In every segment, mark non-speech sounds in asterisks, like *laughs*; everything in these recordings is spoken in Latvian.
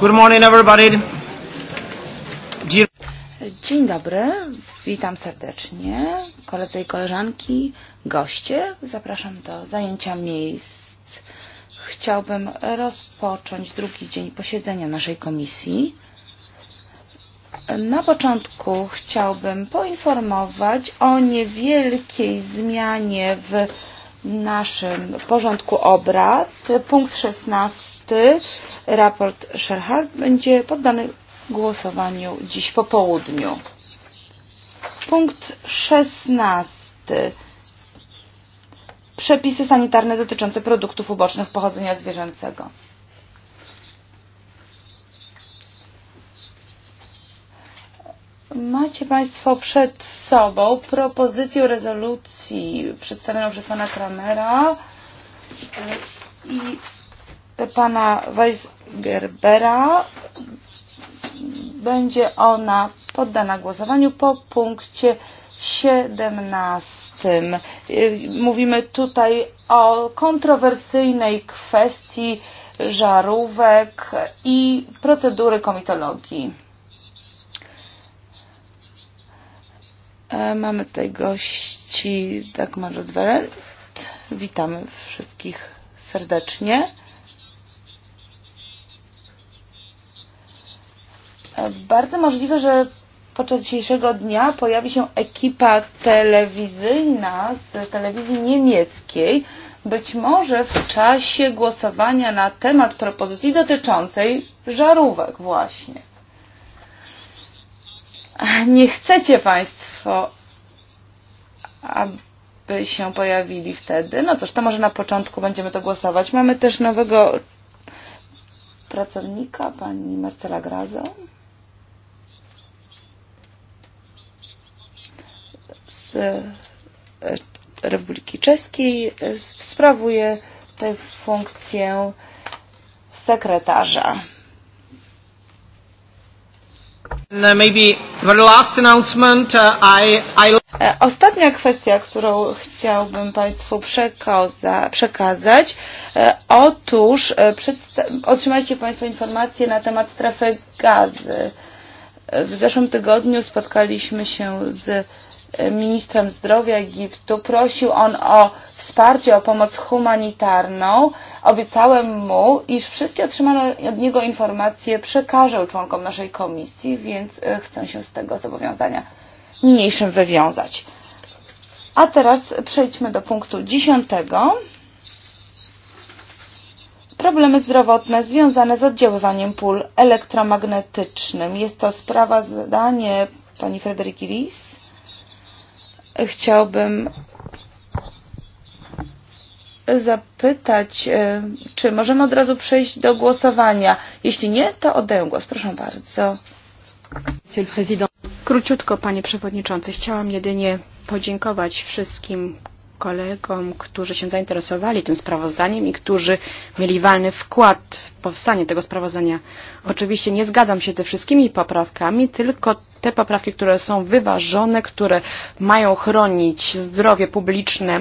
Good morning everybody. Dzień... Dzień dobry, witam serdecznie. Koledzy i koleżanki, goście, zapraszam do zajęcia miejsc. Chciałbym rozpocząć drugi dzień posiedzenia naszej komisji. Na początku chciałbym poinformować o niewielkiej zmianie w naszym porządku obrad. Punkt 16 2015. Raport Sherhard będzie poddany głosowaniu dziś po południu. Punkt 16. Przepisy sanitarne dotyczące produktów ubocznych pochodzenia zwierzęcego. Macie Państwo przed sobą propozycję rezolucji przedstawioną przez Pana Kramera e, i pana Weisgerber'a będzie ona poddana głosowaniu po punkcie 17. Mówimy tutaj o kontrowersyjnej kwestii żarówek i procedury komitologii. E, mamy tutaj gości Dagmar Roosevelt. Witamy wszystkich serdecznie. Bardzo możliwe, że podczas dzisiejszego dnia pojawi się ekipa telewizyjna z telewizji niemieckiej. Być może w czasie głosowania na temat propozycji dotyczącej żarówek właśnie. Nie chcecie Państwo, aby się pojawili wtedy. No cóż, to może na początku będziemy to głosować. Mamy też nowego pracownika, pani Marcela Grazo. E, Republiki Czeskiej e, sprawuje tę funkcję sekretarza. Uh, uh, e, ostatnia kwestia, którą chciałbym Państwu przekaza, przekazać. Otóż otrzymaliście Państwo informacje na temat strefy gazy. W zeszłym tygodniu spotkaliśmy się z ministrem zdrowia Egiptu. Prosił on o wsparcie, o pomoc humanitarną. Obiecałem mu, iż wszystkie otrzymane od niego informacje przekażę członkom naszej komisji, więc e, chcę się z tego zobowiązania niniejszym wywiązać. A teraz przejdźmy do punktu dziesiątego. Problemy zdrowotne związane z oddziaływaniem pól elektromagnetycznym. Jest to sprawa, zdanie pani Frederiki Ries chciałbym zapytać, e, czy możemy od razu przejść do głosowania. Jeśli nie, to oddaję głos. Proszę bardzo. Króciutko, Panie Przewodniczący. Chciałam jedynie podziękować wszystkim kolegom, którzy się zainteresowali tym sprawozdaniem i którzy mieli walny wkład w powstanie tego sprawozdania. Oczywiście nie zgadzam się ze wszystkimi poprawkami, tylko te poprawki, które są wyważone, które mają chronić zdrowie publiczne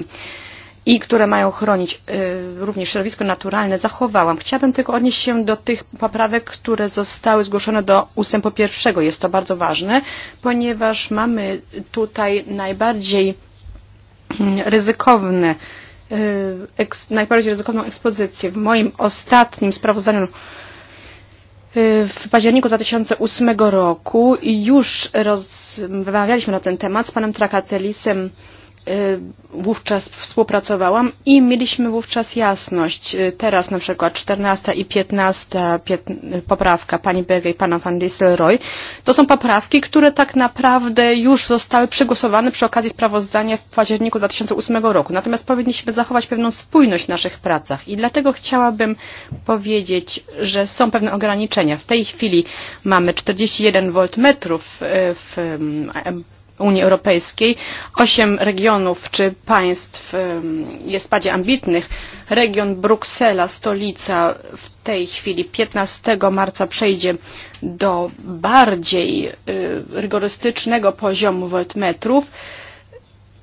i które mają chronić y, również środowisko naturalne, zachowałam. Chciałabym tylko odnieść się do tych poprawek, które zostały zgłoszone do ustępu pierwszego. Jest to bardzo ważne, ponieważ mamy tutaj najbardziej ryzykowne, najbardziej ryzykowną ekspozycję. W moim ostatnim sprawozdaniu w październiku 2008 roku już rozmawialiśmy na ten temat z panem Trakatelisem E, wówczas współpracowałam i mieliśmy wówczas jasność. E, teraz na przykład 14 i 15 poprawka pani Bege i pana van Dieselroy to są poprawki, które tak naprawdę już zostały przegłosowane przy okazji sprawozdania w październiku 2008 roku. Natomiast powinniśmy zachować pewną spójność w naszych pracach i dlatego chciałabym powiedzieć, że są pewne ograniczenia. W tej chwili mamy 41 voltmetrów e, w Unii Europejskiej. Osiem regionów czy państw jest bardziej ambitnych. Region Bruksela, stolica, w tej chwili 15 marca przejdzie do bardziej rygorystycznego poziomu voltmetrów.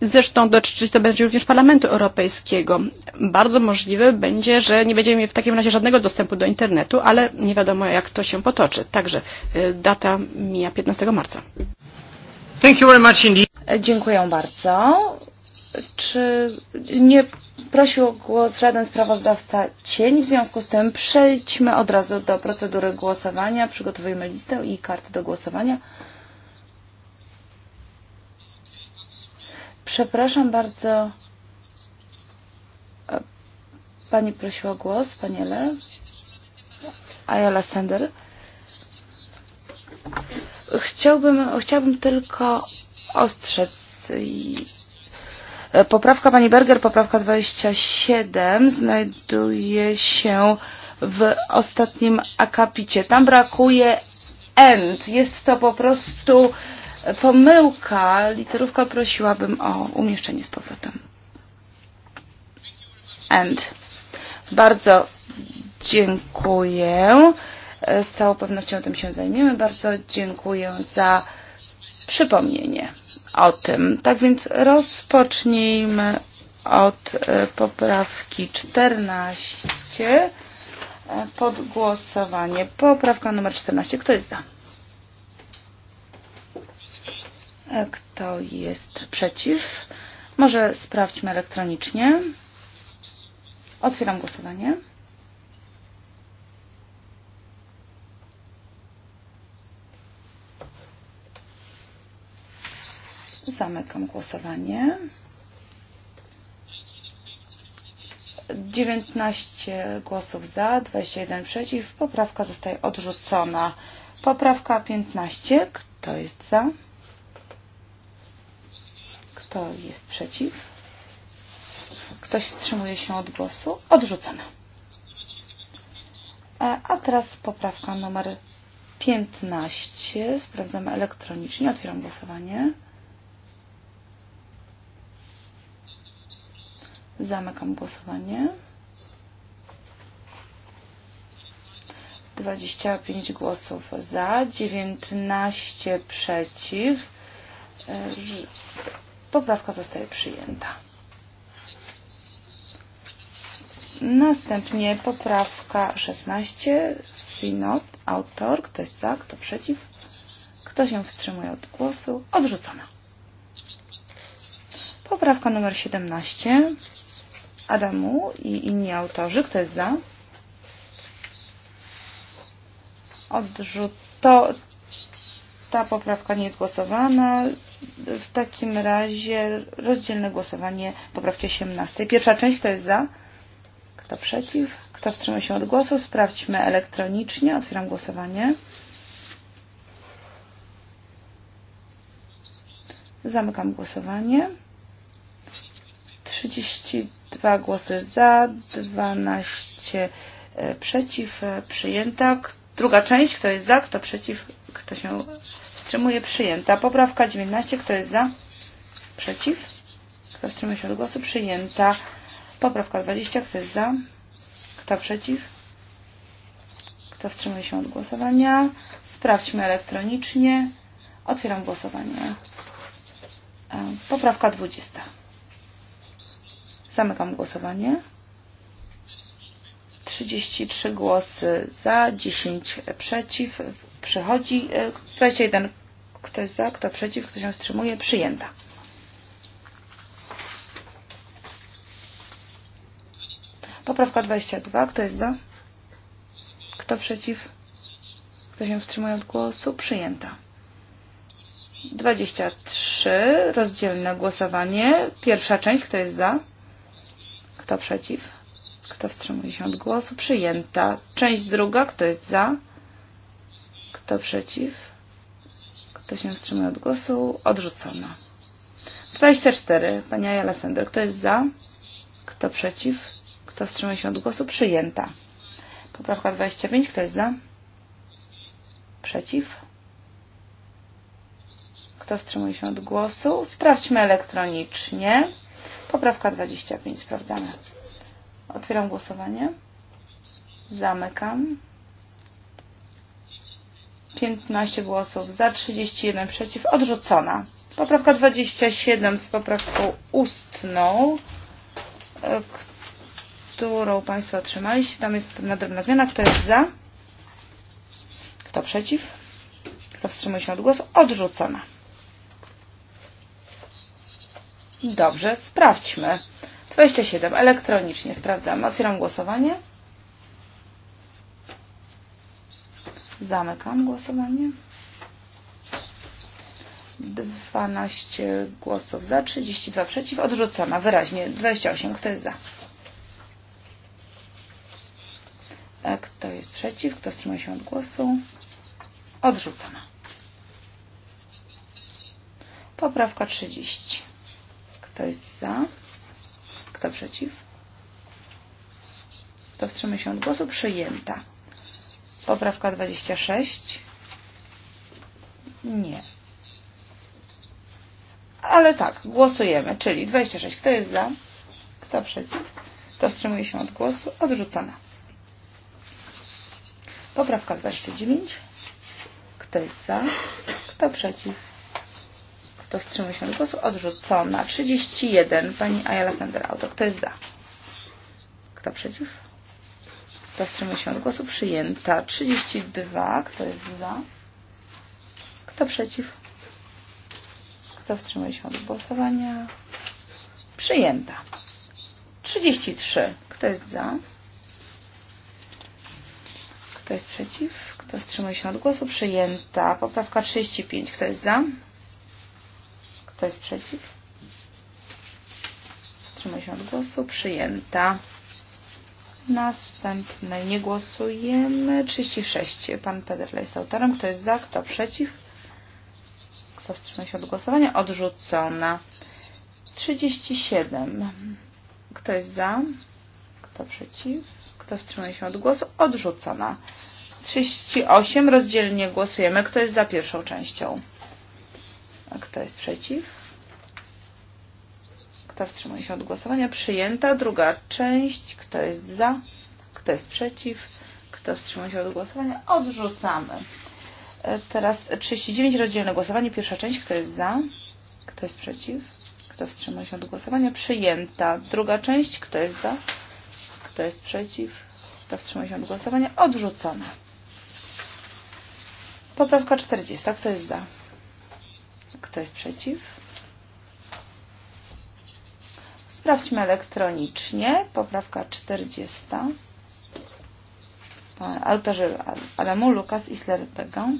Zresztą dotyczyć to będzie również Parlamentu Europejskiego. Bardzo możliwe będzie, że nie będziemy mieli w takim razie żadnego dostępu do internetu, ale nie wiadomo jak to się potoczy. Także data mija 15 marca. Thank you very much indeed. Dziękuję bardzo. Czy nie prosił o głos żaden sprawozdawca cień? W związku z tym przejdźmy od razu do procedury głosowania. Przygotowujemy listę i kartę do głosowania. Przepraszam bardzo. Pani prosiła o głos, paniele. Ayala Sender. Chciałbym, chciałbym tylko ostrzec. Poprawka pani Berger, poprawka 27 znajduje się w ostatnim akapicie. Tam brakuje end. Jest to po prostu pomyłka. Literówka prosiłabym o umieszczenie z powrotem. End. Bardzo dziękuję. Z całą pewnością tym się zajmiemy. Bardzo dziękuję za przypomnienie o tym. Tak więc rozpocznijmy od e, poprawki 14 e, pod głosowanie. Poprawka numer 14. Kto jest za? E, kto jest przeciw? Może sprawdźmy elektronicznie. Otwieram głosowanie. Zamykam głosowanie. 19 głosów za, 21 przeciw. Poprawka zostaje odrzucona. Poprawka 15. Kto jest za? Kto jest przeciw? Ktoś wstrzymuje się od głosu? Odrzucona. E, a teraz poprawka numer 15. Sprawdzamy elektronicznie. Otwieram głosowanie. Zamykam głosowanie. 25 głosów za, 19 przeciw. Poprawka zostaje przyjęta. Następnie poprawka 16, Synod, autor, ktoś za, kto przeciw, kto się wstrzymuje od głosu, odrzucona. Poprawka numer 17, Adamu i inni autorzy. Kto jest za? Odrzuto... Ta poprawka nie jest głosowana. W takim razie rozdzielne głosowanie poprawki 18. Pierwsza część kto jest za? Kto przeciw? Kto wstrzymał się od głosu? Sprawdźmy elektronicznie. Otwieram głosowanie. Zamykam głosowanie. 30 Dwa głosy za, 12 e, przeciw, e, przyjęta. Druga część, kto jest za, kto przeciw, kto się wstrzymuje, przyjęta. Poprawka 19, kto jest za, przeciw, kto wstrzymuje się od głosu, przyjęta. Poprawka 20, kto jest za, kto przeciw, kto wstrzymuje się od głosowania. Sprawdźmy elektronicznie. Otwieram głosowanie. E, poprawka 20. Zamykam głosowanie. 33 głosy za, 10 przeciw. Przychodzi 21. Kto jest za, kto przeciw, kto się wstrzymuje. Przyjęta. Poprawka 22. Kto jest za? Kto przeciw? Kto się wstrzymuje od głosu? Przyjęta. 23. Rozdzielne głosowanie. Pierwsza część. Kto jest za? Kto przeciw? Kto wstrzymuje się od głosu? Przyjęta. Część druga. Kto jest za? Kto przeciw? Kto się wstrzymuje od głosu? Odrzucona. 24. Pani Ayala Sender. Kto jest za? Kto przeciw? Kto wstrzymuje się od głosu? Przyjęta. Poprawka 25. Kto jest za? Przeciw? Kto wstrzymuje się od głosu? Sprawdźmy elektronicznie. Poprawka 25. Sprawdzamy. Otwieram głosowanie. Zamykam. 15 głosów za, 31 przeciw. Odrzucona. Poprawka 27 z poprawką ustną, e, którą Państwo otrzymaliście. Tam jest nadrobna zmiana. Kto jest za? Kto przeciw? Kto wstrzymuje się od głosu? Odrzucona. Dobrze, sprawdźmy. 27 elektronicznie sprawdzam. Otwieram głosowanie. Zamykam głosowanie. 12 głosów za, 32 przeciw. Odrzucona wyraźnie. 28. Kto jest za? E, kto jest przeciw? Kto wstrzymał się od głosu? Odrzucona. Poprawka 30. Kto jest za? Kto przeciw? Kto wstrzymuje się od głosu? Przyjęta. Poprawka 26? Nie. Ale tak, głosujemy, czyli 26. Kto jest za? Kto przeciw? Kto wstrzymuje się od głosu? Odrzucona. Poprawka 29. Kto jest za? Kto przeciw? Kto wstrzymuje się od głosu? Odrzucona. 31. Pani Ayala Sender Auto. Kto jest za? Kto przeciw? Kto wstrzymuje się od głosu? Przyjęta. 32. Kto jest za? Kto przeciw? Kto wstrzymuje się od głosowania? Przyjęta. 33. Kto jest za? Kto jest przeciw? Kto wstrzymuje się od głosu? Przyjęta. Poprawka 35. Kto jest za? Kto jest przeciw? Wstrzymaj się od głosu. Przyjęta. Następne nie głosujemy. 36. Pan Pederle jest autorem. Kto jest za? Kto przeciw? Kto wstrzymał się od głosowania? Odrzucona. 37. Kto jest za? Kto przeciw? Kto wstrzymał się od głosu? Odrzucona. 38. Rozdzielnie głosujemy. Kto jest za pierwszą częścią? Kto jest przeciw? Kto wstrzymuje się od głosowania? Przyjęta. Druga część. Kto jest za? Kto jest przeciw? Kto wstrzymuje się od głosowania? Odrzucamy. E, teraz 39 rozdzielne głosowanie. Pierwsza część. Kto jest za? Kto jest przeciw? Kto wstrzymał się od głosowania? Przyjęta. Druga część. Kto jest za? Kto jest przeciw? Kto wstrzymał się od głosowania? Odrzucona. Poprawka 40. Kto jest za? Kto jest przeciw? Sprawdźmy elektronicznie. Poprawka 40. Autorzy Adamu, Lukas, Isler, Began.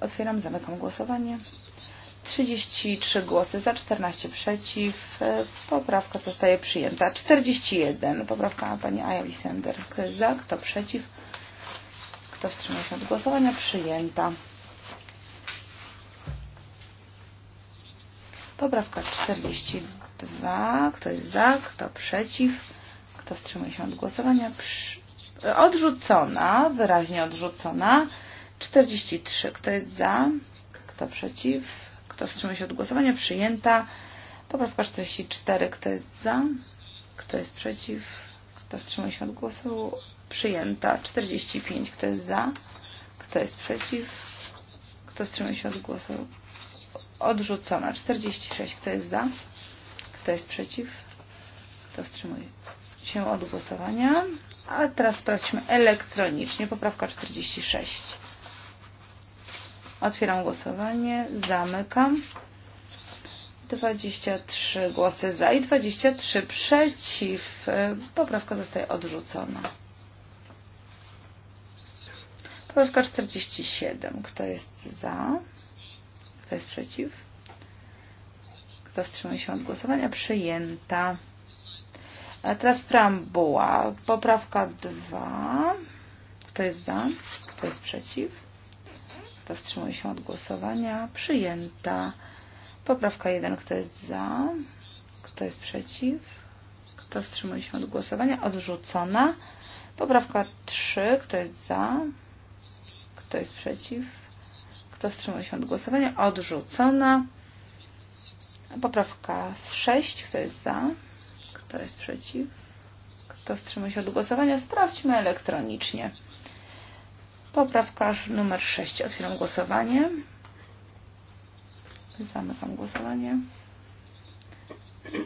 Otwieram, zamykam głosowanie. 33 głosy za, 14 przeciw. Poprawka zostaje przyjęta. 41. Poprawka pani Aja Wisender. Kto jest za, kto przeciw? Kto wstrzymał się od głosowania? Przyjęta. Poprawka 42. Kto jest za, kto przeciw, kto wstrzymuje się od głosowania. Odrzucona, wyraźnie odrzucona. 43. Kto jest za, kto przeciw, kto wstrzymuje się od głosowania. Przyjęta. Poprawka 44. Kto jest za, kto jest przeciw, kto wstrzymuje się od głosu. Przyjęta. 45. Kto jest za, kto jest przeciw, kto wstrzymuje się od głosu Odrzucona. 46. Kto jest za? Kto jest przeciw? Kto wstrzymuje się od głosowania? A teraz sprawdźmy elektronicznie. Poprawka 46. Otwieram głosowanie. Zamykam. 23 głosy za i 23 przeciw. Poprawka zostaje odrzucona. Poprawka 47. Kto jest za? Kto jest przeciw? Kto wstrzymał się od głosowania? Przyjęta. A teraz preambuła. Poprawka 2. Kto jest za? Kto jest przeciw? Kto wstrzymał się od głosowania? Przyjęta. Poprawka 1. Kto jest za? Kto jest przeciw? Kto wstrzymał się od głosowania? Odrzucona. Poprawka 3. Kto jest za? Kto jest przeciw? Kto wstrzymał się od głosowania? Odrzucona. Poprawka 6. Kto jest za? Kto jest przeciw? Kto wstrzymał się od głosowania? Sprawdźmy elektronicznie. Poprawka numer 6. Otwieram głosowanie. Zamykam głosowanie.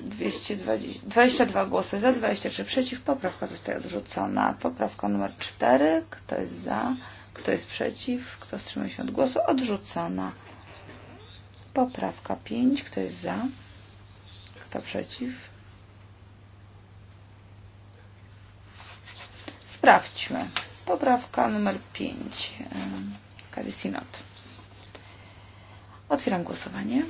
220, 22 głosy za, 23 przeciw. Poprawka zostaje odrzucona. Poprawka numer 4. Kto jest za? Kto Kto jest przeciw? Kto wstrzymał się od głosu? Odrzucona. Poprawka 5. Kto jest za? Kto przeciw? Sprawdźmy. Poprawka numer 5. Kadisinot. Otwieram głosowanie.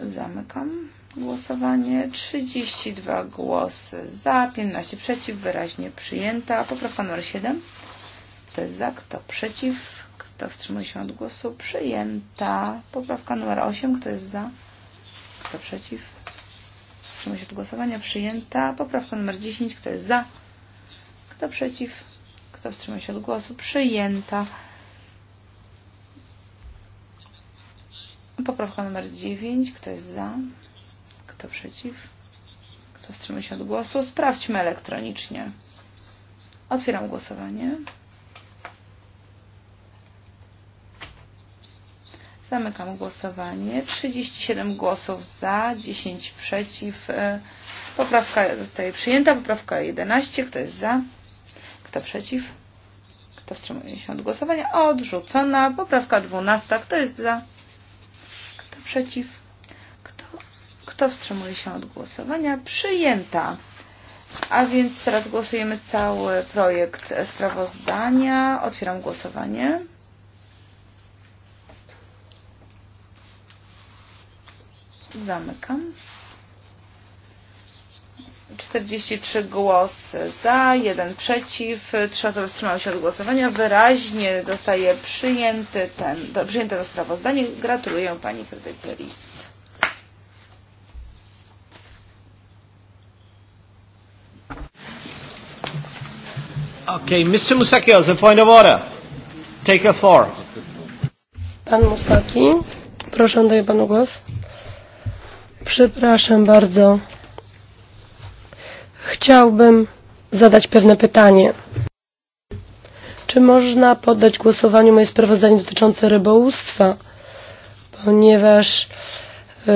Zamykam głosowanie. 32 głosy za, 15 przeciw, wyraźnie przyjęta. Poprawka numer 7. Kto jest za, kto przeciw, kto wstrzymuje się od głosu? Przyjęta. Poprawka numer 8. Kto jest za, kto przeciw? Wstrzymuje się od głosowania. Przyjęta. Poprawka numer 10. Kto jest za, kto przeciw, kto wstrzymuje się od głosu? Przyjęta. Poprawka numer 9. Kto jest za? Kto przeciw? Kto wstrzymuje się od głosu? Sprawdźmy elektronicznie. Otwieram głosowanie. Zamykam głosowanie. 37 głosów za, 10 przeciw. E, poprawka zostaje przyjęta. Poprawka 11. Kto jest za? Kto przeciw? Kto wstrzymuje się od głosowania? Odrzucona. Poprawka 12. Kto jest za? Kto przeciw? Kto, kto wstrzymuje się od głosowania? Przyjęta. A więc teraz głosujemy cały projekt sprawozdania. Otwieram głosowanie. Zamykam. 43 głosy za, 1 przeciw, 3 osoby wstrzymały się od głosowania. Wyraźnie zostaje przyjęty ten, do, przyjęte to sprawozdanie. Gratuluję pani Frydyce Lis. Okay, Mr. Musaki, as a point of order, take a floor. Pan Musaki, proszę, daję panu głos. Przepraszam bardzo. Chciałbym zadać pewne pytanie. Czy można poddać głosowaniu moje sprawozdanie dotyczące rybołówstwa? Ponieważ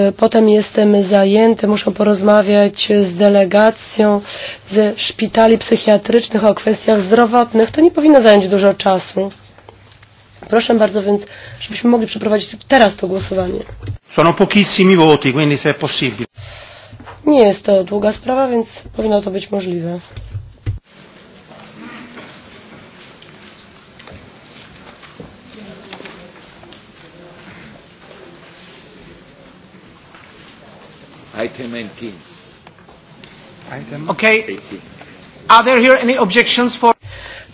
y, potem jestem zajęty, muszę porozmawiać z delegacją ze szpitali psychiatrycznych o kwestiach zdrowotnych. To nie powinno zająć dużo czasu. Proszę bardzo więc, żebyśmy mogli przeprowadzić teraz to głosowanie. Sono pochissimi voti, quindi se è possibile. Nie jest to długa sprawa, więc powinno to być możliwe. Item 19. Item okay. 18. Are there here any objections for...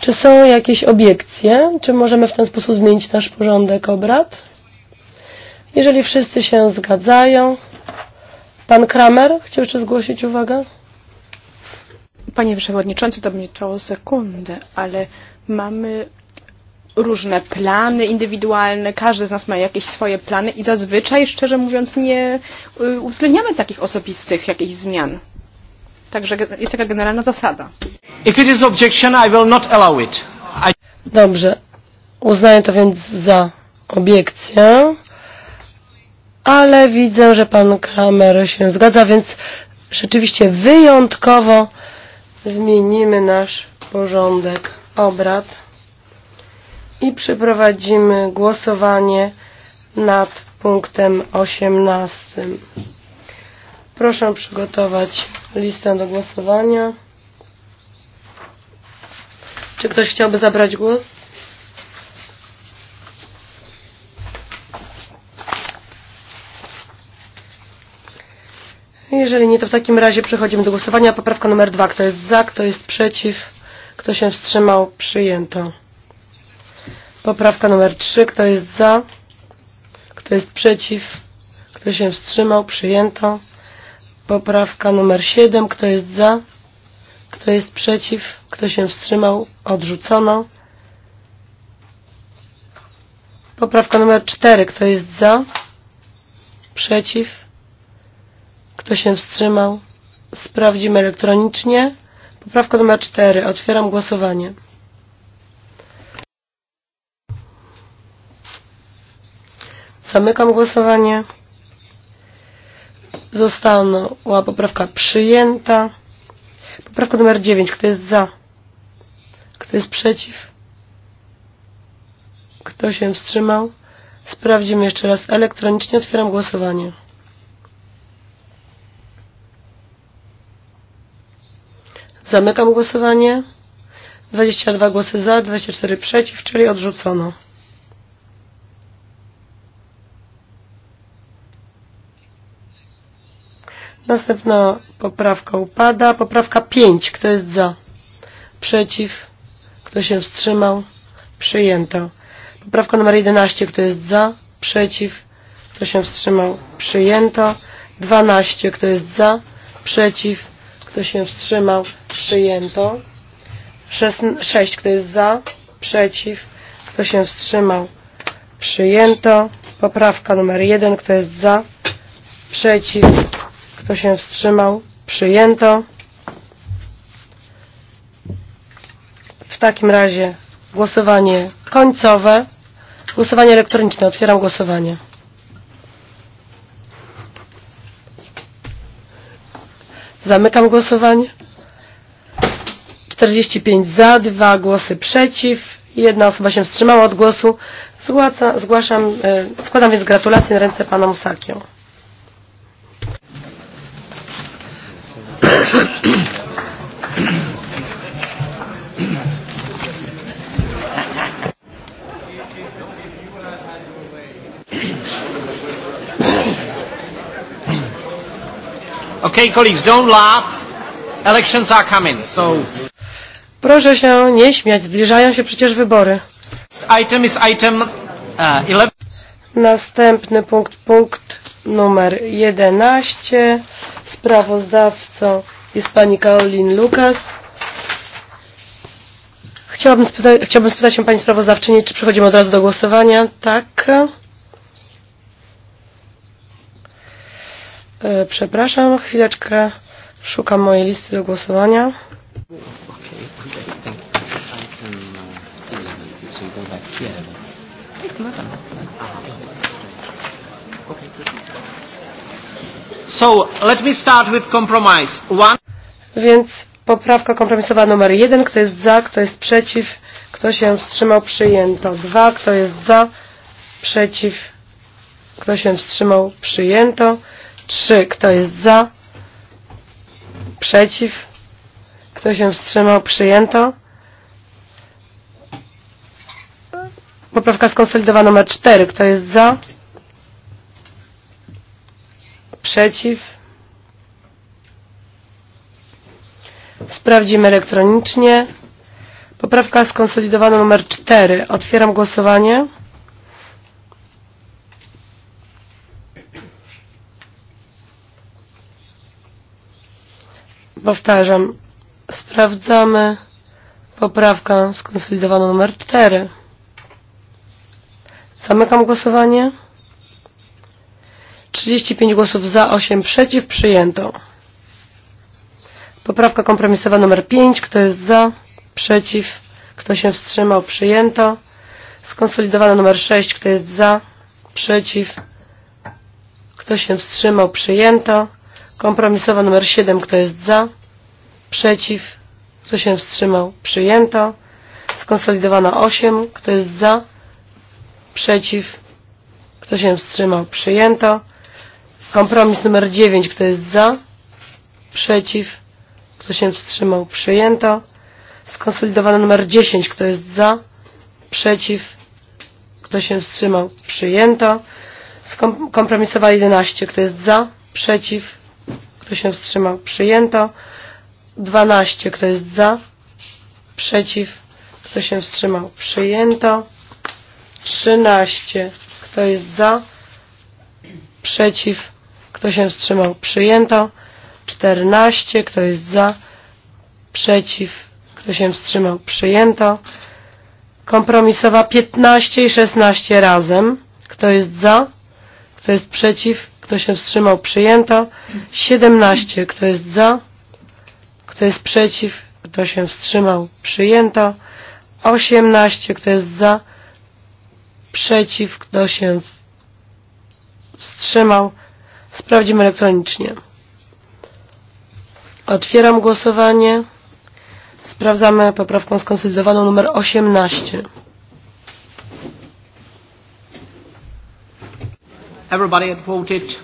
Czy są jakieś obiekcje? Czy możemy w ten sposób zmienić nasz porządek obrad? Jeżeli wszyscy się zgadzają. Pan Kramer chciał jeszcze zgłosić uwagę? Panie Przewodniczący, to będzie trwało sekundę, ale mamy różne plany indywidualne, każdy z nas ma jakieś swoje plany i zazwyczaj, szczerze mówiąc, nie uwzględniamy takich osobistych jakichś zmian. Także jest taka generalna zasada. If it is objection, I will not allow it. I... Dobrze. Uznaję to więc za obiekcję, ale widzę, że pan Kramer się zgadza, więc rzeczywiście wyjątkowo zmienimy nasz porządek obrad i przeprowadzimy głosowanie nad punktem 18. Proszę przygotować listę do głosowania. Czy ktoś chciałby zabrać głos? Jeżeli nie, to w takim razie przechodzimy do głosowania. Poprawka numer 2. Kto jest za, kto jest przeciw, kto się wstrzymał, przyjęto. Poprawka numer 3. Kto jest za, kto jest przeciw, kto się wstrzymał, przyjęto. Poprawka numer 7. Kto jest za? Kto jest przeciw? Kto się wstrzymał? Odrzucono. Poprawka numer 4. Kto jest za? Przeciw? Kto się wstrzymał? Sprawdzimy elektronicznie. Poprawka numer 4. Otwieram głosowanie. Zamykam głosowanie. Została poprawka przyjęta. Poprawka numer 9. Kto jest za? Kto jest przeciw? Kto się wstrzymał? Sprawdzimy jeszcze raz elektronicznie. Otwieram głosowanie. Zamykam głosowanie. 22 głosy za, 24 przeciw, czyli odrzucono. Następna poprawka upada. Poprawka 5. Kto jest za? Przeciw? Kto się wstrzymał? Przyjęto. Poprawka numer 11. Kto jest za? Przeciw? Kto się wstrzymał? Przyjęto. 12. Kto jest za? Przeciw? Kto się wstrzymał? Przyjęto. 6. Kto jest za? Przeciw? Kto się wstrzymał? Przyjęto. Poprawka numer 1. Kto jest za? Przeciw? Kto się wstrzymał? Przyjęto. W takim razie głosowanie końcowe. Głosowanie elektroniczne. Otwieram głosowanie. Zamykam głosowanie. 45 za, 2 głosy przeciw, jedna osoba się wstrzymała od głosu. Zgłaca, zgłaszam, y, e, składam więc gratulacje na ręce pana Musakiego. okay, colleagues, don't laugh. Elections are coming, so... Proszę się nie śmiać, zbliżają się przecież wybory. Item is item uh, 11. Następny punkt, punkt numer 11. Sprawozdawco jest pani Karolin Lukas. Chciałabym, spyta chciałabym spytać się pani sprawozdawczyni, czy przechodzimy od razu do głosowania. Tak. E, przepraszam, chwileczkę szukam mojej listy do głosowania. Okay, So, let me start with compromise. One. Więc poprawka kompromisowa numer jeden. Kto jest za, kto jest przeciw, kto się wstrzymał, przyjęto. Dwa. Kto jest za, przeciw, kto się wstrzymał, przyjęto. Trzy. Kto jest za, przeciw, kto się wstrzymał, przyjęto. Poprawka skonsolidowana numer cztery. Kto jest za? Przeciw? Sprawdzimy elektronicznie. Poprawka skonsolidowana numer 4. Otwieram głosowanie. Powtarzam. Sprawdzamy poprawkę skonsolidowaną numer 4. Zamykam głosowanie. 35 głosów za, 8 przeciw, przyjęto. Poprawka kompromisowa numer 5, kto jest za, przeciw, kto się wstrzymał, przyjęto. Skonsolidowana numer 6, kto jest za, przeciw, kto się wstrzymał, przyjęto. Kompromisowa numer 7, kto jest za, przeciw, kto się wstrzymał, przyjęto. Skonsolidowana 8, kto jest za, przeciw, kto się wstrzymał, przyjęto. Kompromis numer 9. Kto jest za? Przeciw? Kto się wstrzymał? Przyjęto. Skonsolidowany numer 10. Kto jest za? Przeciw? Kto się wstrzymał? Przyjęto. Kompromisowa 11. Kto jest za? Przeciw? Kto się wstrzymał? Przyjęto. 12. Kto jest za? Przeciw? Kto się wstrzymał? Przyjęto. 13. Kto jest za? Przeciw? Kto się wstrzymał? Przyjęto. 14. Kto jest za? Przeciw. Kto się wstrzymał? Przyjęto. Kompromisowa 15 i 16 razem. Kto jest za? Kto jest przeciw? Kto się wstrzymał? Przyjęto. 17. Kto jest za? Kto jest przeciw? Kto się wstrzymał? Przyjęto. 18. Kto jest za? Przeciw? Kto się wstrzymał? Sprawdzimy elektronicznie. Otwieram głosowanie. Sprawdzamy poprawką skonsolidowaną numer 18. Everybody has voted.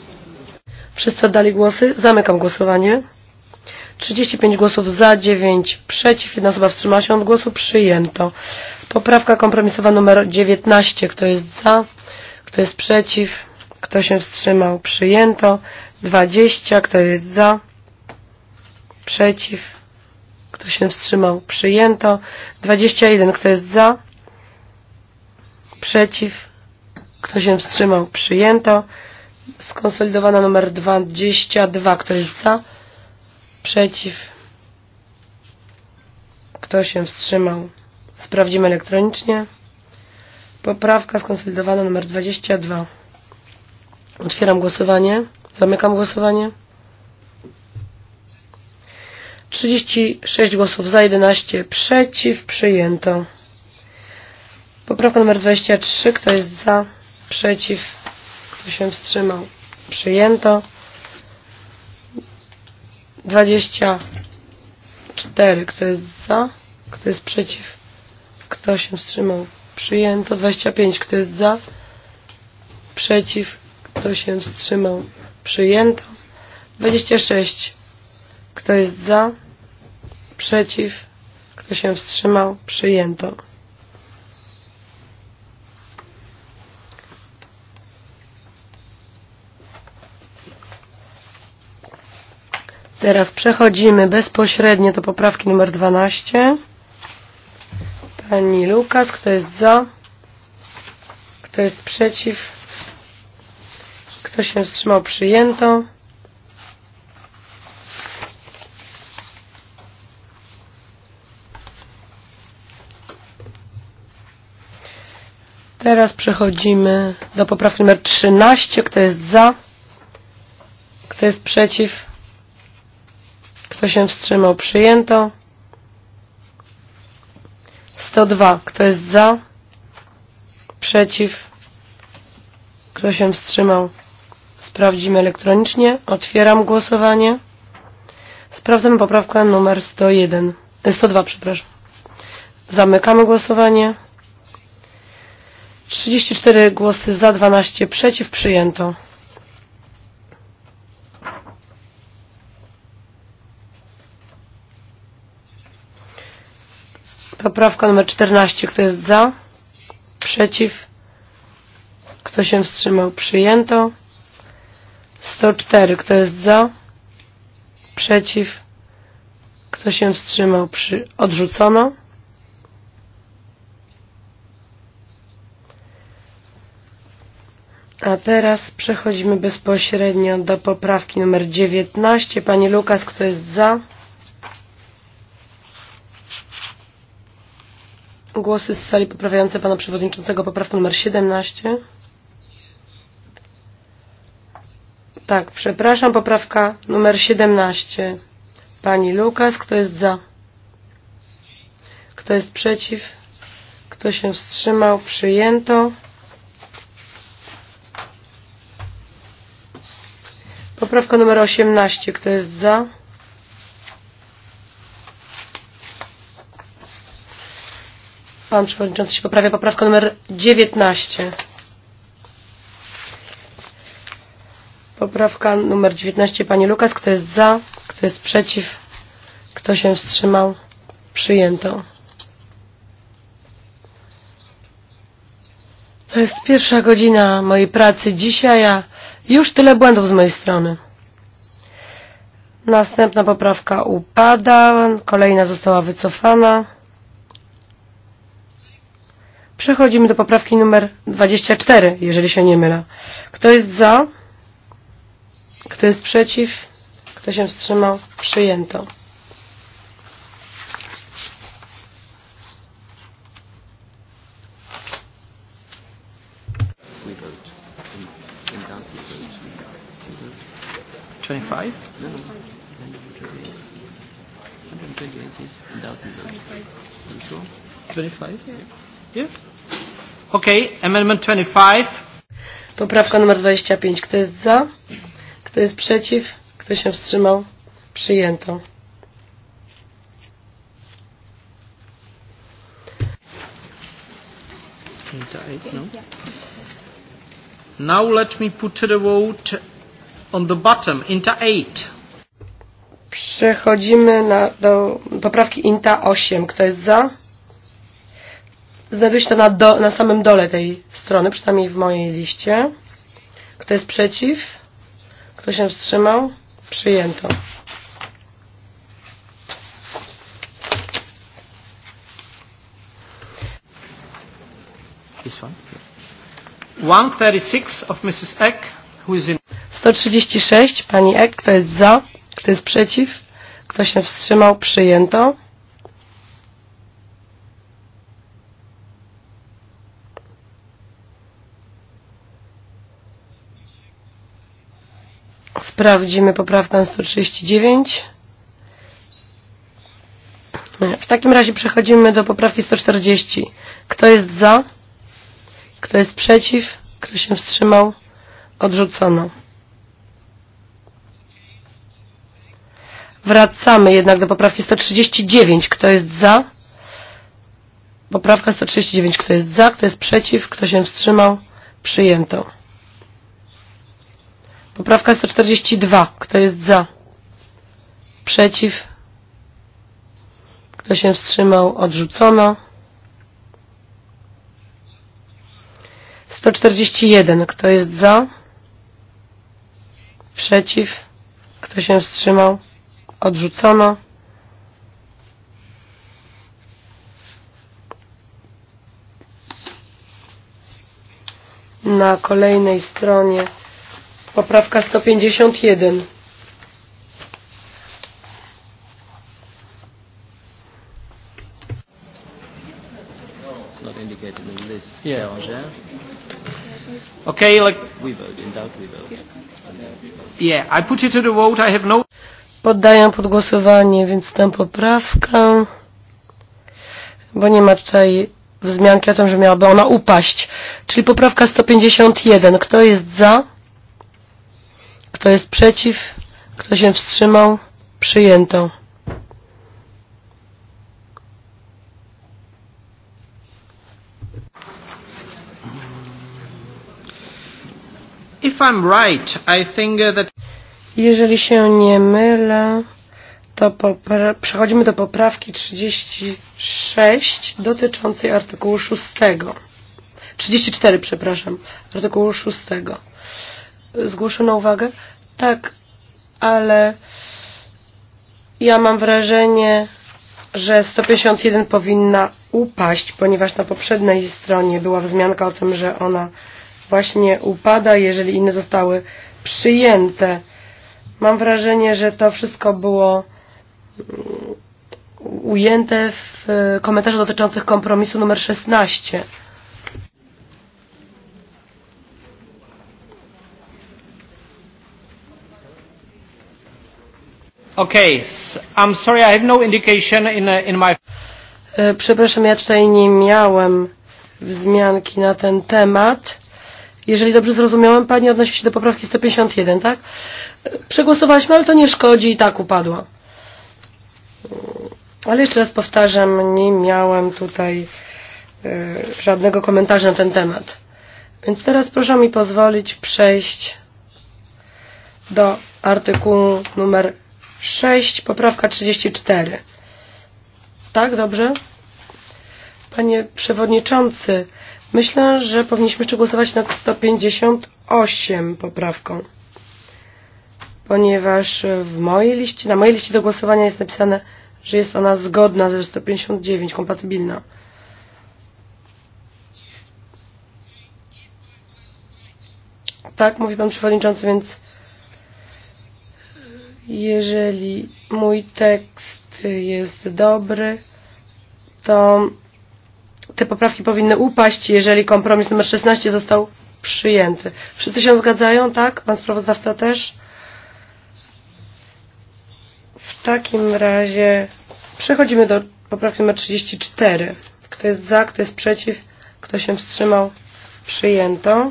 Wszyscy oddali głosy. Zamykam głosowanie. 35 głosów za, 9 przeciw, jedna osoba wstrzymała się od głosu. Przyjęto. Poprawka kompromisowa numer 19. Kto jest za? Kto jest przeciw? Kto się wstrzymał? Przyjęto. 20. Kto jest za? Przeciw. Kto się wstrzymał? Przyjęto. 21. Kto jest za? Przeciw. Kto się wstrzymał? Przyjęto. Skonsolidowana numer 22. Kto jest za? Przeciw. Kto się wstrzymał? Sprawdzimy elektronicznie. Poprawka skonsolidowana numer 22. Otwieram głosowanie. Zamykam głosowanie. 36 głosów za, 11 przeciw, przyjęto. Poprawka numer 23, kto jest za, przeciw, kto się wstrzymał, przyjęto. 24, kto jest za, kto jest przeciw, kto się wstrzymał, przyjęto. 25, kto jest za, przeciw, Kto się wstrzymał? Przyjęto. 26. Kto jest za? Przeciw? Kto się wstrzymał? Przyjęto. Teraz przechodzimy bezpośrednio do poprawki numer 12. Pani Lukas, kto jest za? Kto jest przeciw? Kto się wstrzymał? Przyjęto. Teraz przechodzimy do poprawki numer 13. Kto jest za? Kto jest przeciw? Kto się wstrzymał? Przyjęto. 102. Kto jest za? Przeciw? Kto się wstrzymał? Sprawdzimy elektronicznie. Otwieram głosowanie. Sprawdzamy poprawkę numer 101. 102, e, przepraszam. Zamykamy głosowanie. 34 głosy za, 12 przeciw, przyjęto. Poprawka numer 14. Kto jest za? Przeciw? Kto się wstrzymał? Przyjęto. 104. Kto jest za? Przeciw? Kto się wstrzymał? Przy... Odrzucono? A teraz przechodzimy bezpośrednio do poprawki numer 19. Pani Lukas, kto jest za? Głosy z sali poprawiające pana przewodniczącego poprawkę numer 17. Tak, przepraszam, poprawka numer 17. Pani Lukas, kto jest za? Kto jest przeciw? Kto się wstrzymał? Przyjęto. Poprawka numer 18. Kto jest za? Pan przewodniczący się poprawia. Poprawka numer 19. Poprawka numer 19, pani Lukas. Kto jest za? Kto jest przeciw? Kto się wstrzymał? Przyjęto. To jest pierwsza godzina mojej pracy dzisiaj, a już tyle błędów z mojej strony. Następna poprawka upada, kolejna została wycofana. Przechodzimy do poprawki numer 24, jeżeli się nie mylę. Kto jest za? Kto jest przeciw? Kto się wstrzymał? Przyjęto. Twenty-five? No, no. 128 is doubtful. 25? Yeah. yeah. Okay, amendment 25. Poprawka numer 25. Kto jest za? Kto jest przeciw? Kto się wstrzymał? Przyjęto. Now let me put the vote on the bottom, INTA 8. Przechodzimy na, do poprawki INTA 8. Kto jest za? Znajduje się to na, do, na samym dole tej strony, przynajmniej w mojej liście. Kto jest przeciw? Kto się wstrzymał? Przyjęto. This one. 136 of Mrs. Eck, who is in 136, pani Eck, kto jest za, kto jest przeciw, kto się wstrzymał, przyjęto. Sprawdzimy poprawkę 139. W takim razie przechodzimy do poprawki 140. Kto jest za? Kto jest przeciw? Kto się wstrzymał? Odrzucono. Wracamy jednak do poprawki 139. Kto jest za? Poprawka 139. Kto jest za? Kto jest przeciw? Kto się wstrzymał? Przyjęto. Poprawka 142. Kto jest za? Przeciw? Kto się wstrzymał? Odrzucono. 141. Kto jest za? Przeciw? Kto się wstrzymał? Odrzucono. Na kolejnej stronie Poprawka 151. indicated in the list. Yeah. Belanger. Okay, like we vote. In doubt, we vote. Yeah, I put it to the vote. I have no. Poddaję pod głosowanie, więc tę poprawkę, bo nie ma tutaj wzmianki o tym, że miałaby ona upaść. Czyli poprawka 151. Kto jest za? Kto jest przeciw? Kto się wstrzymał? Przyjęto. If I'm right, I think uh, that... Jeżeli się nie mylę, to popra... przechodzimy do poprawki 36 dotyczącej artykułu 6. 34, przepraszam, artykułu 6 zgłoszoną uwagę? Tak, ale ja mam wrażenie, że 151 powinna upaść, ponieważ na poprzedniej stronie była wzmianka o tym, że ona właśnie upada, jeżeli inne zostały przyjęte. Mam wrażenie, że to wszystko było mm, ujęte w komentarzach dotyczących kompromisu numer 16. Okay, I'm sorry, I have no indication in, uh, in my... E, przepraszam, ja tutaj nie miałem wzmianki na ten temat. Jeżeli dobrze zrozumiałem, Pani odnosi się do poprawki 151, tak? E, przegłosowaliśmy, ale to nie szkodzi i tak upadła. Mm, ale jeszcze raz powtarzam, nie miałem tutaj e, żadnego komentarza na ten temat. Więc teraz proszę mi pozwolić przejść do artykułu numer 6, poprawka 34. Tak, dobrze? Panie Przewodniczący, myślę, że powinniśmy jeszcze głosować nad 158 poprawką. Ponieważ w mojej liście, na mojej liście do głosowania jest napisane, że jest ona zgodna ze 159, kompatybilna. Tak, mówi pan przewodniczący, więc Jeżeli mój tekst jest dobry, to te poprawki powinny upaść, jeżeli kompromis numer 16 został przyjęty. Wszyscy się zgadzają, tak? Pan sprawozdawca też? W takim razie przechodzimy do poprawki numer 34. Kto jest za, kto jest przeciw, kto się wstrzymał, przyjęto.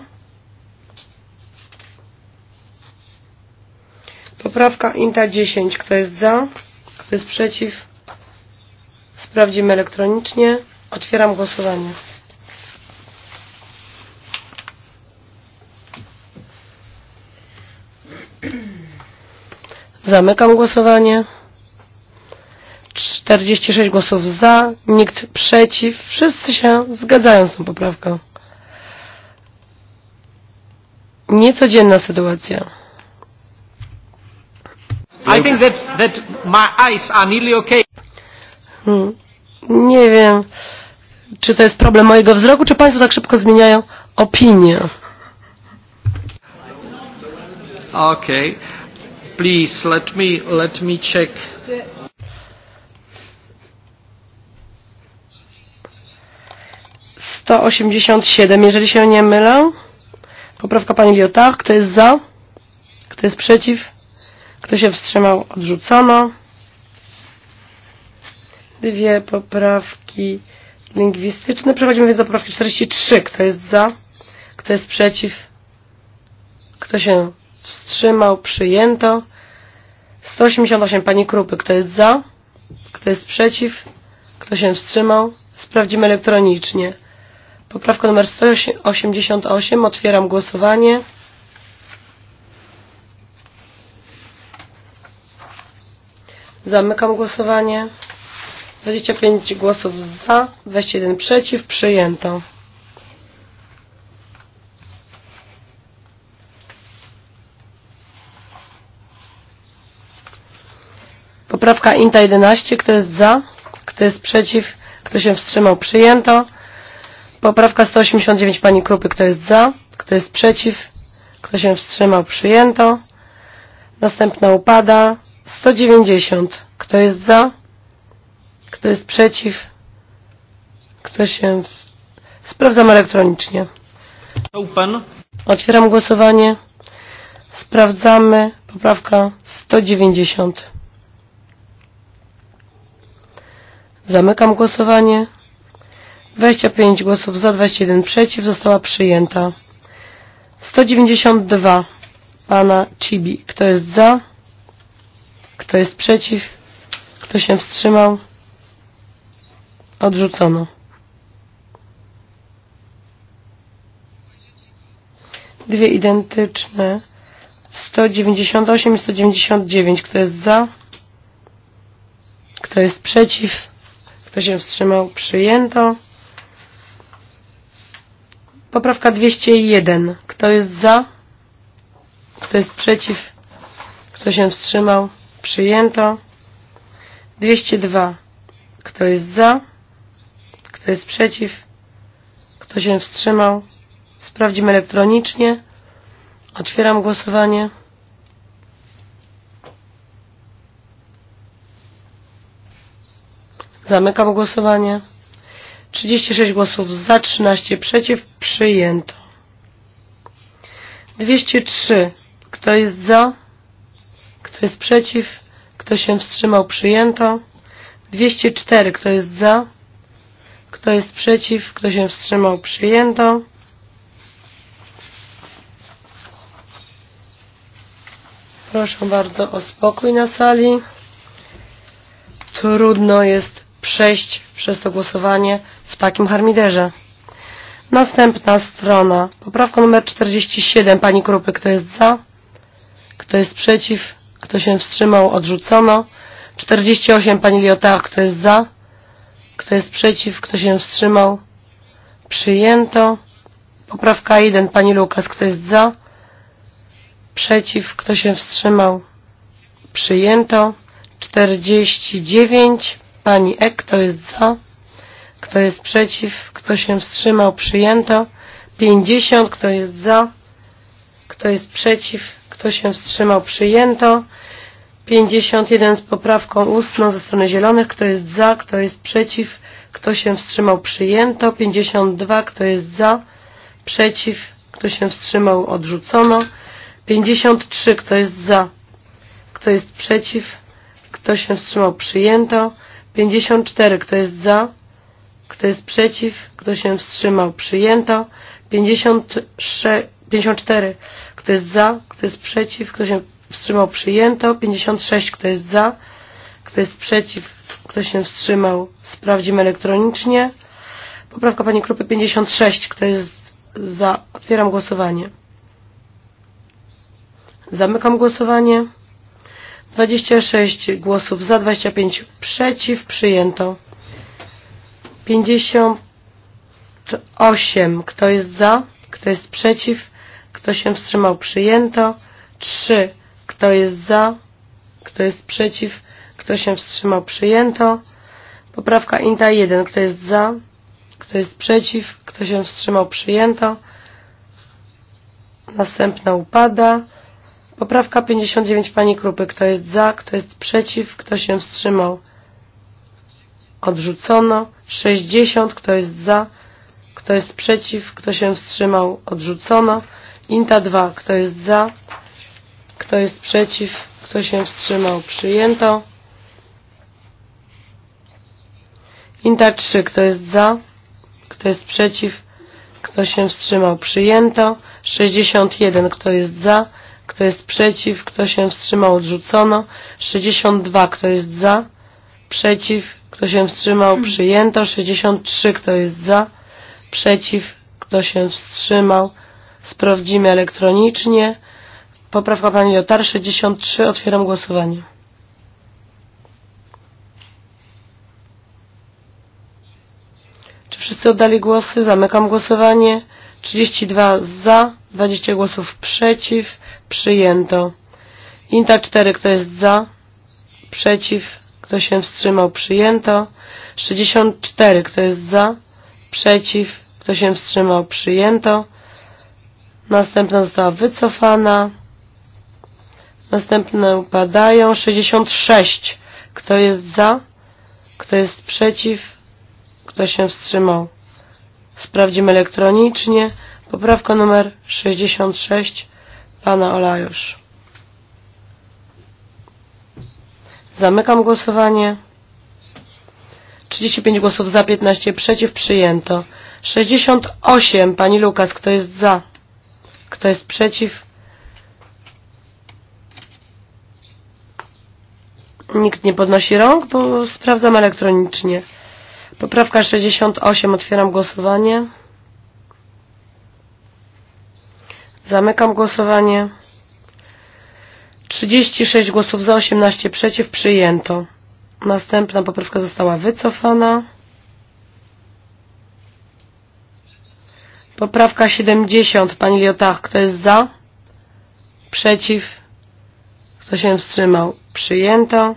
Poprawka INTA 10. Kto jest za? Kto jest przeciw? Sprawdzimy elektronicznie. Otwieram głosowanie. Zamykam głosowanie. 46 głosów za, nikt przeciw. Wszyscy się zgadzają z tą poprawką. Niecodzienna sytuacja. I think that, that my eyes are nearly okay. Hmm. Nie wiem, czy to jest problem mojego wzroku, czy Państwo tak szybko zmieniają opinię. Okay. Please, let me, let me check. Sto osiemdziesiąt siedem, jeżeli się nie mylę. Poprawka Pani Liotard. Kto jest za? Kto jest przeciw? Kto się wstrzymał? Odrzucono. Dwie poprawki lingwistyczne. Przechodzimy więc do poprawki 43. Kto jest za? Kto jest przeciw? Kto się wstrzymał? Przyjęto. 188 pani Krupy. Kto jest za? Kto jest przeciw? Kto się wstrzymał? Sprawdzimy elektronicznie. Poprawka numer 188. Otwieram głosowanie. Zamykam głosowanie. 25 głosów za, 21 przeciw, przyjęto. Poprawka INTA 11. Kto jest za? Kto jest przeciw? Kto się wstrzymał? Przyjęto. Poprawka 189 Pani Krupy. Kto jest za? Kto jest przeciw? Kto się wstrzymał? Przyjęto. Następna upada. 190. Kto jest za? Kto jest przeciw? Kto się... Sprawdzam elektronicznie. Open. Otwieram głosowanie. Sprawdzamy. Poprawka 190. Zamykam głosowanie. 25 głosów za, 21 przeciw. Została przyjęta. 192. Pana Chibi. Kto jest za? Kto jest przeciw? Kto się wstrzymał? Odrzucono. Dwie identyczne. 198 i 199. Kto jest za? Kto jest przeciw? Kto się wstrzymał? Przyjęto. Poprawka 201. Kto jest za? Kto jest przeciw? Kto się wstrzymał? Przyjęto. 202. Kto jest za? Kto jest przeciw? Kto się wstrzymał? Sprawdzimy elektronicznie. Otwieram głosowanie. Zamykam głosowanie. 36 głosów za, 13 przeciw. Przyjęto. 203. Kto jest za? Kto jest przeciw? Kto się wstrzymał? Przyjęto. 204. Kto jest za? Kto jest przeciw? Kto się wstrzymał? Przyjęto. Proszę bardzo o spokój na sali. Trudno jest przejść przez to głosowanie w takim harmiderze. Następna strona. Poprawka numer 47. Pani Krupy, kto jest za? Kto jest przeciw? Kto się wstrzymał? Odrzucono. 48 pani Liotard. Kto jest za? Kto jest przeciw? Kto się wstrzymał? Przyjęto. Poprawka 1 pani Lukas. Kto jest za? Przeciw? Kto się wstrzymał? Przyjęto. 49 pani Ek. Kto jest za? Kto jest przeciw? Kto się wstrzymał? Przyjęto. 50. Kto jest za? Kto jest przeciw? Kto się wstrzymał? Przyjęto. 51 z poprawką ustną ze strony zielonych. Kto jest za, kto jest przeciw, kto się wstrzymał, przyjęto. 52, kto jest za, przeciw, kto się wstrzymał, odrzucono. 53, kto jest za, kto jest przeciw, kto się wstrzymał, przyjęto. 54, kto jest za, kto jest przeciw, kto się wstrzymał, przyjęto. 56, 54, kto jest za, kto jest przeciw, kto się wstrzymał, przyjęto. 56, kto jest za, kto jest przeciw, kto się wstrzymał, sprawdzimy elektronicznie. Poprawka pani Krupy 56, kto jest za, otwieram głosowanie. Zamykam głosowanie. 26 głosów za, 25 przeciw, przyjęto. 58, kto jest za, kto jest przeciw, kto się wstrzymał, przyjęto. 3, Kto jest za? Kto jest przeciw? Kto się wstrzymał? Przyjęto. Poprawka INTA 1. Kto jest za? Kto jest przeciw? Kto się wstrzymał? Przyjęto. Następna upada. Poprawka 59 Pani Krupy. Kto jest za? Kto jest przeciw? Kto się wstrzymał? Odrzucono. 60. Kto jest za? Kto jest przeciw? Kto się wstrzymał? Odrzucono. Inta 2. Kto jest za? Kto jest przeciw? Kto się wstrzymał? Przyjęto. Inta 3. Kto jest za? Kto jest przeciw? Kto się wstrzymał? Przyjęto. 61. Kto jest za? Kto jest przeciw? Kto się wstrzymał? Odrzucono. 62. Kto jest za? Przeciw? Kto się wstrzymał? Przyjęto. 63. Kto jest za? Przeciw? Kto się wstrzymał? Sprawdzimy elektronicznie. Poprawka pani Jotar, 63. Otwieram głosowanie. Czy wszyscy oddali głosy? Zamykam głosowanie. 32 za, 20 głosów przeciw. Przyjęto. Inta 4. Kto jest za? Przeciw. Kto się wstrzymał? Przyjęto. 64. Kto jest za? Przeciw. Kto się wstrzymał? Przyjęto. Następna została wycofana. Następne upadają. 66. Kto jest za? Kto jest przeciw? Kto się wstrzymał? Sprawdzimy elektronicznie. Poprawka numer 66 pana Olajusz. Zamykam głosowanie. 35 głosów za, 15 przeciw, przyjęto. 68, pani Lukas, kto jest za? Kto jest przeciw? Nikt nie podnosi rąk, bo sprawdzam elektronicznie. Poprawka 68, otwieram głosowanie. Zamykam głosowanie. 36 głosów za, 18 przeciw, przyjęto. Następna poprawka została wycofana. Poprawka 70, pani Liotach, kto jest za? Przeciw? Kto się wstrzymał? Przyjęto.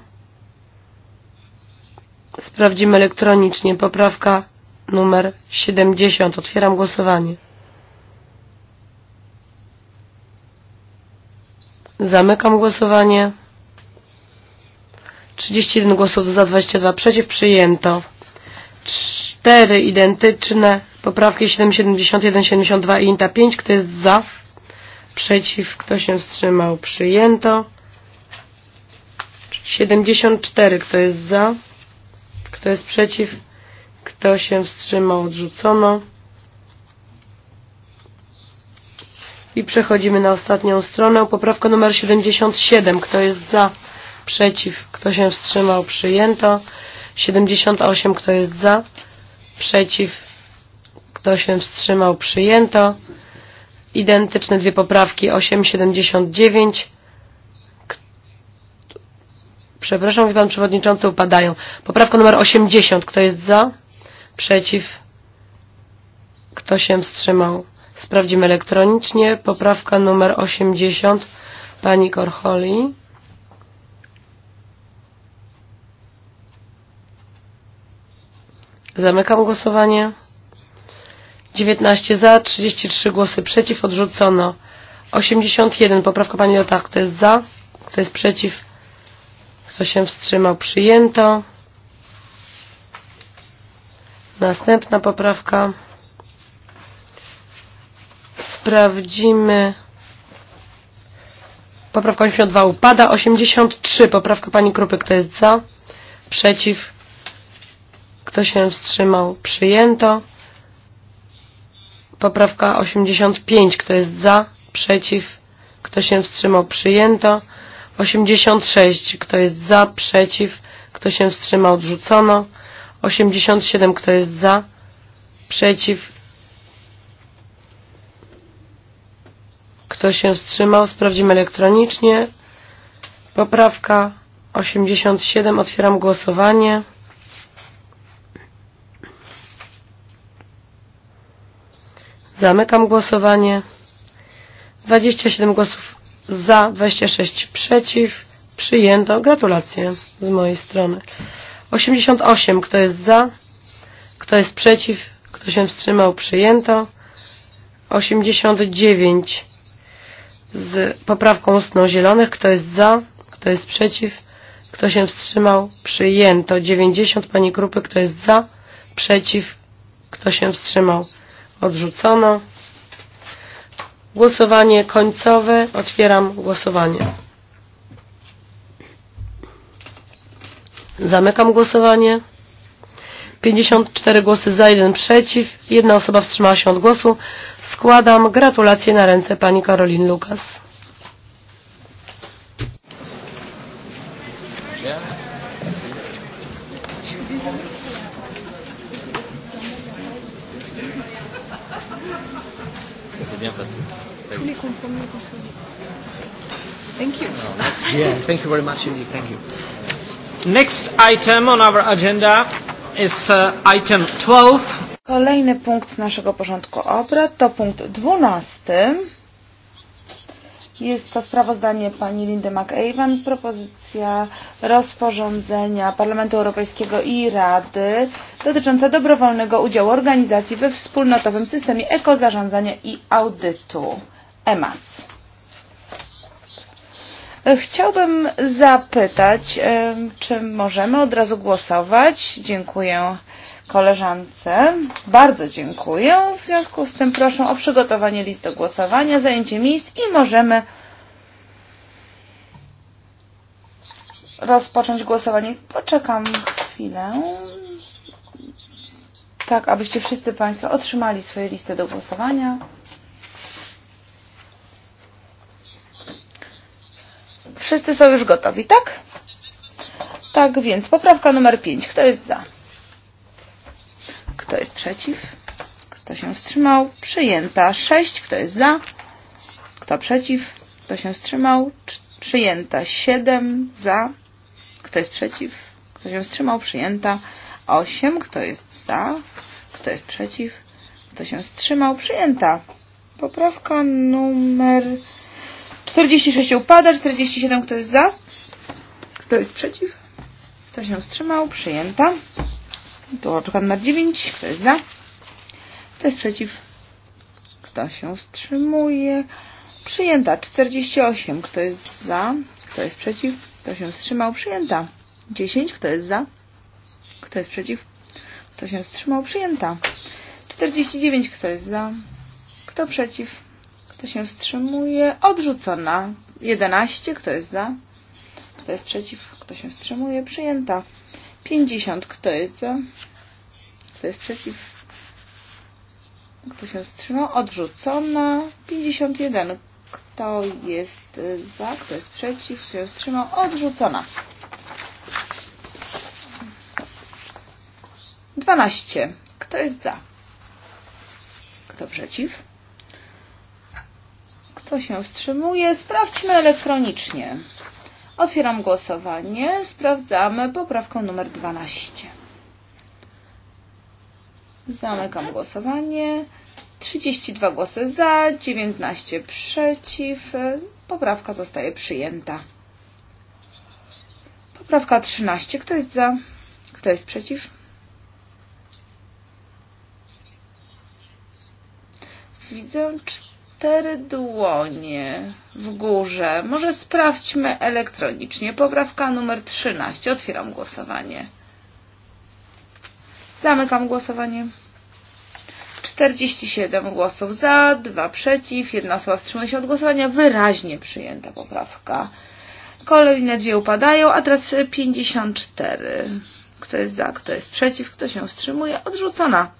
Sprawdzimy elektronicznie. Poprawka numer 70. Otwieram głosowanie. Zamykam głosowanie. 31 głosów za, 22 przeciw. Przyjęto. 4 identyczne poprawki 771, 72 i INTA 5. Kto jest za? Przeciw. Kto się wstrzymał? Przyjęto. 74. Kto jest za? Kto jest przeciw? Kto się wstrzymał? Odrzucono. I przechodzimy na ostatnią stronę. Poprawka numer 77. Kto jest za? Przeciw? Kto się wstrzymał? Przyjęto. 78. Kto jest za? Przeciw? Kto się wstrzymał? Przyjęto. Identyczne dwie poprawki. 8,79. Przepraszam, mówi pan przewodniczący, upadają. Poprawka numer 80. Kto jest za? Przeciw? Kto się wstrzymał? Sprawdzimy elektronicznie. Poprawka numer 80. Pani Korcholi. Zamykam głosowanie. 19 za, 33 głosy przeciw, odrzucono. 81, poprawka pani Jotach, kto jest za, kto jest przeciw, Kto się wstrzymał? Przyjęto. Następna poprawka. Sprawdzimy. Poprawka 82 upada. 83. Poprawka pani Krupy. Kto jest za? Przeciw. Kto się wstrzymał? Przyjęto. Poprawka 85. Kto jest za? Przeciw. Kto się wstrzymał? Przyjęto. 86, kto jest za, przeciw, kto się wstrzymał, odrzucono. 87, kto jest za, przeciw, kto się wstrzymał, sprawdzimy elektronicznie. Poprawka 87, otwieram głosowanie. Zamykam głosowanie. 27 głosów za, 26 przeciw, przyjęto. Gratulacje z mojej strony. 88, kto jest za, kto jest przeciw, kto się wstrzymał, przyjęto. 89 z poprawką ustną zielonych, kto jest za, kto jest przeciw, kto się wstrzymał, przyjęto. 90 pani grupy, kto jest za, przeciw, kto się wstrzymał, odrzucono. Głosowanie końcowe. Otwieram głosowanie. Zamykam głosowanie. 54 głosy za, 1 przeciw. Jedna osoba wstrzymała się od głosu. Składam gratulacje na ręce pani Karolin Lukas. Ça s'est bien passé. Tous les compromis Thank you. Oh, *laughs* yeah, thank you very much indeed. Thank you. Next item on our agenda is uh, item 12. Kolejny punkt z naszego porządku obrad to punkt 12. Jest to sprawozdanie pani Lindy McAven, propozycja rozporządzenia Parlamentu Europejskiego i Rady dotycząca dobrowolnego udziału organizacji we wspólnotowym systemie ekozarządzania i audytu EMAS. Chciałbym zapytać, czy możemy od razu głosować? Dziękuję koleżance. Bardzo dziękuję. W związku z tym proszę o przygotowanie list do głosowania, zajęcie miejsc i możemy rozpocząć głosowanie. Poczekam chwilę tak abyście wszyscy Państwo otrzymali swoje listy do głosowania. Wszyscy są już gotowi, tak? Tak więc poprawka numer 5. Kto jest za? Kto jest przeciw? Kto się wstrzymał? Przyjęta 6. Kto jest za? Kto przeciw? Kto się wstrzymał? Przyjęta 7. Za. Kto jest przeciw? Kto się wstrzymał? Przyjęta 8. Kto jest za? Kto jest przeciw? Kto się wstrzymał? Przyjęta. Poprawka numer 46 upada. 47. Kto jest za? Kto jest przeciw? Kto się wstrzymał? Przyjęta. Poprawka numer 9. Kto jest za? Kto jest przeciw? Kto się wstrzymuje? Przyjęta. 48. Kto jest za? Kto jest przeciw? Kto się wstrzymał? Przyjęta. 10. Kto jest za? Kto jest przeciw? Kto się wstrzymał? Przyjęta. 49. Kto jest za? Kto przeciw? Kto się wstrzymuje? Odrzucona. 11. Kto jest za? Kto jest przeciw? Kto się wstrzymuje? Przyjęta. 50. Kto jest za? Kto jest przeciw? Kto się wstrzymał? Odrzucona. 51. Kto jest za? Kto jest przeciw? Kto się wstrzymał? Odrzucona. 12. Kto jest za? Kto przeciw? Kto się wstrzymuje? Sprawdźmy elektronicznie. Otwieram głosowanie. Sprawdzamy poprawkę numer 12. Zamykam głosowanie. 32 głosy za, 19 przeciw. Poprawka zostaje przyjęta. Poprawka 13. Kto jest za? Kto jest przeciw? Widzę cztery dłonie w górze. Może sprawdźmy elektronicznie. Poprawka numer 13. Otwieram głosowanie. Zamykam głosowanie. 47 głosów za, 2 przeciw, 1 osoba wstrzymała się od głosowania. Wyraźnie przyjęta poprawka. Kolejne dwie upadają, a teraz 54. Kto jest za, kto jest przeciw, kto się wstrzymuje? Odrzucona.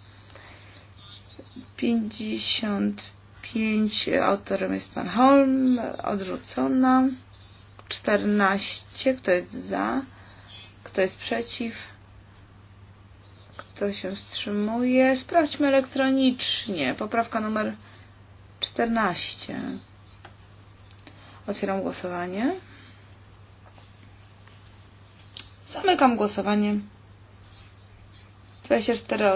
55 autorem jest pan Holm, odrzucona. 14, kto jest za, kto jest przeciw, kto się wstrzymuje. Sprawdźmy elektronicznie. Poprawka numer 14. Otwieram głosowanie. Zamykam głosowanie. 24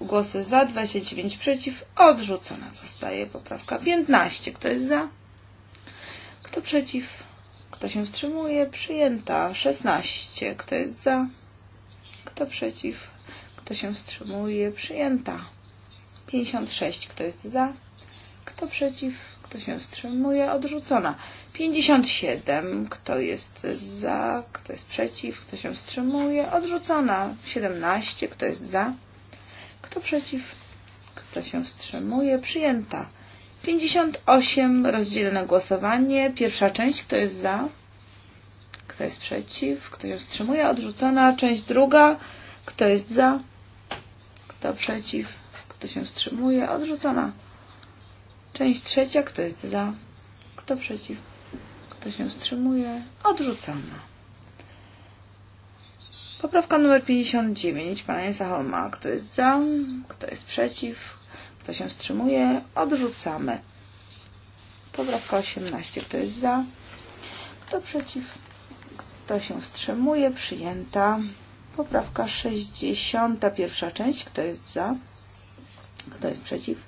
głosy za, 29 przeciw. Odrzucona zostaje poprawka 15. Kto jest za? Kto przeciw? Kto się wstrzymuje? Przyjęta. 16. Kto jest za? Kto przeciw? Kto się wstrzymuje? Przyjęta. 56. Kto jest za? Kto przeciw? Kto się wstrzymuje? Odrzucona. 57. Kto jest za? Kto jest przeciw? Kto się wstrzymuje? Odrzucona. 17. Kto jest za? Kto przeciw? Kto się wstrzymuje? Przyjęta. 58. Rozdzielone głosowanie. Pierwsza część. Kto jest za? Kto jest przeciw? Kto się wstrzymuje? Odrzucona. Część druga. Kto jest za? Kto przeciw? Kto się wstrzymuje? Odrzucona. Część trzecia. Kto jest za? Kto przeciw? Kto się wstrzymuje? Odrzucona. Poprawka numer 59 pana Jensa Holma. Kto jest za? Kto jest przeciw? Kto się wstrzymuje? Odrzucamy. Poprawka 18. Kto jest za? Kto przeciw? Kto się wstrzymuje? Przyjęta. Poprawka 60. Pierwsza część. Kto jest za? Kto jest przeciw?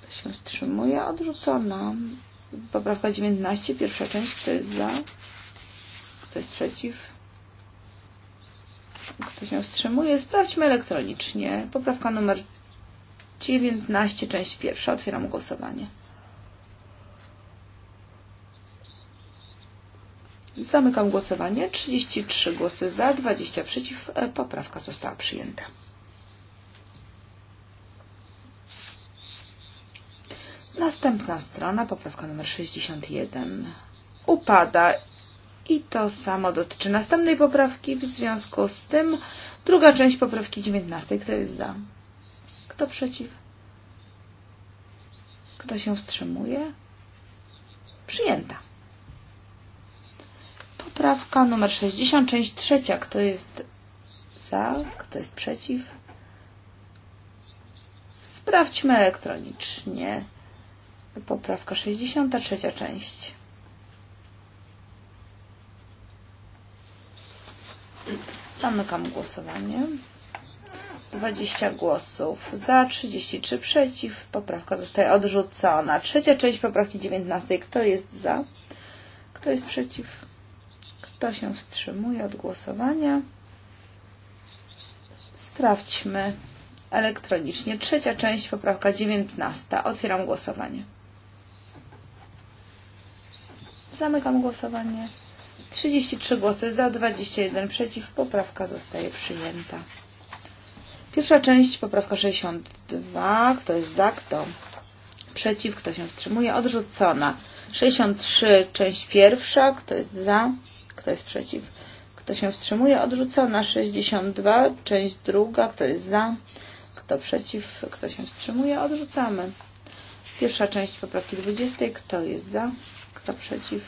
Kto się wstrzymuje? Odrzucona. Poprawka 19, pierwsza część. Kto jest za? Kto jest przeciw? Kto się wstrzymuje? Sprawdźmy elektronicznie. Poprawka numer 19, część pierwsza. Otwieram głosowanie. Zamykam głosowanie. 33 głosy za, 20 przeciw. Poprawka została przyjęta. Następna strona, poprawka numer 61. Upada i to samo dotyczy następnej poprawki. W związku z tym druga część poprawki 19. Kto jest za? Kto przeciw? Kto się wstrzymuje? Przyjęta. Poprawka numer 60, część trzecia. Kto jest za? Kto jest przeciw? Sprawdźmy elektronicznie. Poprawka 63. część. Zamykam głosowanie. 20 głosów za, 33 przeciw. Poprawka zostaje odrzucona. Trzecia część poprawki 19. Kto jest za? Kto jest przeciw? Kto się wstrzymuje od głosowania? Sprawdźmy elektronicznie. Trzecia część, poprawka 19. Otwieram głosowanie. Zamykam głosowanie. 33 głosy za, 21 przeciw. Poprawka zostaje przyjęta. Pierwsza część, poprawka 62. Kto jest za, kto przeciw, kto się wstrzymuje. Odrzucona. 63, część pierwsza. Kto jest za, kto jest przeciw, kto się wstrzymuje. Odrzucona. 62, część druga. Kto jest za, kto przeciw, kto się wstrzymuje. Odrzucamy. Pierwsza część poprawki 20. Kto jest za? kto przeciw,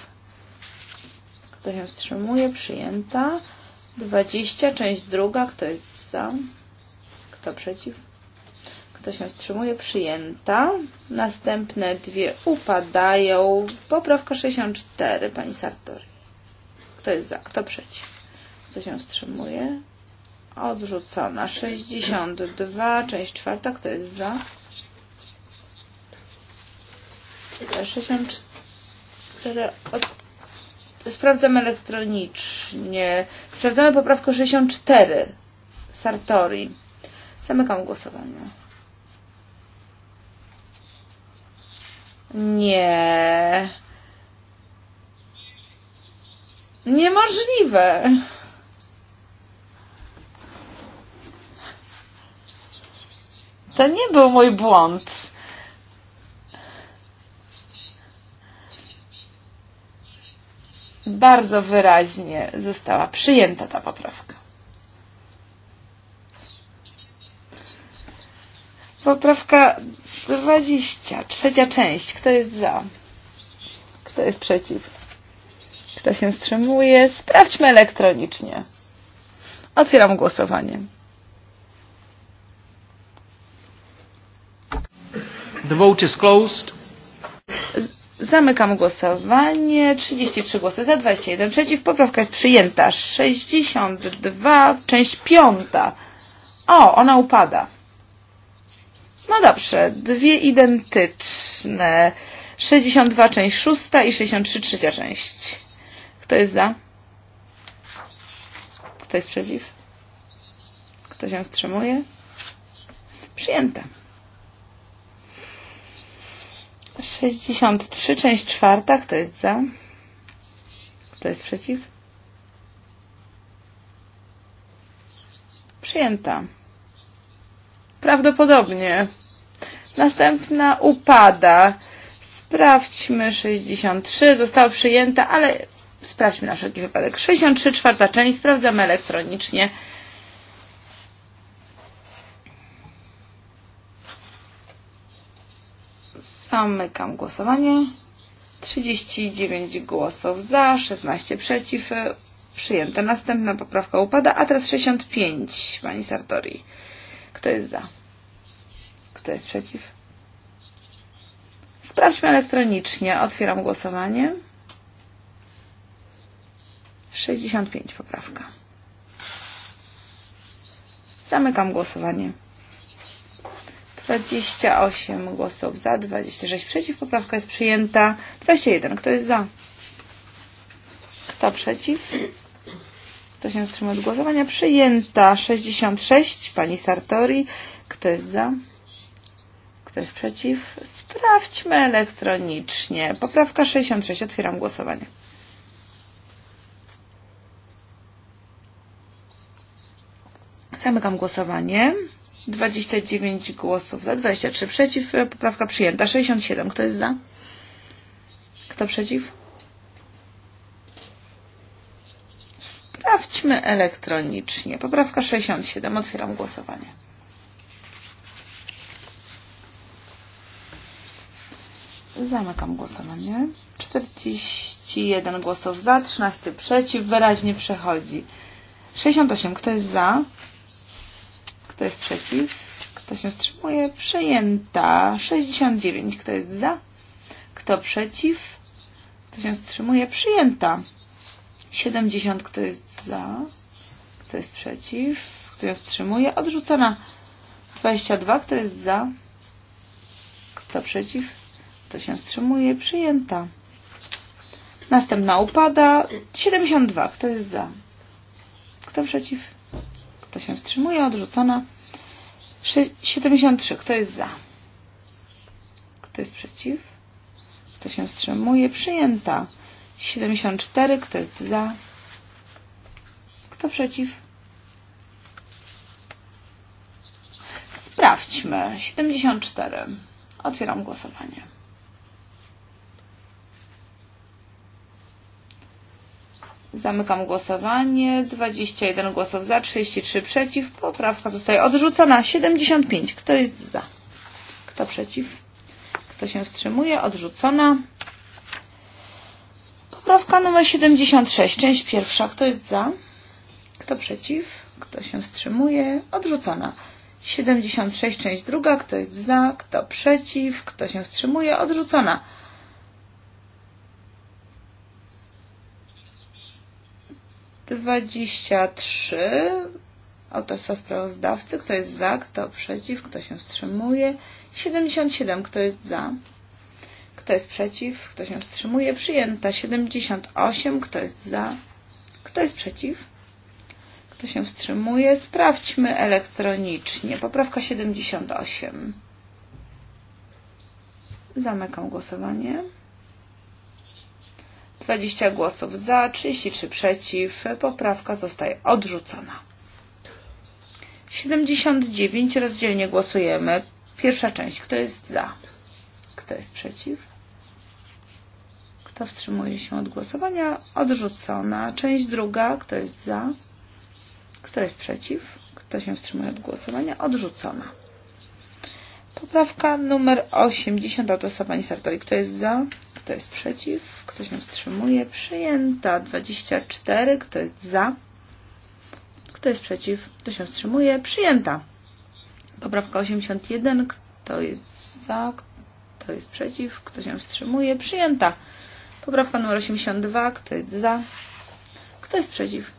kto się wstrzymuje, przyjęta. 20, część druga, kto jest za, kto przeciw, kto się wstrzymuje, przyjęta. Następne dwie upadają. Poprawka 64, pani Sartori. Kto jest za, kto przeciw, kto się wstrzymuje, odrzucona. 62, część czwarta, kto jest za? 64 Które od... Sprawdzamy elektronicznie. Sprawdzamy poprawkę 64. Sartori. Zamykam głosowanie. Nie. Niemożliwe. To nie był mój błąd. bardzo wyraźnie została przyjęta ta poprawka. Poprawka 20, trzecia część. Kto jest za? Kto jest przeciw? Kto się wstrzymuje? Sprawdźmy elektronicznie. Otwieram głosowanie. The vote is closed. Zamykam głosowanie. 33 głosy za, 21 przeciw. Poprawka jest przyjęta. 62, część piąta. O, ona upada. No dobrze, dwie identyczne. 62, część szósta i 63, trzecia część. Kto jest za? Kto jest przeciw? Kto się wstrzymuje? Przyjęte. 63, część czwarta. Kto jest za? Kto jest przeciw? Przyjęta. Prawdopodobnie. Następna upada. Sprawdźmy 63. Została przyjęta, ale sprawdźmy na wszelki wypadek. 63, czwarta część. Sprawdzamy elektronicznie. Zamykam głosowanie. 39 głosów za, 16 przeciw. Przyjęte. Następna poprawka upada, a teraz 65 pani Sartori. Kto jest za? Kto jest przeciw? Sprawdźmy elektronicznie. Otwieram głosowanie. 65 poprawka. Zamykam głosowanie. 28 głosów za, 26 przeciw. Poprawka jest przyjęta. 21. Kto jest za? Kto przeciw? Kto się wstrzymał od głosowania? Przyjęta. 66. Pani Sartori. Kto jest za? Kto jest przeciw? Sprawdźmy elektronicznie. Poprawka 66. Otwieram głosowanie. Zamykam głosowanie. 29 głosów za, 23 przeciw. E, poprawka przyjęta. 67. Kto jest za? Kto przeciw? Sprawdźmy elektronicznie. Poprawka 67. Otwieram głosowanie. Zamykam głosowanie. 41 głosów za, 13 przeciw. Wyraźnie przechodzi. 68. Kto jest za? Kto jest przeciw? Kto się wstrzymuje? Przejęta. 69. Kto jest za? Kto przeciw? Kto się wstrzymuje? Przyjęta. 70. Kto jest za? Kto jest przeciw? Kto się wstrzymuje? Odrzucona. 22. Kto jest za? Kto przeciw? Kto się wstrzymuje? Przyjęta. Następna upada. 72. Kto jest za? Kto przeciw? Kto się wstrzymuje? Odrzucona. 73. Kto jest za? Kto jest przeciw? Kto się wstrzymuje? Przyjęta. 74. Kto jest za? Kto przeciw? Sprawdźmy. 74. Otwieram głosowanie. Zamykam głosowanie. 21 głosów za, 33 przeciw. Poprawka zostaje odrzucona. 75. Kto jest za? Kto przeciw? Kto się wstrzymuje? Odrzucona. Poprawka numer 76, część pierwsza. Kto jest za? Kto przeciw? Kto się wstrzymuje? Odrzucona. 76, część druga. Kto jest za? Kto przeciw? Kto się wstrzymuje? Odrzucona. 23 autorstwa sprawozdawcy. Kto jest za, kto przeciw, kto się wstrzymuje. 77. Kto jest za? Kto jest przeciw? Kto się wstrzymuje? Przyjęta. 78. Kto jest za? Kto jest przeciw? Kto się wstrzymuje? Sprawdźmy elektronicznie. Poprawka 78. Zamykam głosowanie. 20 głosów za, 33 przeciw. Poprawka zostaje odrzucona. 79 rozdzielnie głosujemy. Pierwsza część. Kto jest za? Kto jest przeciw? Kto wstrzymuje się od głosowania? Odrzucona. Część druga. Kto jest za? Kto jest przeciw? Kto się wstrzymuje od głosowania? Odrzucona. Poprawka numer 80 od osoba Nisartoi. Kto jest za? Kto jest przeciw? Kto się wstrzymuje? Przyjęta. 24. Kto jest za? Kto jest przeciw? Kto się wstrzymuje? Przyjęta. Poprawka 81. Kto jest za? Kto jest przeciw? Kto się wstrzymuje? Przyjęta. Poprawka numer 82. Kto jest za? Kto jest przeciw?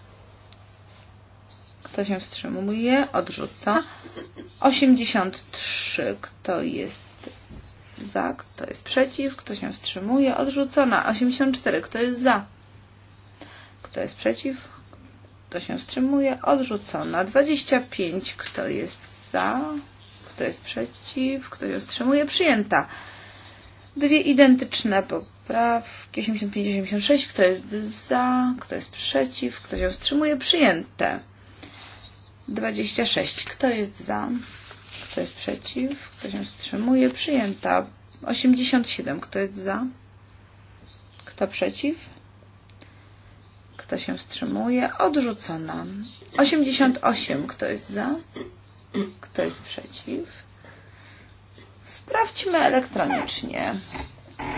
Kto się wstrzymuje? Odrzuca. 83. Kto jest za, kto jest przeciw, kto się wstrzymuje, odrzucona. 84, kto jest za, kto jest przeciw, kto się wstrzymuje, odrzucona. 25, kto jest za, kto jest przeciw, kto się wstrzymuje, przyjęta. Dwie identyczne poprawki, 85-86, kto jest za, kto jest przeciw, kto się wstrzymuje, przyjęte. 26, kto jest za, Kto jest przeciw? Kto się wstrzymuje? Przyjęta. 87. Kto jest za? Kto przeciw? Kto się wstrzymuje? Odrzucona. 88. Kto jest za? Kto jest przeciw? Sprawdźmy elektronicznie.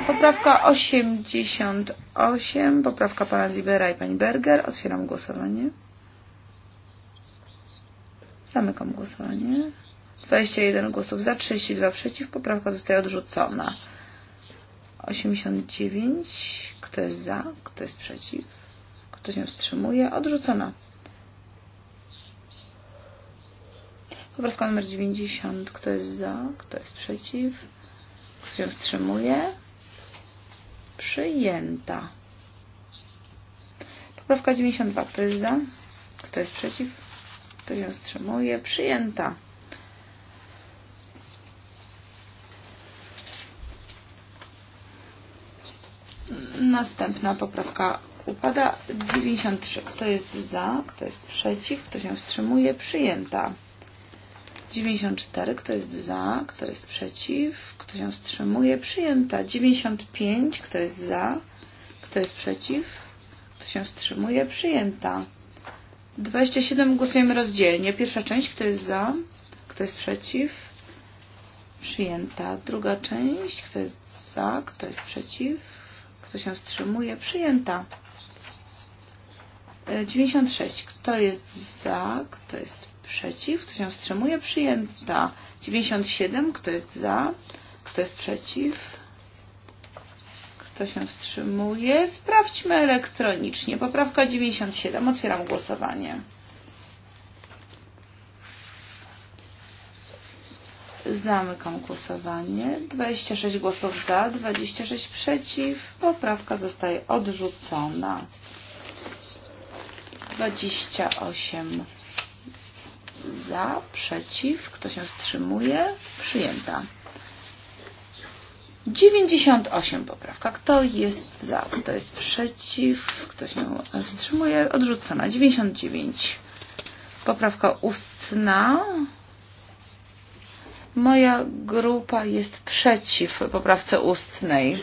Poprawka 88, poprawka pana Zibera i pani Berger. Otwieram głosowanie. Zamykam głosowanie. 21 głosów za, 32 przeciw. Poprawka zostaje odrzucona. 89. Kto jest za? Kto jest przeciw? Kto się wstrzymuje? Odrzucona. Poprawka numer 90. Kto jest za? Kto jest przeciw? Kto się wstrzymuje? Przyjęta. Poprawka 92. Kto jest za? Kto jest przeciw? Kto się wstrzymuje? Przyjęta. Następna poprawka upada. 93. Kto jest za? Kto jest przeciw? Kto się wstrzymuje? Przyjęta. 94. Kto jest za? Kto jest przeciw? Kto się wstrzymuje? Przyjęta. 95. Kto jest za? Kto jest przeciw? Kto się wstrzymuje? Przyjęta. 27. Głosujemy rozdzielnie. Pierwsza część. Kto jest za? Kto jest przeciw? Przyjęta. Druga część. Kto jest za? Kto jest przeciw? Kto się wstrzymuje? Przyjęta. 96. E, kto jest za? Kto jest przeciw? Kto się wstrzymuje? Przyjęta. 97. Kto jest za? Kto jest przeciw? Kto się wstrzymuje? Sprawdźmy elektronicznie. Poprawka 97. Otwieram głosowanie. Zamykam głosowanie. 26 głosów za, 26 przeciw. Poprawka zostaje odrzucona. 28 za, przeciw. Kto się wstrzymuje? Przyjęta. 98 poprawka. Kto jest za? Kto jest przeciw? Kto się wstrzymuje? Odrzucona. 99. Poprawka ustna. Moja grupa jest przeciw poprawce ustnej.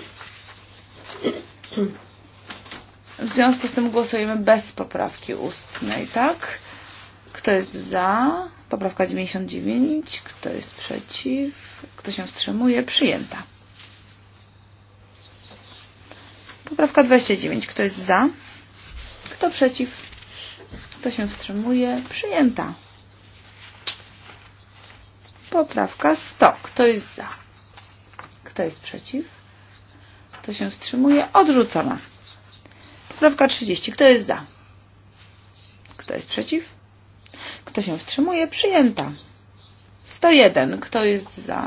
W związku z tym głosujemy bez poprawki ustnej, tak? Kto jest za? Poprawka 99. Kto jest przeciw? Kto się wstrzymuje? Przyjęta. Poprawka 29. Kto jest za? Kto przeciw? Kto się wstrzymuje? Przyjęta. Poprawka 100. Kto jest za? Kto jest przeciw? Kto się wstrzymuje? Odrzucona. Poprawka 30. Kto jest za? Kto jest przeciw? Kto się wstrzymuje? Przyjęta. 101. Kto jest za?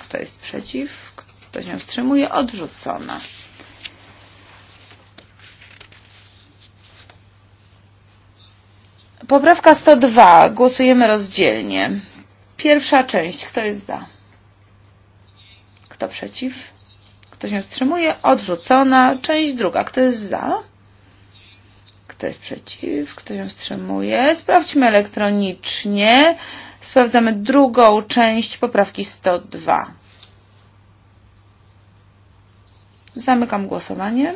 Kto jest przeciw? Kto się wstrzymuje? Odrzucona. Poprawka 102. Głosujemy rozdzielnie. Pierwsza część. Kto jest za? Kto przeciw? Kto się wstrzymuje? Odrzucona. Część druga. Kto jest za? Kto jest przeciw? Kto się wstrzymuje? Sprawdźmy elektronicznie. Sprawdzamy drugą część poprawki 102. Zamykam głosowanie.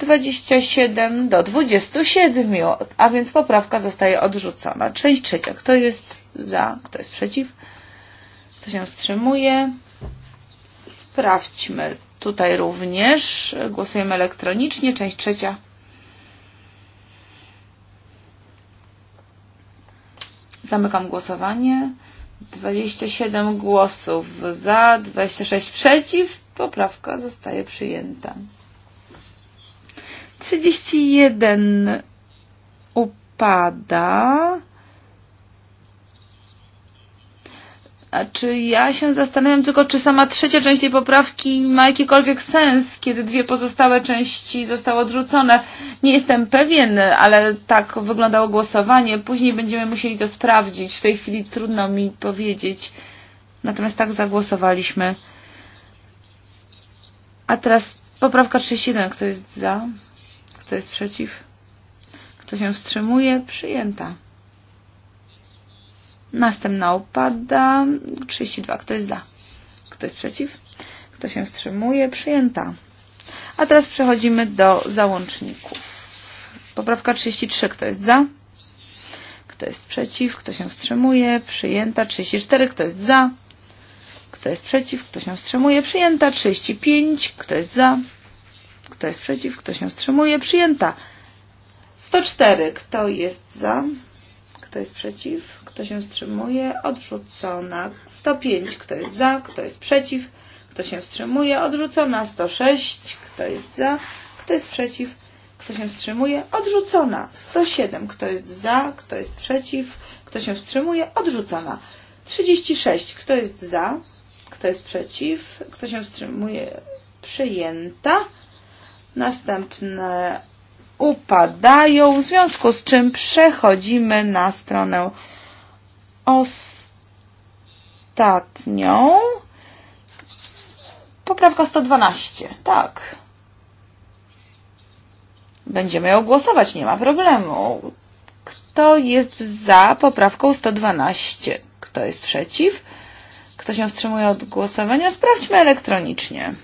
27 do 27, a więc poprawka zostaje odrzucona. Część trzecia. Kto jest za? Kto jest przeciw? Kto się wstrzymuje? Sprawdźmy tutaj również. Głosujemy elektronicznie. Część trzecia. Zamykam głosowanie. 27 głosów za, 26 przeciw. Poprawka zostaje przyjęta. 31 upada. Znaczy, ja się zastanawiam tylko, czy sama trzecia część tej poprawki ma jakikolwiek sens, kiedy dwie pozostałe części zostały odrzucone. Nie jestem pewien, ale tak wyglądało głosowanie. Później będziemy musieli to sprawdzić. W tej chwili trudno mi powiedzieć. Natomiast tak zagłosowaliśmy. A teraz poprawka 31. Kto jest za? Kto jest przeciw? Kto się wstrzymuje? Przyjęta. Następna upada. 32. Kto jest za? Kto jest przeciw? Kto się wstrzymuje? Przyjęta. A teraz przechodzimy do załączników. Poprawka 33. Kto jest za? Kto jest przeciw? Kto się wstrzymuje? Przyjęta. 34. Kto jest za? Kto jest przeciw? Kto się wstrzymuje? Przyjęta. 35. Kto jest za? Kto jest przeciw? Kto się wstrzymuje? Przyjęta. 104. Kto jest za? Kto jest przeciw? Kto się wstrzymuje? Odrzucona. 105. Kto jest za? Kto jest przeciw? Kto się wstrzymuje? Odrzucona. 106. Kto jest za? Kto jest przeciw? Kto się wstrzymuje? Odrzucona. 107. Kto jest za? Kto jest przeciw? Kto się wstrzymuje? Odrzucona. 36. Kto jest za? Kto jest przeciw? Kto się wstrzymuje? Przyjęta następne upadają, w związku z czym przechodzimy na stronę ostatnią. Poprawka 112, tak. Będziemy ją głosować, nie ma problemu. Kto jest za poprawką 112? Kto jest przeciw? Kto się wstrzymuje od głosowania? Sprawdźmy elektronicznie.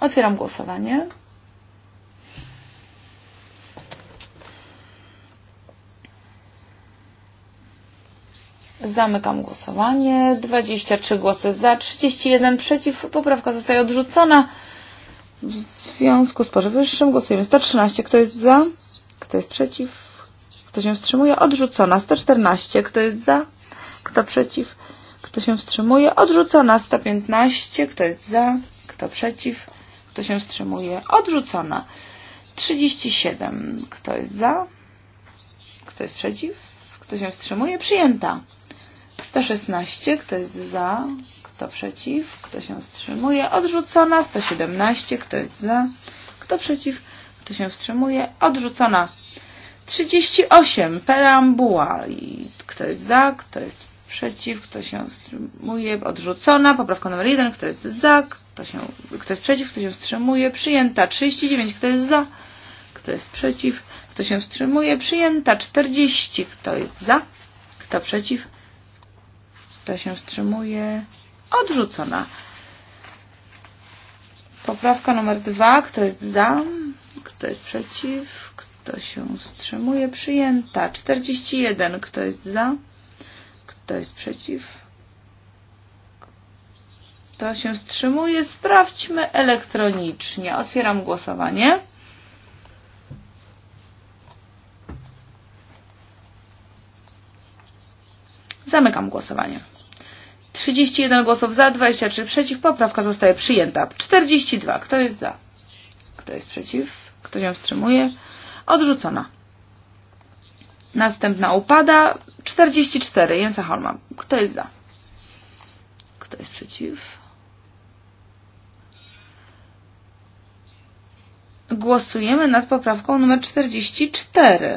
Otwieram głosowanie. Zamykam głosowanie. 23 głosy za, 31 przeciw. Poprawka zostaje odrzucona. W związku z powyższym głosujemy 113. Kto jest za? Kto jest przeciw? Kto się wstrzymuje? Odrzucona. 114. Kto jest za? Kto przeciw? Kto się wstrzymuje? Odrzucona. 115. Kto jest za? Kto przeciw? Kto się wstrzymuje? Odrzucona. 37. Kto jest za? Kto jest przeciw? Kto się wstrzymuje? Przyjęta. 116, kto jest za, kto przeciw, kto się wstrzymuje, odrzucona. 117, kto jest za, kto przeciw, kto się wstrzymuje, odrzucona. 38, perambuła. I kto jest za, kto jest przeciw, kto się wstrzymuje, odrzucona. Poprawka numer 1, kto jest za, kto, się, kto jest przeciw, kto się wstrzymuje, przyjęta. 39, kto jest za, kto jest przeciw, kto się wstrzymuje, przyjęta. 40, kto jest za, kto przeciw, Kto się wstrzymuje? Odrzucona. Poprawka numer dwa. Kto jest za? Kto jest przeciw? Kto się wstrzymuje? Przyjęta. 41. Kto jest za? Kto jest przeciw? Kto się wstrzymuje? Sprawdźmy elektronicznie. Otwieram głosowanie. Zamykam głosowanie. 31 głosów za, 23 przeciw. Poprawka zostaje przyjęta. 42. Kto jest za? Kto jest przeciw? Kto się wstrzymuje? Odrzucona. Następna upada. 44. Jensa Holma. Kto jest za? Kto jest przeciw? Głosujemy nad poprawką numer 44.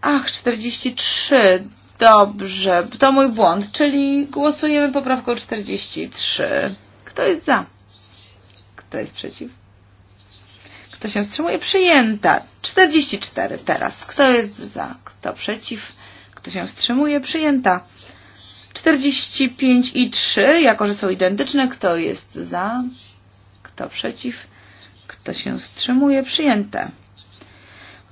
Ach, 43. Dobrze, to mój błąd, czyli głosujemy poprawką 43. Kto jest za? Kto jest przeciw? Kto się wstrzymuje? Przyjęta. 44 teraz. Kto jest za? Kto przeciw? Kto się wstrzymuje? Przyjęta. 45 i 3, jako że są identyczne, kto jest za? Kto przeciw? Kto się wstrzymuje? Przyjęte.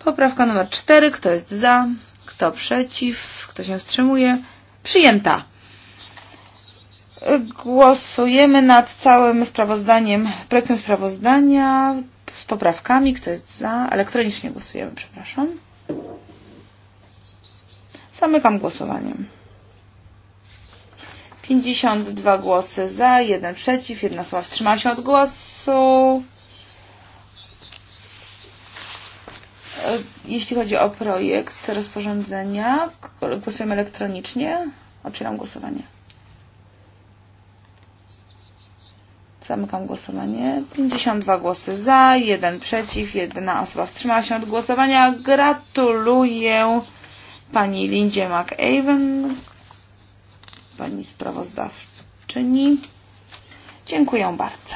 Poprawka numer 4, kto jest za? Kto przeciw? Kto się wstrzymuje? Przyjęta. Głosujemy nad całym sprawozdaniem, projektem sprawozdania z poprawkami. Kto jest za? Elektronicznie głosujemy, przepraszam. Zamykam głosowanie. 52 głosy za, 1 przeciw, 1 osoba wstrzymała się od głosu. Jeśli chodzi o projekt rozporządzenia, głosujemy elektronicznie. Otwieram głosowanie. Zamykam głosowanie. 52 głosy za, 1 przeciw, 1 osoba wstrzymała się od głosowania. Gratuluję pani Lindzie McAven, pani sprawozdawczyni. Dziękuję bardzo.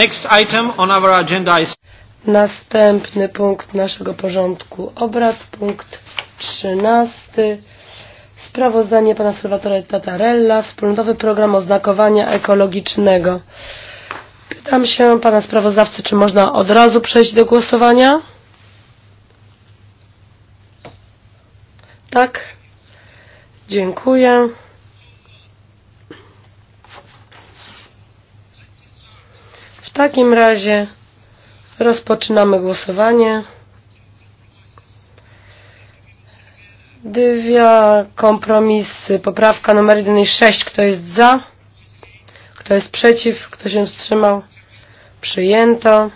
Next item on our agenda is... Następny punkt naszego porządku obrad, punkt 13. Sprawozdanie pana Salvatore Tatarella, wspólnotowy program oznakowania ekologicznego. Pytam się pana sprawozdawcy, czy można od razu przejść do głosowania? Tak? Dziękuję. W takim razie rozpoczynamy głosowanie. Dwie kompromisy. Poprawka numer 1 i 6. Kto jest za? Kto jest przeciw? Kto się wstrzymał? Przyjęto.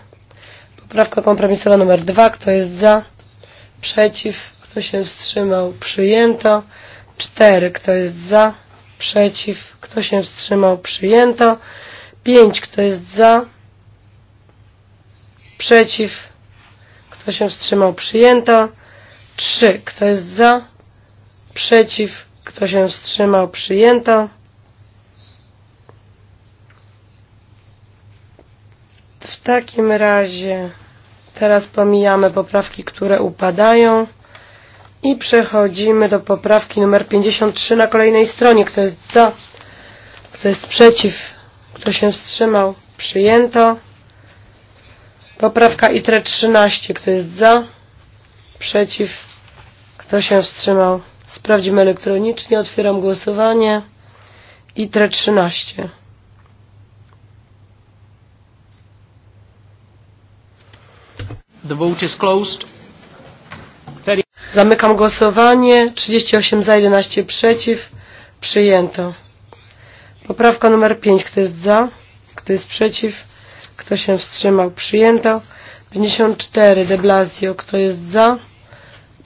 Poprawka kompromisowa numer 2. Kto jest za? Przeciw? Kto się wstrzymał? Przyjęto. 4. Kto jest za? Przeciw? Kto się wstrzymał? Przyjęto. 5. Kto jest za? Przeciw. Kto się wstrzymał? Przyjęto. 3. Kto jest za? Przeciw. Kto się wstrzymał? Przyjęto. W takim razie teraz pomijamy poprawki, które upadają i przechodzimy do poprawki numer 53 na kolejnej stronie. Kto jest za? Kto jest przeciw? Kto się wstrzymał? Przyjęto. Poprawka ITRE 13. Kto jest za? Przeciw? Kto się wstrzymał? Sprawdzimy elektronicznie. Otwieram głosowanie. ITRE 13. The vote is closed. Zamykam głosowanie. 38 za, 11 przeciw. Przyjęto. Poprawka numer 5. Kto jest za? Kto jest przeciw? Kto się wstrzymał? Przyjęto. 54. De Blasio. Kto jest za?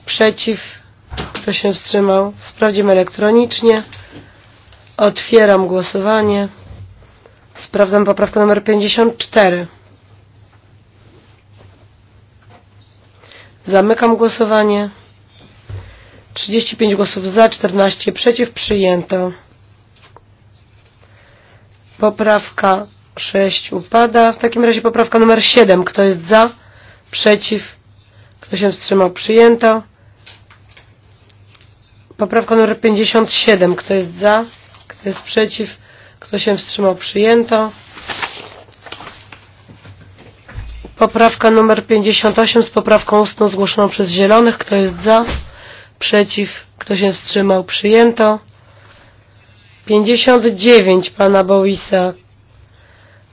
Przeciw? Kto się wstrzymał? Sprawdzimy elektronicznie. Otwieram głosowanie. Sprawdzam poprawkę numer 54. Zamykam głosowanie. 35 głosów za, 14 przeciw, przyjęto. Poprawka 6 upada. W takim razie poprawka numer 7. Kto jest za? Przeciw? Kto się wstrzymał? Przyjęto. Poprawka numer 57. Kto jest za? Kto jest przeciw? Kto się wstrzymał? Przyjęto. Poprawka numer 58 z poprawką ustną zgłoszoną przez Zielonych. Kto jest za? Przeciw? Kto się wstrzymał? Przyjęto. 59 pana Boisa.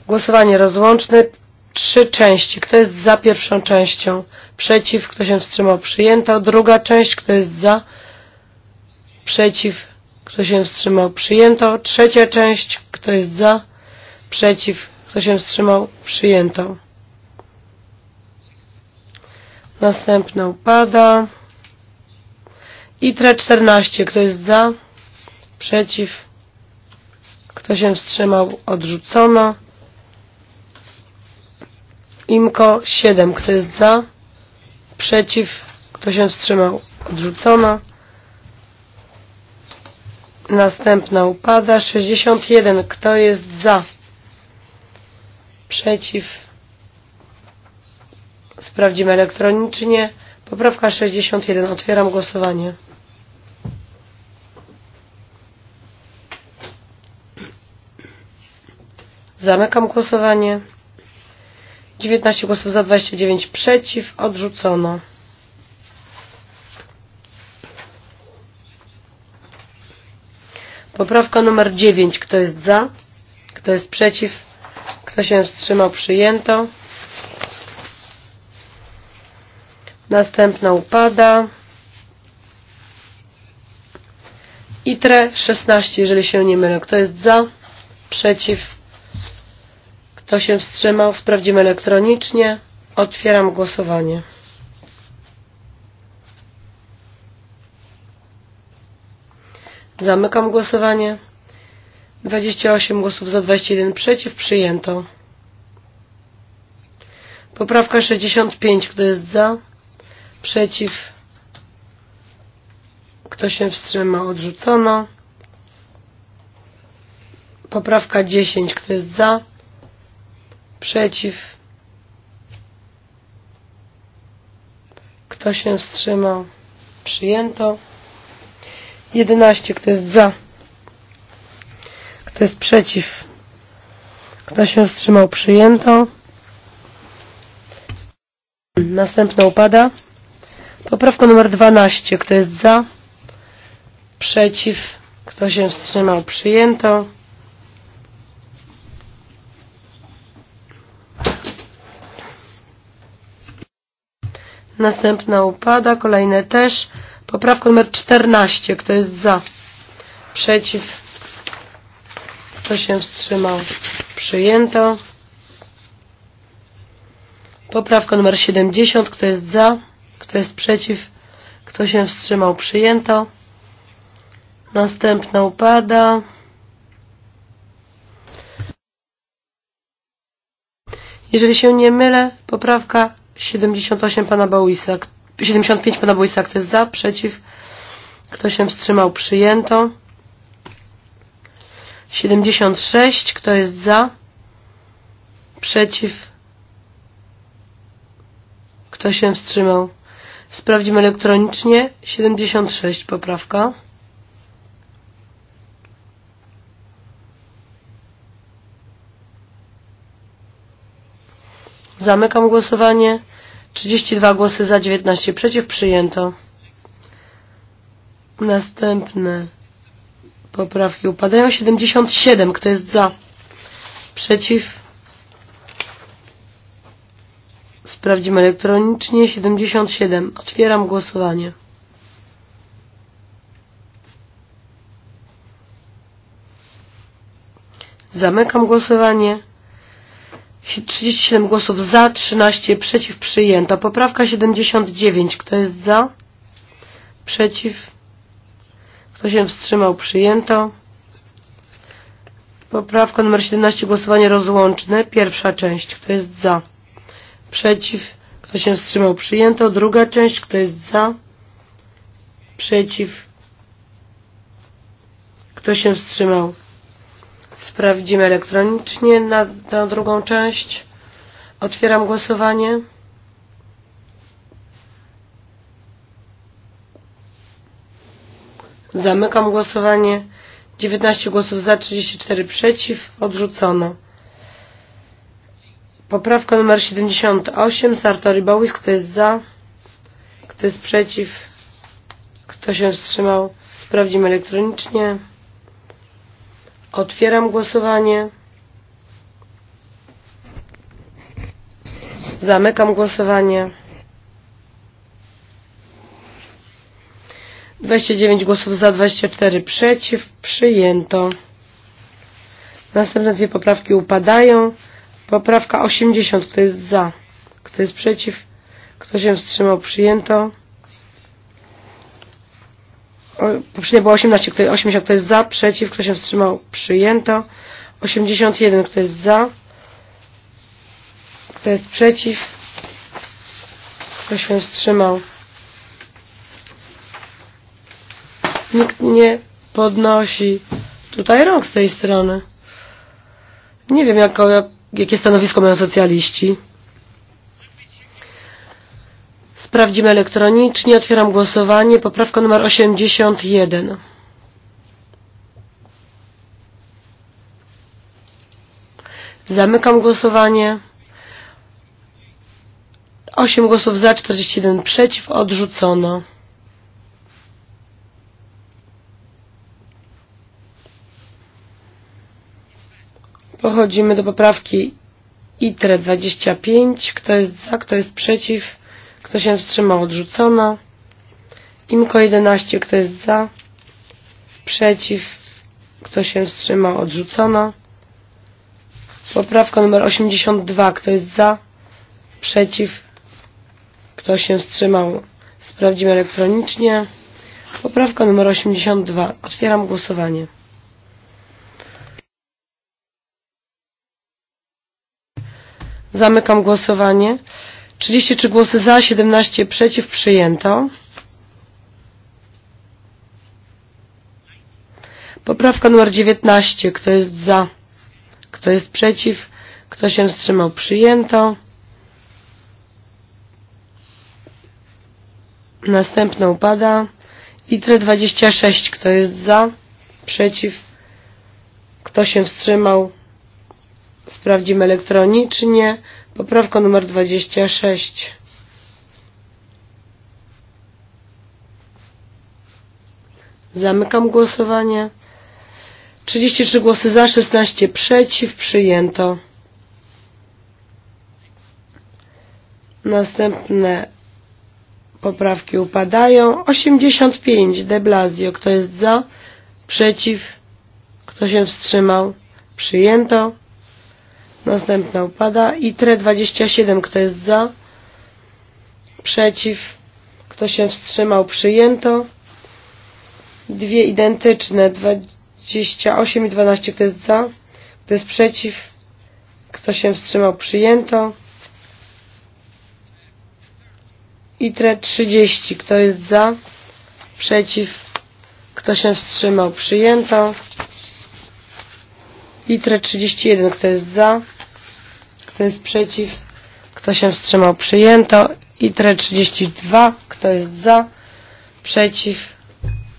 Głosowanie rozłączne. Trzy części. Kto jest za pierwszą częścią? Przeciw. Kto się wstrzymał? Przyjęto. Druga część. Kto jest za? Przeciw. Kto się wstrzymał? Przyjęto. Trzecia część. Kto jest za? Przeciw. Kto się wstrzymał? Przyjęto. Następna upada. ITRE 14. Kto jest za? Przeciw. Kto się wstrzymał? Odrzucono. Imko 7. Kto jest za? Przeciw? Kto się wstrzymał? Odrzucona. Następna upada. 61. Kto jest za? Przeciw? Sprawdzimy elektronicznie. Poprawka 61. Otwieram głosowanie. Zamykam głosowanie. 19 głosów za, 29 przeciw, odrzucono. Poprawka numer 9. Kto jest za? Kto jest przeciw? Kto się wstrzymał? Przyjęto. Następna upada. ITRE 16, jeżeli się nie mylę. Kto jest za? Przeciw? Kto się wstrzymał? Sprawdzimy elektronicznie. Otwieram głosowanie. Zamykam głosowanie. 28 głosów za, 21 przeciw. Przyjęto. Poprawka 65. Kto jest za? Przeciw. Kto się wstrzyma? Odrzucono. Poprawka 10. Kto jest za? Przeciw. Kto się wstrzymał? Przyjęto. 11. Kto jest za? Kto jest przeciw? Kto się wstrzymał? Przyjęto. Następna upada. Poprawka numer 12. Kto jest za? Przeciw. Kto się wstrzymał? Przyjęto. Następna upada, kolejne też. Poprawka numer 14. Kto jest za? Przeciw? Kto się wstrzymał? Przyjęto. Poprawka numer 70. Kto jest za? Kto jest przeciw? Kto się wstrzymał? Przyjęto. Następna upada. Jeżeli się nie mylę, poprawka 78 pana Bałisa, 75 pana Bałisa, kto jest za, przeciw, kto się wstrzymał, przyjęto. 76, kto jest za, przeciw, kto się wstrzymał. Sprawdzimy elektronicznie. 76 poprawka. Zamykam głosowanie. 32 głosy za, 19 przeciw, przyjęto. Następne poprawki upadają. 77, kto jest za? Przeciw? Sprawdzimy elektronicznie. 77. Otwieram głosowanie. Zamykam głosowanie. 37 głosów za, 13 przeciw, przyjęto. Poprawka 79, kto jest za? Przeciw? Kto się wstrzymał? Przyjęto. Poprawka numer 17, głosowanie rozłączne. Pierwsza część, kto jest za? Przeciw? Kto się wstrzymał? Przyjęto. Druga część, kto jest za? Przeciw? Kto się wstrzymał? Sprawdzimy elektronicznie na, na drugą część. Otwieram głosowanie. Zamykam głosowanie. 19 głosów za, 34 przeciw. Odrzucono. Poprawka numer 78. Sartori Bołys. Kto jest za? Kto jest przeciw? Kto się wstrzymał? Sprawdzimy elektronicznie. Otwieram głosowanie. Zamykam głosowanie. 29 głosów za, 24 przeciw. Przyjęto. Następne dwie poprawki upadają. Poprawka 80. Kto jest za? Kto jest przeciw? Kto się wstrzymał? Przyjęto. Poprzednie było 18, kto, 80, kto jest za, przeciw, kto się wstrzymał, przyjęto. 81, kto jest za, kto jest przeciw, kto się wstrzymał. Nikt nie podnosi tutaj rąk z tej strony. Nie wiem, jako, jak, jakie stanowisko mają socjaliści. Sprawdzimy elektronicznie. Otwieram głosowanie. Poprawka numer 81. Zamykam głosowanie. 8 głosów za, 41 przeciw, odrzucono. Pochodzimy do poprawki ITRE 25. Kto jest za, kto jest przeciw? Kto się wstrzymał? Odrzucono. Imko 11. Kto jest za? Przeciw. Kto się wstrzymał? Odrzucono. Poprawka numer 82. Kto jest za? Przeciw. Kto się wstrzymał? Sprawdzimy elektronicznie. Poprawka numer 82. Otwieram głosowanie. Zamykam głosowanie. 33 głosy za, 17 przeciw, przyjęto. Poprawka numer 19. Kto jest za? Kto jest przeciw? Kto się wstrzymał? Przyjęto. Następna upada. ITRE 26. Kto jest za? Przeciw? Kto się wstrzymał? Sprawdzimy elektronicznie. Poprawka numer 26. Zamykam głosowanie. 33 głosy za, 16 przeciw, przyjęto. Następne poprawki upadają. 85 de Blasio. Kto jest za? Przeciw? Kto się wstrzymał? Przyjęto. Następna upada. I tre 27. Kto jest za? Przeciw. Kto się wstrzymał? Przyjęto. Dwie identyczne. 28 i 12. Kto jest za? Kto jest przeciw? Kto się wstrzymał? Przyjęto. I tre 30. Kto jest za? Przeciw. Kto się wstrzymał? Przyjęto. Litre 31. Kto jest za? Kto jest przeciw? Kto się wstrzymał? Przyjęto. ITRE 32. Kto jest za? Przeciw?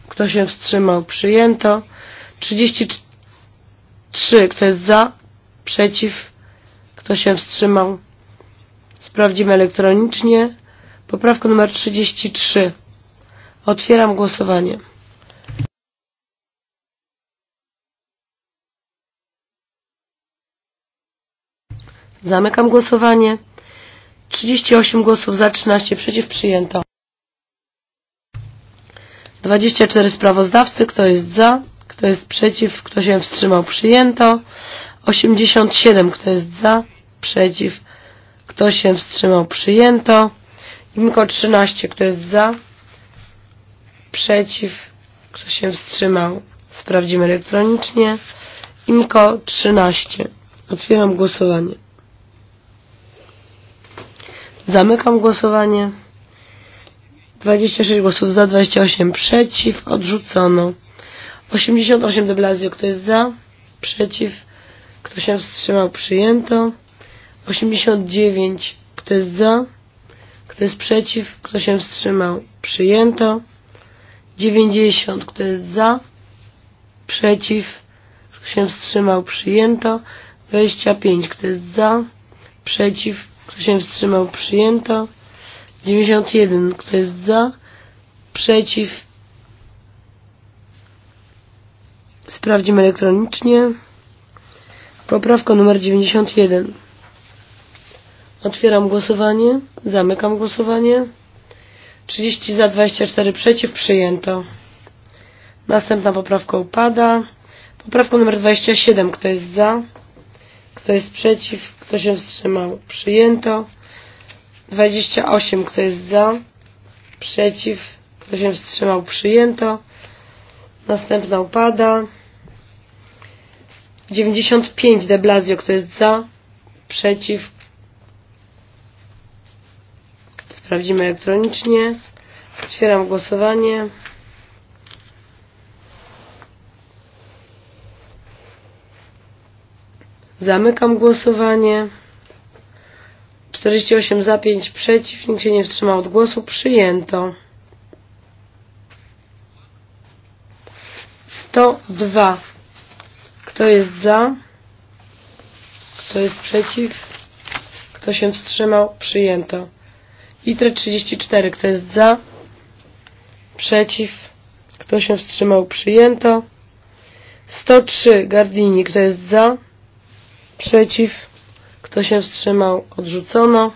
Kto się wstrzymał? Przyjęto. 33. Kto jest za? Przeciw? Kto się wstrzymał? Sprawdzimy elektronicznie. Poprawka numer 33. Otwieram głosowanie. Zamykam głosowanie. 38 głosów za, 13 przeciw, przyjęto. 24 sprawozdawcy, kto jest za, kto jest przeciw, kto się wstrzymał, przyjęto. 87, kto jest za, przeciw, kto się wstrzymał, przyjęto. Imko 13, kto jest za, przeciw, kto się wstrzymał, sprawdzimy elektronicznie. Imko 13. Otwieram głosowanie. Zamykam głosowanie. 26 głosów za, 28 przeciw, odrzucono. 88 de Blasio, kto jest za, przeciw, kto się wstrzymał, przyjęto. 89, kto jest za, kto jest przeciw, kto się wstrzymał, przyjęto. 90, kto jest za, przeciw, kto się wstrzymał, przyjęto. 25, kto jest za, przeciw, Kto się wstrzymał? Przyjęto. 91. Kto jest za? Przeciw? Sprawdzimy elektronicznie. Poprawka numer 91. Otwieram głosowanie. Zamykam głosowanie. 30 za, 24 przeciw. Przyjęto. Następna poprawka upada. Poprawka numer 27. Kto jest za? Kto jest przeciw? Kto się wstrzymał? Przyjęto. 28. Kto jest za? Przeciw? Kto się wstrzymał? Przyjęto. Następna upada. 95. De Blasio. Kto jest za? Przeciw? Sprawdzimy elektronicznie. Otwieram głosowanie. Zamykam głosowanie. 48 za, 5 przeciw, nikt się nie wstrzymał od głosu. Przyjęto. 102. Kto jest za? Kto jest przeciw? Kto się wstrzymał? Przyjęto. ITRE 34. Kto jest za? Przeciw? Kto się wstrzymał? Przyjęto. 103. Gardini. Kto jest za? Przeciw. Kto się wstrzymał? Odrzucono.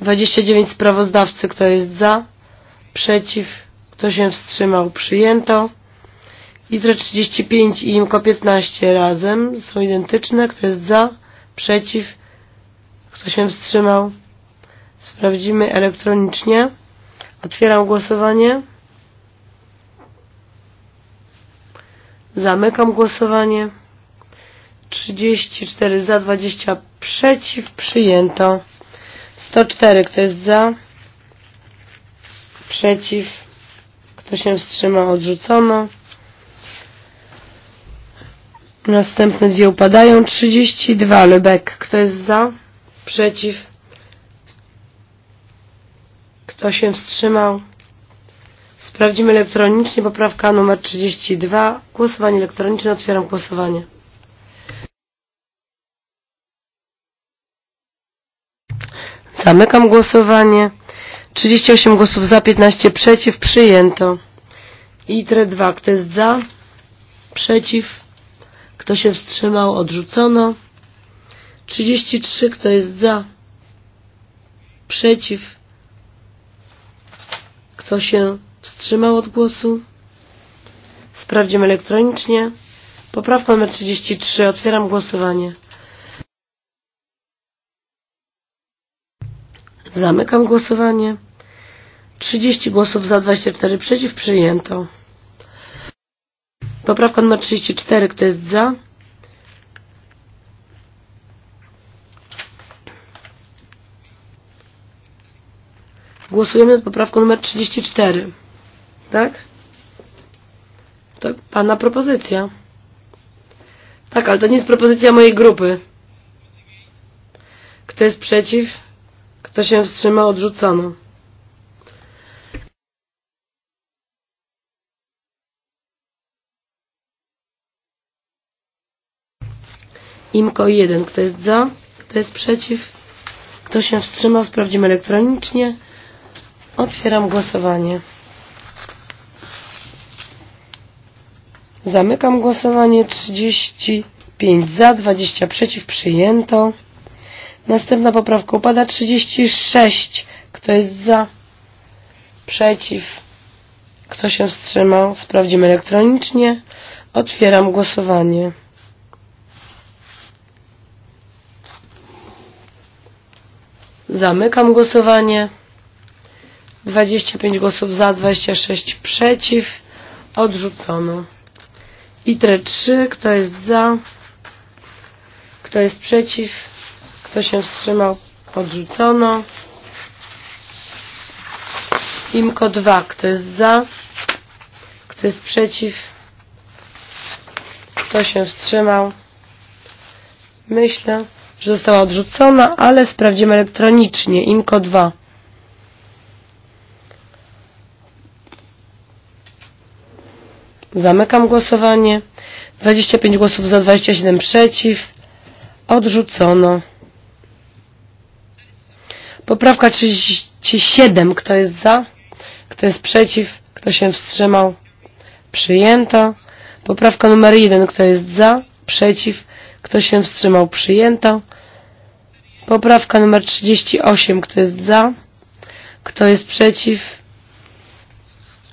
29 sprawozdawcy. Kto jest za? Przeciw. Kto się wstrzymał? Przyjęto. ITRE 35 i IMKO 15 razem są identyczne. Kto jest za? Przeciw? Kto się wstrzymał? Sprawdzimy elektronicznie. Otwieram głosowanie. Zamykam głosowanie. 34 za, 20 przeciw, przyjęto. 104, kto jest za? Przeciw, kto się wstrzymał, odrzucono. Następne dwie upadają. 32, Lebek, kto jest za? Przeciw, kto się wstrzymał? Sprawdzimy elektronicznie poprawka numer 32. Głosowanie elektroniczne. Otwieram głosowanie. Zamykam głosowanie. 38 głosów za, 15 przeciw, przyjęto. ITRE 2, kto jest za? Przeciw? Kto się wstrzymał? Odrzucono. 33, kto jest za? Przeciw? Kto się wstrzymał od głosu? Sprawdzimy elektronicznie. Poprawka numer 33, otwieram głosowanie. Zamykam głosowanie. 30 głosów za, 24 przeciw, przyjęto. Poprawka numer 34, kto jest za? Głosujemy nad poprawką numer 34. Tak? To pana propozycja. Tak, ale to nie jest propozycja mojej grupy. Kto jest przeciw? Kto się wstrzymał? Odrzucono. Imko 1. Kto jest za? Kto jest przeciw? Kto się wstrzymał? Sprawdzimy elektronicznie. Otwieram głosowanie. Zamykam głosowanie. 35 za, 20 przeciw. Przyjęto. Następna poprawka upada 36. Kto jest za? Przeciw. Kto się wstrzymał? Sprawdzimy elektronicznie. Otwieram głosowanie. Zamykam głosowanie. 25 głosów za, 26 przeciw. Odrzucono. ITRE 3. Kto jest za? Kto jest przeciw? Kto się wstrzymał? Odrzucono. Imko 2. Kto jest za? Kto jest przeciw? Kto się wstrzymał? Myślę, że została odrzucona, ale sprawdzimy elektronicznie. Imko 2. Zamykam głosowanie. 25 głosów za, 27 przeciw. Odrzucono. Poprawka 37. Kto jest za? Kto jest przeciw? Kto się wstrzymał? Przyjęto. Poprawka numer 1. Kto jest za? Przeciw? Kto się wstrzymał? Przyjęto. Poprawka numer 38. Kto jest za? Kto jest przeciw?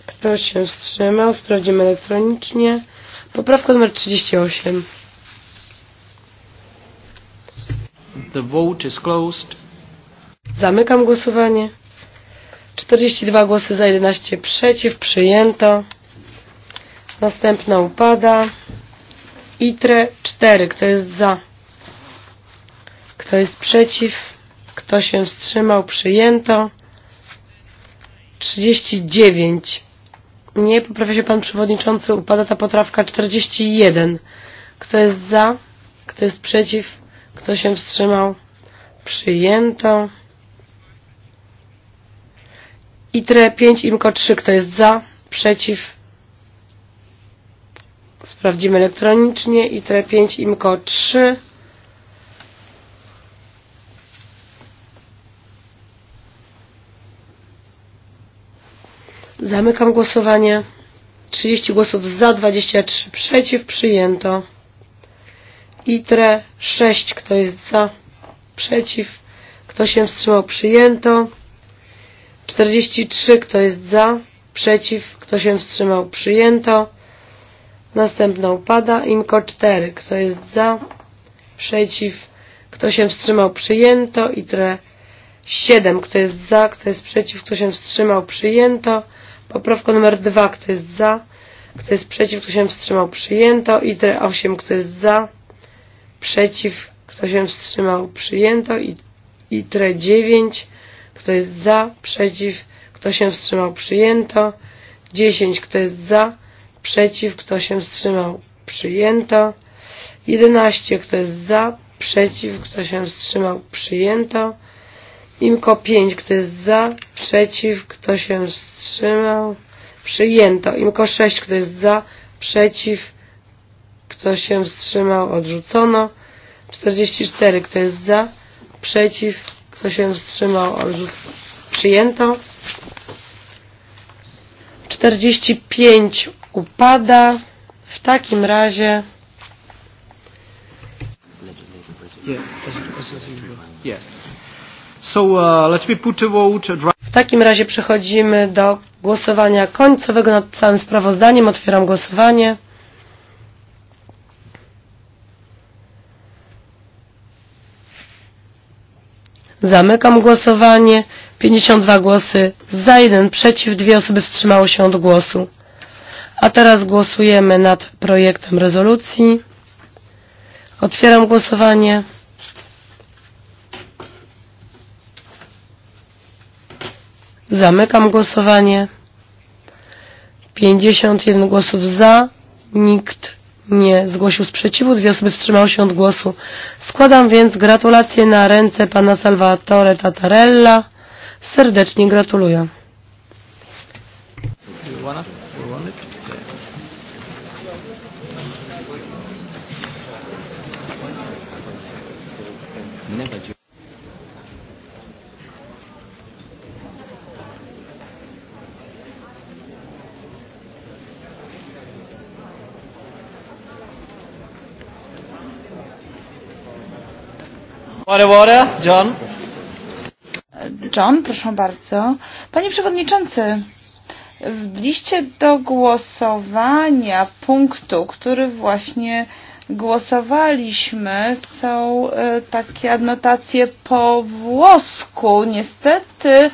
Kto się wstrzymał? Sprawdzimy elektronicznie. Poprawka numer 38. The vote is closed. Zamykam głosowanie. 42 głosy za 11 przeciw, przyjęto. Następna upada. ITRE 4. Kto jest za? Kto jest przeciw? Kto się wstrzymał? Przyjęto. 39. Nie, poprawia się pan przewodniczący, upada ta poprawka 41. Kto jest za? Kto jest przeciw? Kto się wstrzymał? Przyjęto. ITRE 5, IMKO 3, kto jest za, przeciw. Sprawdzimy elektronicznie. ITRE 5, IMKO 3. Zamykam głosowanie. 30 głosów za, 23 przeciw, przyjęto. ITRE 6, kto jest za, przeciw, kto się wstrzymał, przyjęto. 43, kto jest za, przeciw, kto się wstrzymał, przyjęto. Następna upada. Imko 4, kto jest za, przeciw, kto się wstrzymał, przyjęto. I tre 7, kto jest za, kto jest przeciw, kto się wstrzymał, przyjęto. Poprawka numer 2, kto jest za, kto jest przeciw, kto się wstrzymał, przyjęto. I tre 8, kto jest za, przeciw, kto się wstrzymał, przyjęto. I, i tre 9, Kto jest za? Przeciw? Kto się wstrzymał? Przyjęto. 10. Kto jest za? Przeciw? Kto się wstrzymał? Przyjęto. 11. Kto jest za? Przeciw? Kto się wstrzymał? Przyjęto. Imko 5. Kto jest za? Przeciw? Kto się wstrzymał? Przyjęto. Imko 6. Kto jest za? Przeciw? Kto się wstrzymał? Odrzucono. 44. Kto jest za? Przeciw? Kto się wstrzymał? Odrzuc przyjęto. 45 upada. W takim razie. Uh, uh, w takim razie przechodzimy do głosowania końcowego nad całym sprawozdaniem. Otwieram głosowanie. Zamykam głosowanie. 52 głosy za, 1 przeciw, 2 osoby wstrzymało się od głosu. A teraz głosujemy nad projektem rezolucji. Otwieram głosowanie. Zamykam głosowanie. 51 głosów za, nikt nie zgłosił sprzeciwu, dwie osoby wstrzymały się od głosu. Składam więc gratulacje na ręce pana Salvatore Tatarella. Serdecznie gratuluję. Never Water, water, John. John, proszę bardzo. Panie Przewodniczący, w liście do głosowania punktu, który właśnie głosowaliśmy, są e, takie adnotacje po włosku. Niestety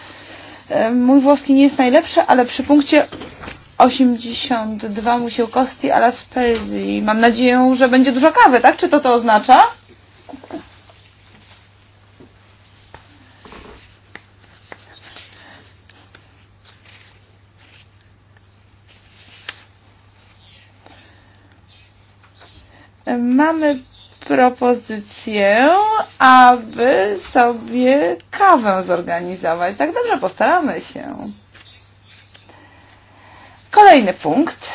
e, mój włoski nie jest najlepszy, ale przy punkcie 82 musiał kosti alla spezi. Mam nadzieję, że będzie dużo kawy, tak? Czy to to oznacza? mamy propozycję, aby sobie kawę zorganizować. Tak dobrze, postaramy się. Kolejny punkt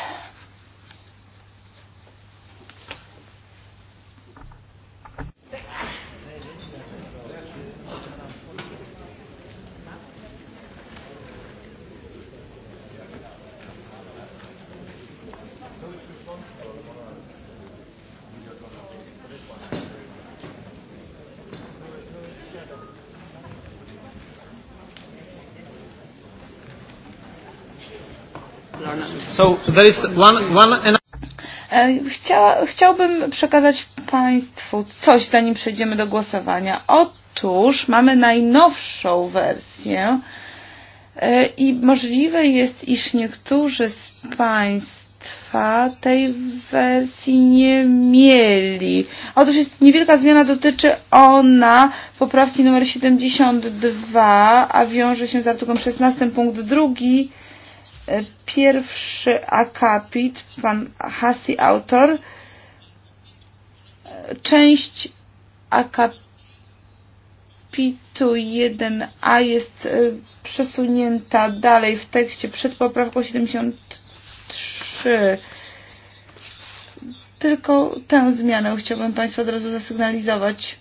So, there is one, one and... E, Chcia, chciałbym przekazać Państwu coś, zanim przejdziemy do głosowania. Otóż mamy najnowszą wersję e, i możliwe jest, iż niektórzy z Państwa tej wersji nie mieli. Otóż jest niewielka zmiana, dotyczy ona poprawki numer 72, a wiąże się z artykułem 16 punkt 2 Pierwszy akapit, pan Hasi, autor. Część akapitu 1a jest przesunięta dalej w tekście przed poprawką 73. Tylko tę zmianę chciałbym Państwu od razu zasygnalizować.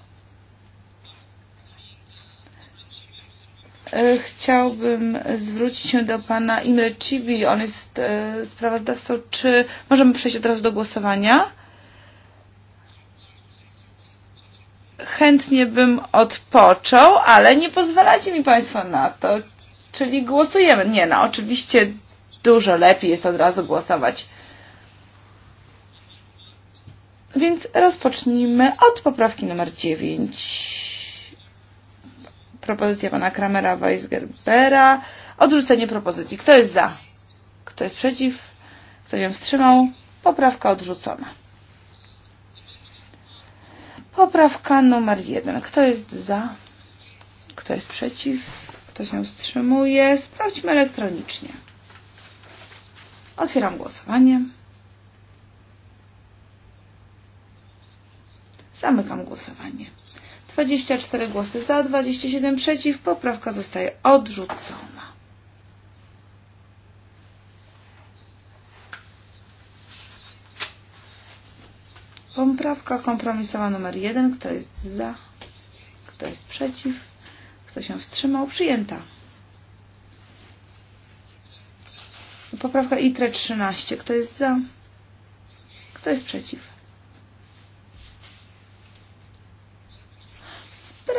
E, chciałbym zwrócić się do pana Imre Cibi. On jest e, sprawozdawcą. Czy możemy przejść od razu do głosowania? Chętnie bym odpoczął, ale nie pozwalacie mi państwo na to. Czyli głosujemy. Nie, no oczywiście dużo lepiej jest od razu głosować. Więc rozpocznijmy od poprawki numer 9. Propozycja pana Kramera Weisgerbera. Odrzucenie propozycji. Kto jest za? Kto jest przeciw? Kto się wstrzymał? Poprawka odrzucona. Poprawka numer jeden. Kto jest za? Kto jest przeciw? Kto się wstrzymuje? Sprawdźmy elektronicznie. Otwieram głosowanie. Zamykam głosowanie. 24 głosy za, 27 przeciw. Poprawka zostaje odrzucona. Poprawka kompromisowa numer 1. Kto jest za? Kto jest przeciw? Kto się wstrzymał? Przyjęta. Poprawka ITRE 13. Kto jest za? Kto jest przeciw?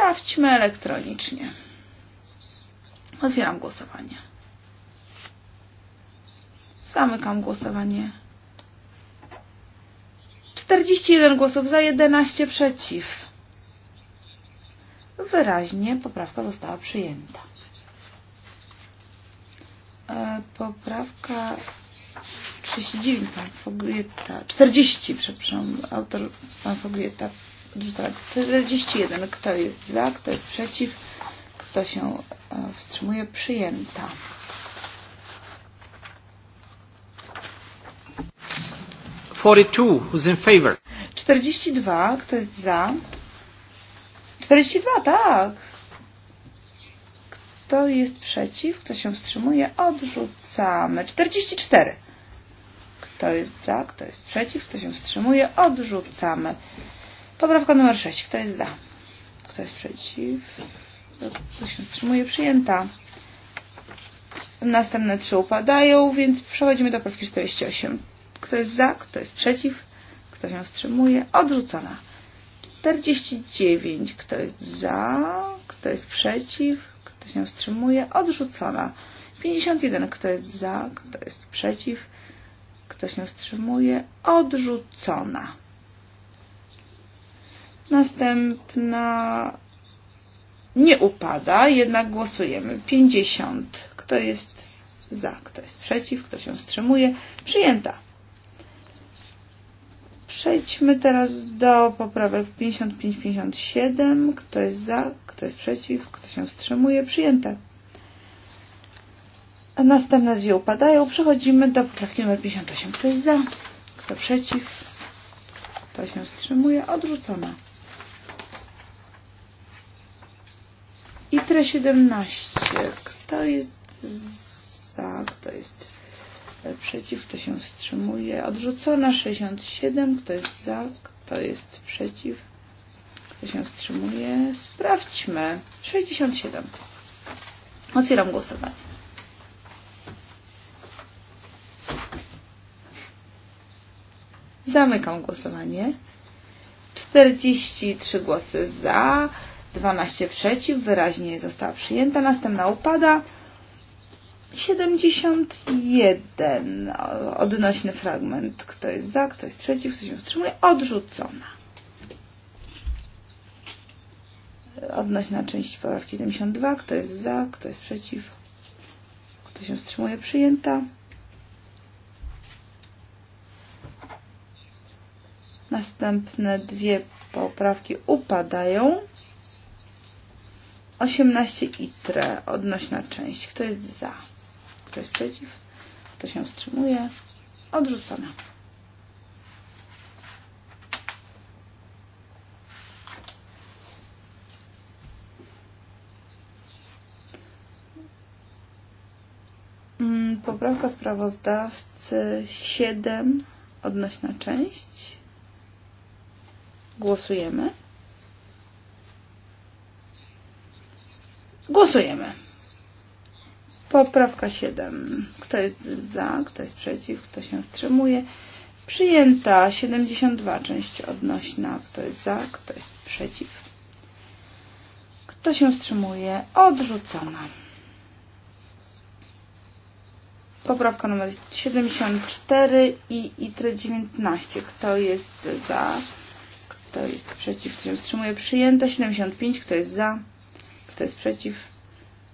Sprawdźmy elektronicznie. Otwieram głosowanie. Zamykam głosowanie. 41 głosów za, 11 przeciw. Wyraźnie poprawka została przyjęta. E, poprawka 39, pan Foglietta, 40, przepraszam, autor pan Foglietta odrzucone. 41. Kto jest za, kto jest przeciw, kto się e, wstrzymuje, przyjęta. Who's in favor? 42. Kto jest za? 42, tak. Kto jest przeciw? Kto się wstrzymuje? Odrzucamy. 44. Kto jest za? Kto jest przeciw? Kto się wstrzymuje? Odrzucamy. Poprawka numer 6. Kto jest za? Kto jest przeciw? Kto się wstrzymuje? Przyjęta. Następne trzy upadają, więc przechodzimy do poprawki 48. Kto jest za? Kto jest przeciw? Kto się wstrzymuje? Odrzucona. 49. Kto jest za? Kto jest przeciw? Kto się wstrzymuje? Odrzucona. 51. Kto jest za? Kto jest przeciw? Kto się wstrzymuje? Odrzucona. Następna nie upada, jednak głosujemy. 50. Kto jest za, kto jest przeciw, kto się wstrzymuje? Przyjęta. Przejdźmy teraz do poprawek 55-57. Kto jest za, kto jest przeciw, kto się wstrzymuje? Przyjęte. A następne dwie upadają. Przechodzimy do poprawki numer 58. Kto jest za, kto przeciw, kto się wstrzymuje? Odrzucona. I 17. Kto jest za? Kto jest przeciw? Kto się wstrzymuje? Odrzucona 67. Kto jest za? Kto jest przeciw? Kto się wstrzymuje? Sprawdźmy. 67. Otwieram głosowanie. Zamykam głosowanie. 43 głosy za, 12 przeciw, wyraźnie została przyjęta. Następna upada. 71 odnośny fragment. Kto jest za, kto jest przeciw, kto się wstrzymuje. Odrzucona. Odnośna część poprawki 72. Kto jest za, kto jest przeciw, kto się wstrzymuje. Przyjęta. Następne dwie poprawki upadają. 18 itre, odnośna część. Kto jest za? Kto jest przeciw? Kto się wstrzymuje? Odrzucona. Mm, poprawka sprawozdawcy 7, odnośna część. Głosujemy. Głosujemy. Poprawka 7. Kto jest za, kto jest przeciw, kto się wstrzymuje. Przyjęta 72, część odnośna. Kto jest za, kto jest przeciw. Kto się wstrzymuje? Odrzucona. Poprawka numer 74 i ITRE 19. Kto jest za? Kto jest przeciw? Kto się wstrzymuje? Przyjęta 75. Kto jest za? Kto jest przeciw?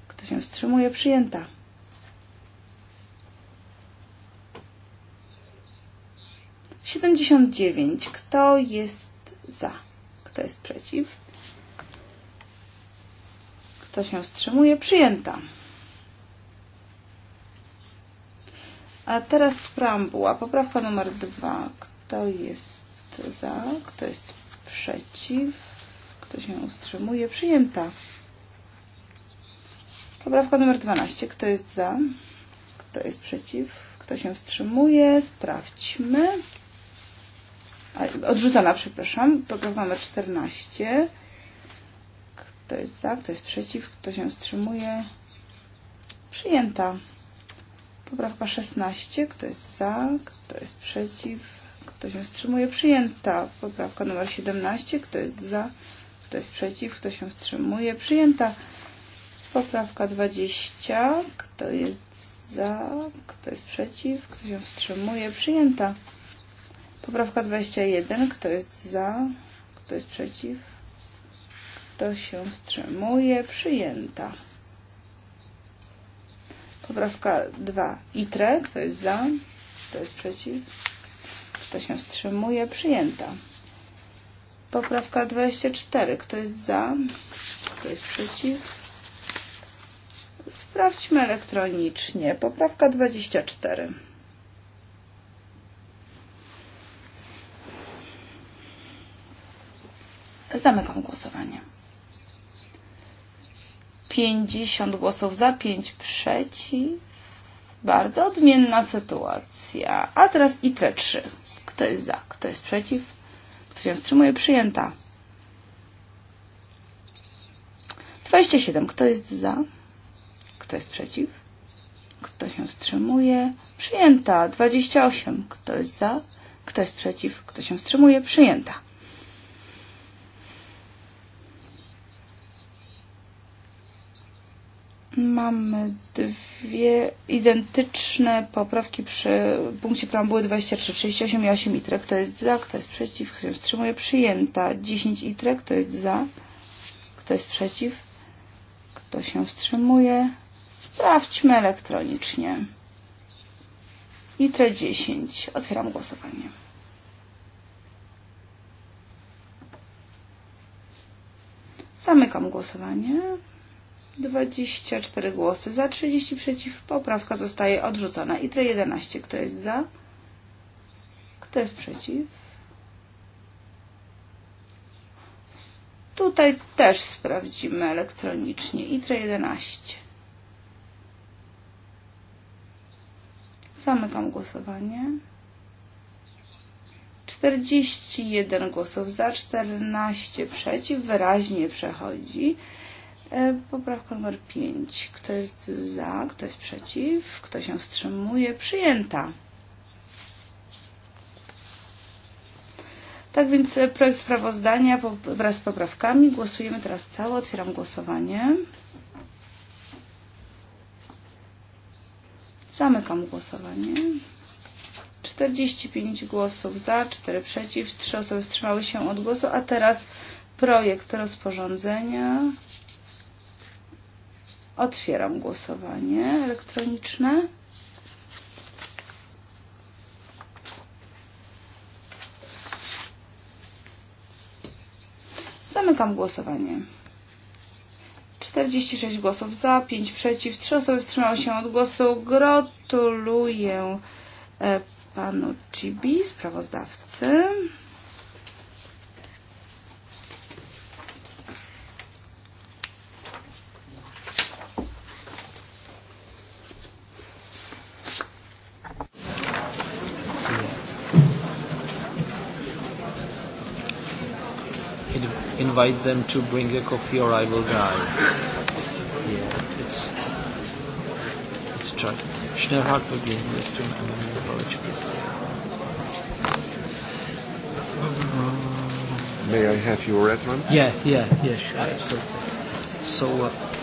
Kto się wstrzymuje? Przyjęta. Siedemdziesiąt dziewięć. Kto jest za? Kto jest przeciw? Kto się wstrzymuje? Przyjęta. A teraz preambuła. Poprawka numer dwa. Kto jest za? Kto jest przeciw? Kto się wstrzymuje? Przyjęta. Poprawka numer 12. Kto jest za? Kto jest przeciw? Kto się wstrzymuje? Sprawdźmy. A, odrzucona, przepraszam. Poprawka numer 14. Kto jest za? Kto jest przeciw? Kto się wstrzymuje? Przyjęta. Poprawka 16. Kto jest za? Kto jest przeciw? Kto się wstrzymuje? Przyjęta. Poprawka numer 17. Kto jest za? Kto jest przeciw? Kto się wstrzymuje? Przyjęta. Poprawka 20. Kto jest za? Kto jest przeciw? Kto się wstrzymuje? Przyjęta. Poprawka 21. Kto jest za? Kto jest przeciw? Kto się wstrzymuje? Przyjęta. Poprawka 2. ITRE. Kto jest za? Kto jest przeciw? Kto się wstrzymuje? Przyjęta. Poprawka 24. Kto jest za? Kto jest przeciw? Sprawdźmy elektronicznie. Poprawka 24. Zamykam głosowanie. 50 głosów za, 5 przeciw. Bardzo odmienna sytuacja. A teraz i te 3. Kto jest za, kto jest przeciw, kto się wstrzymuje, przyjęta. 27. Kto jest za? Kto jest przeciw? Kto się wstrzymuje? Przyjęta. 28. Kto jest za? Kto jest przeciw? Kto się wstrzymuje? Przyjęta. Mamy dwie identyczne poprawki przy punkcie preambuły 23, 38 i 8 itrek. Kto jest za, kto jest przeciw, kto się wstrzymuje, przyjęta. 10 itrek, kto jest za, kto jest przeciw, kto się wstrzymuje, Sprawdźmy elektronicznie. Litre 10. Otwieram głosowanie. Zamykam głosowanie. 24 głosy za, 30 przeciw. Poprawka zostaje odrzucona. ITRE 11. Kto jest za? Kto jest przeciw? Tutaj też sprawdzimy elektronicznie. ITRE 11. Zamykam głosowanie. 41 głosów za, 14 przeciw, wyraźnie przechodzi. E, poprawka numer 5. Kto jest za, kto jest przeciw, kto się wstrzymuje? Przyjęta. Tak więc projekt sprawozdania wraz z poprawkami. Głosujemy teraz cały. Otwieram głosowanie. Zamykam głosowanie. 45 głosów za, 4 przeciw, 3 osoby wstrzymały się od głosu, a teraz projekt rozporządzenia. Otwieram głosowanie elektroniczne. Zamykam głosowanie. 46 głosów za, 5 przeciw, 3 osoby wstrzymały się od głosu. Gratuluję e, panu Chibi, sprawozdawcy. invite them to bring a coffee or I will die. Yeah, it's it's tragic. Schnellhardt will be with to an college, please. May I have your reference? Yeah, yeah, yeah, sure, absolutely. So. Uh,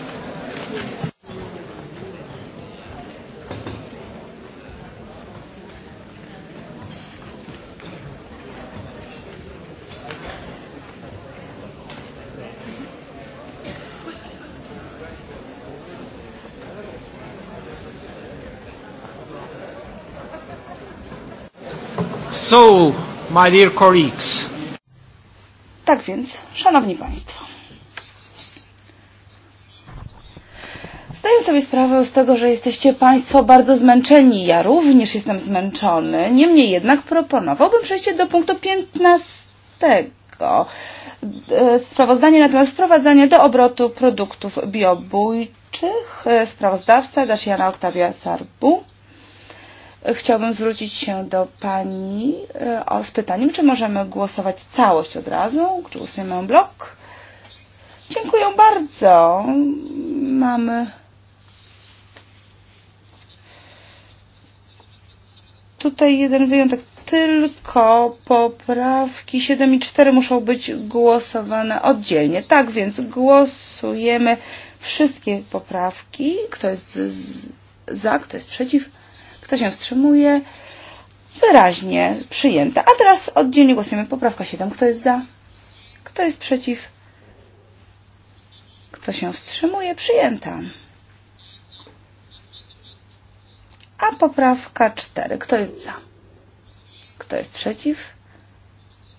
So, my dear colleagues. Tak więc, szanowni państwo. Zdaję sobie sprawę z tego, że jesteście Państwo bardzo zmęczeni. Ja również jestem zmęczony. Niemniej jednak proponowałbym przejście do punktu 15. E, sprawozdanie na temat wprowadzania do obrotu produktów biobójczych. E, sprawozdawca Dasiana Oktawia Sarbu chciałbym zwrócić się do Pani e, o, z pytaniem, czy możemy głosować całość od razu, czy głosujemy blok. Dziękuję bardzo. Mamy... Tutaj jeden wyjątek. Tylko poprawki 7 i 4 muszą być głosowane oddzielnie. Tak więc głosujemy wszystkie poprawki. Kto jest z, z, za, kto jest przeciw? kto się wstrzymuje, wyraźnie przyjęta. A teraz oddzielnie głosujemy poprawka 7. Kto jest za? Kto jest przeciw? Kto się wstrzymuje? Przyjęta. A poprawka 4. Kto jest za? Kto jest przeciw?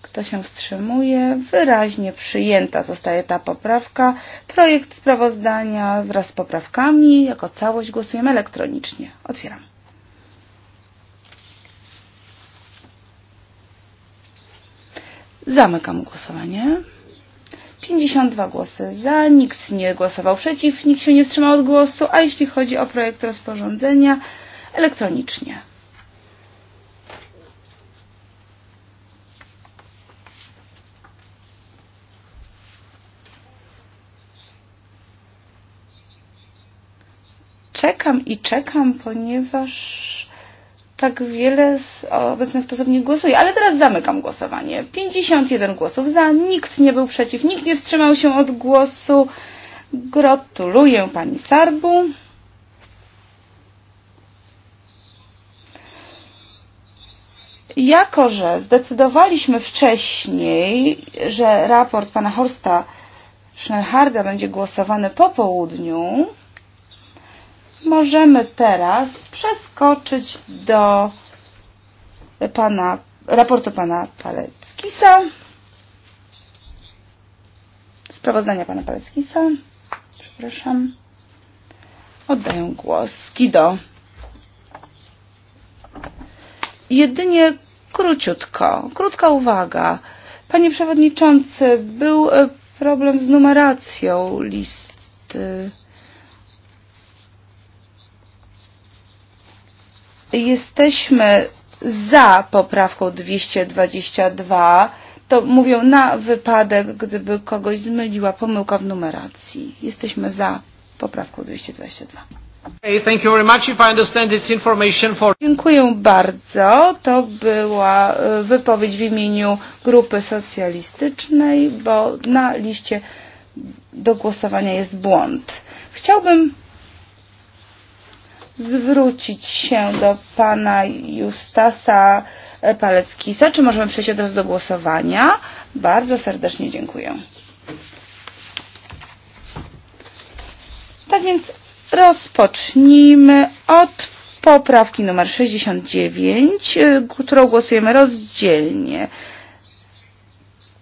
Kto się wstrzymuje? Wyraźnie przyjęta zostaje ta poprawka. Projekt sprawozdania wraz z poprawkami jako całość głosujemy elektronicznie. Otwieram. Zamykam głosowanie. 52 głosy za, nikt nie głosował przeciw, nikt się nie wstrzymał od głosu, a jeśli chodzi o projekt rozporządzenia, elektronicznie. Czekam i czekam, ponieważ tak wiele z obecnych osób nie głosuje. Ale teraz zamykam głosowanie. 51 głosów za, nikt nie był przeciw, nikt nie wstrzymał się od głosu. Gratuluję pani Sarbu. Jako, że zdecydowaliśmy wcześniej, że raport pana Horsta Schnellharda będzie głosowany po południu, możemy teraz przeskoczyć do pana, raportu pana Paleckisa, sprawozdania pana Paleckisa, przepraszam, oddaję głos Kido. Jedynie króciutko, krótka uwaga. Panie Przewodniczący, był e, problem z numeracją listy jesteśmy za poprawką 222, to mówią na wypadek, gdyby kogoś zmyliła pomyłka w numeracji. Jesteśmy za poprawką 222. Okay, thank you very much. If I understand this information for... Dziękuję bardzo. To była wypowiedź w imieniu grupy socjalistycznej, bo na liście do głosowania jest błąd. Chciałbym zwrócić się do pana Justasa Paleckisa. Czy możemy przejść od razu do głosowania? Bardzo serdecznie dziękuję. Tak więc rozpocznijmy od poprawki numer 69, którą głosujemy rozdzielnie.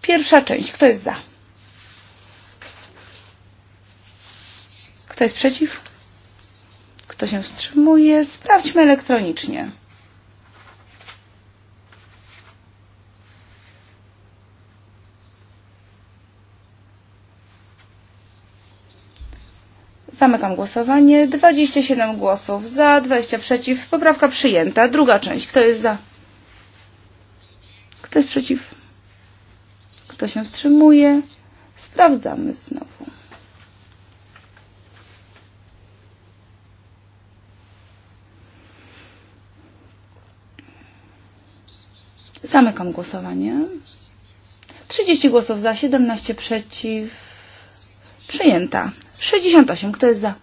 Pierwsza część. Kto jest za? Kto jest przeciw? Kto się wstrzymuje? Sprawdźmy elektronicznie. Zamykam głosowanie. 27 głosów za, 20 przeciw. Poprawka przyjęta. Druga część. Kto jest za? Kto jest przeciw? Kto się wstrzymuje? Sprawdzamy znowu. Zamykam głosowanie. 30 głosów za, 17 przeciw. Przyjęta. 68. Kto jest za?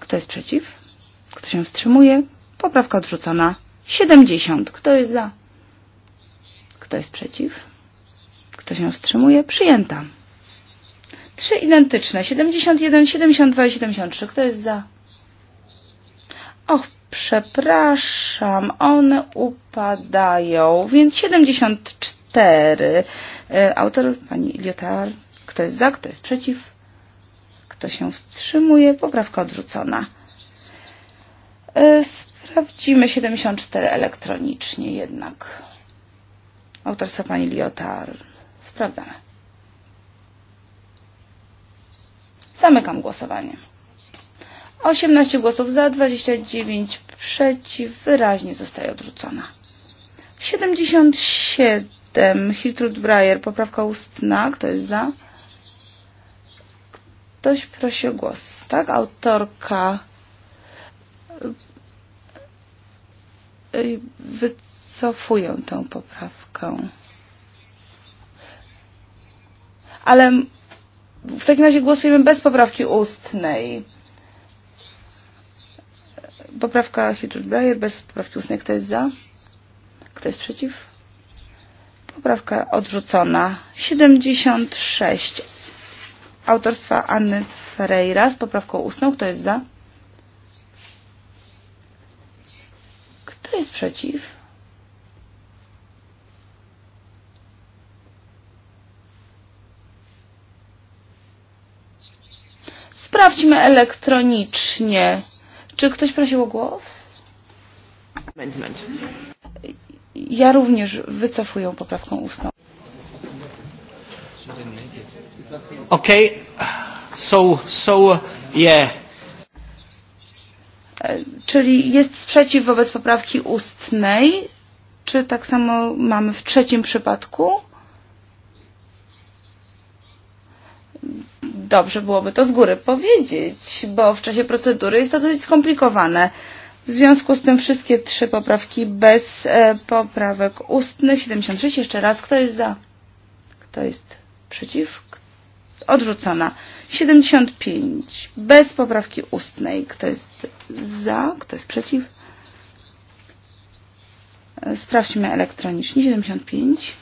Kto jest przeciw? Kto się wstrzymuje? Poprawka odrzucona. 70. Kto jest za? Kto jest przeciw? Kto się wstrzymuje? Przyjęta. Trzy identyczne. 71, 72 i 73. Kto jest za? Och, przepraszam, one upadają, więc 74. E, autor pani Liotar, kto jest za, kto jest przeciw, kto się wstrzymuje, poprawka odrzucona. E, sprawdzimy 74 elektronicznie jednak. Autorstwa pani Liotar. Sprawdzamy. Zamykam głosowanie. 18 głosów za, 29 przeciw, wyraźnie zostaje odrzucona. 77. Hiltrud Breyer, poprawka ustna. Kto jest za? Ktoś prosi o głos, tak? Autorka wycofuję tę poprawkę. Ale w takim razie głosujemy bez poprawki ustnej. Poprawka Hitchbrayer bez poprawki ustnej. Kto jest za? Kto jest przeciw? Poprawka odrzucona. 76 autorstwa Anny Ferreira z poprawką ustną. Kto jest za? Kto jest przeciw? Sprawdźmy elektronicznie. Czy ktoś prosił o głos? Amendment. Ja również wycofuję poprawkę ustną. Okej, okay. so, so, yeah. E, czyli jest sprzeciw wobec poprawki ustnej, czy tak samo mamy w trzecim przypadku? dobrze byłoby to z góry powiedzieć, bo w czasie procedury jest to dość skomplikowane. W związku z tym wszystkie trzy poprawki bez e, poprawek ustnych. 76 jeszcze raz. Kto jest za? Kto jest przeciw? Odrzucona. 75 bez poprawki ustnej. Kto jest za? Kto jest przeciw? E, sprawdźmy elektronicznie. 75.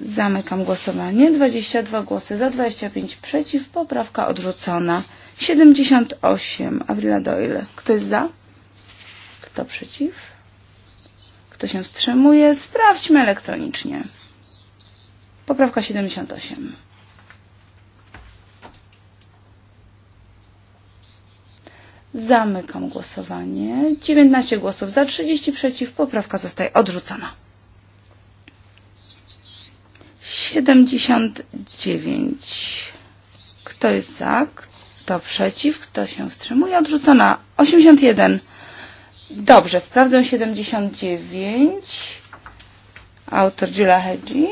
Zamykam głosowanie. 22 głosy za, 25 przeciw. Poprawka odrzucona. 78. Avrila Doyle. Kto jest za? Kto przeciw? Kto się wstrzymuje? Sprawdźmy elektronicznie. Poprawka 78. Zamykam głosowanie. 19 głosów za, 30 przeciw. Poprawka zostaje odrzucona. 79. Kto jest za? Kto przeciw? Kto się wstrzymuje? Odrzucona. 81. Dobrze, sprawdzę 79. Autor Jula Hedgi.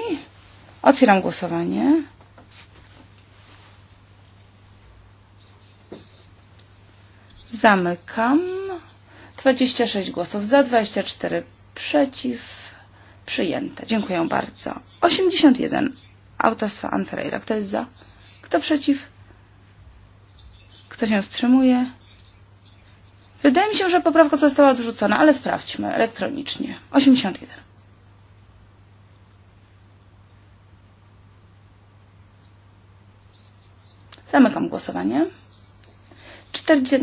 Otwieram głosowanie. Zamykam. 26 głosów za, 24 przeciw. Przyjęte. Dziękuję bardzo. 81. Autorstwa Anfereira. Kto jest za? Kto przeciw? Kto się wstrzymuje? Wydaje mi się, że poprawka została odrzucona, ale sprawdźmy elektronicznie. 81. Zamykam głosowanie.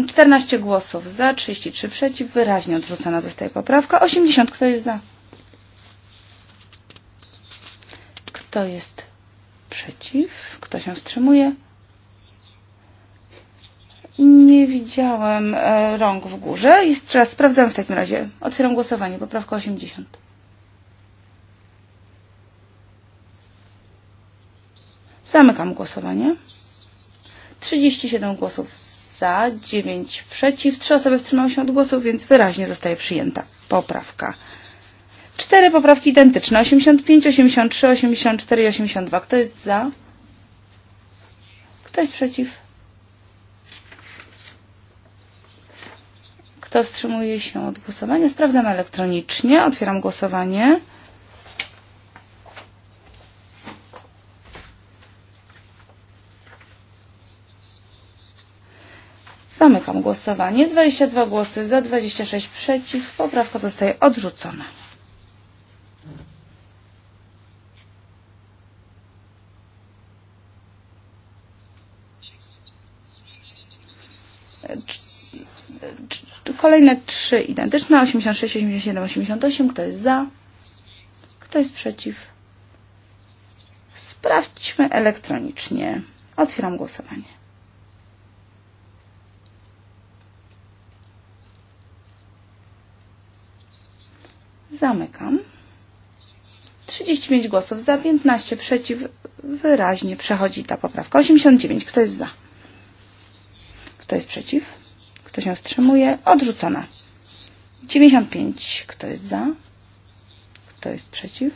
14 głosów za, 33 przeciw. Wyraźnie odrzucona zostaje poprawka. 80 kto jest za? Kto jest przeciw? Kto się wstrzymuje? Nie widziałem e, rąk w górze. Jest teraz sprawdzam w takim razie. Otwieram głosowanie. Poprawka 80. Zamykam głosowanie. 37 głosów za, 9 przeciw, 3 osoby wstrzymały się od głosu, więc wyraźnie zostaje przyjęta poprawka Cztery poprawki identyczne. 85, 83, 84 i 82. Kto jest za? Kto jest przeciw? Kto wstrzymuje się od głosowania? Sprawdzam elektronicznie. Otwieram głosowanie. Zamykam głosowanie. 22 głosy za, 26 przeciw. Poprawka zostaje odrzucona. Kolejne trzy identyczne, 86, 87, 88. Kto jest za? Kto jest przeciw? Sprawdźmy elektronicznie. Otwieram głosowanie. Zamykam. 35 głosów za, 15 przeciw. Wyraźnie przechodzi ta poprawka. 89. Kto jest za? Kto jest przeciw? Kto się wstrzymuje? Odrzucona. 95. Kto jest za? Kto jest przeciw?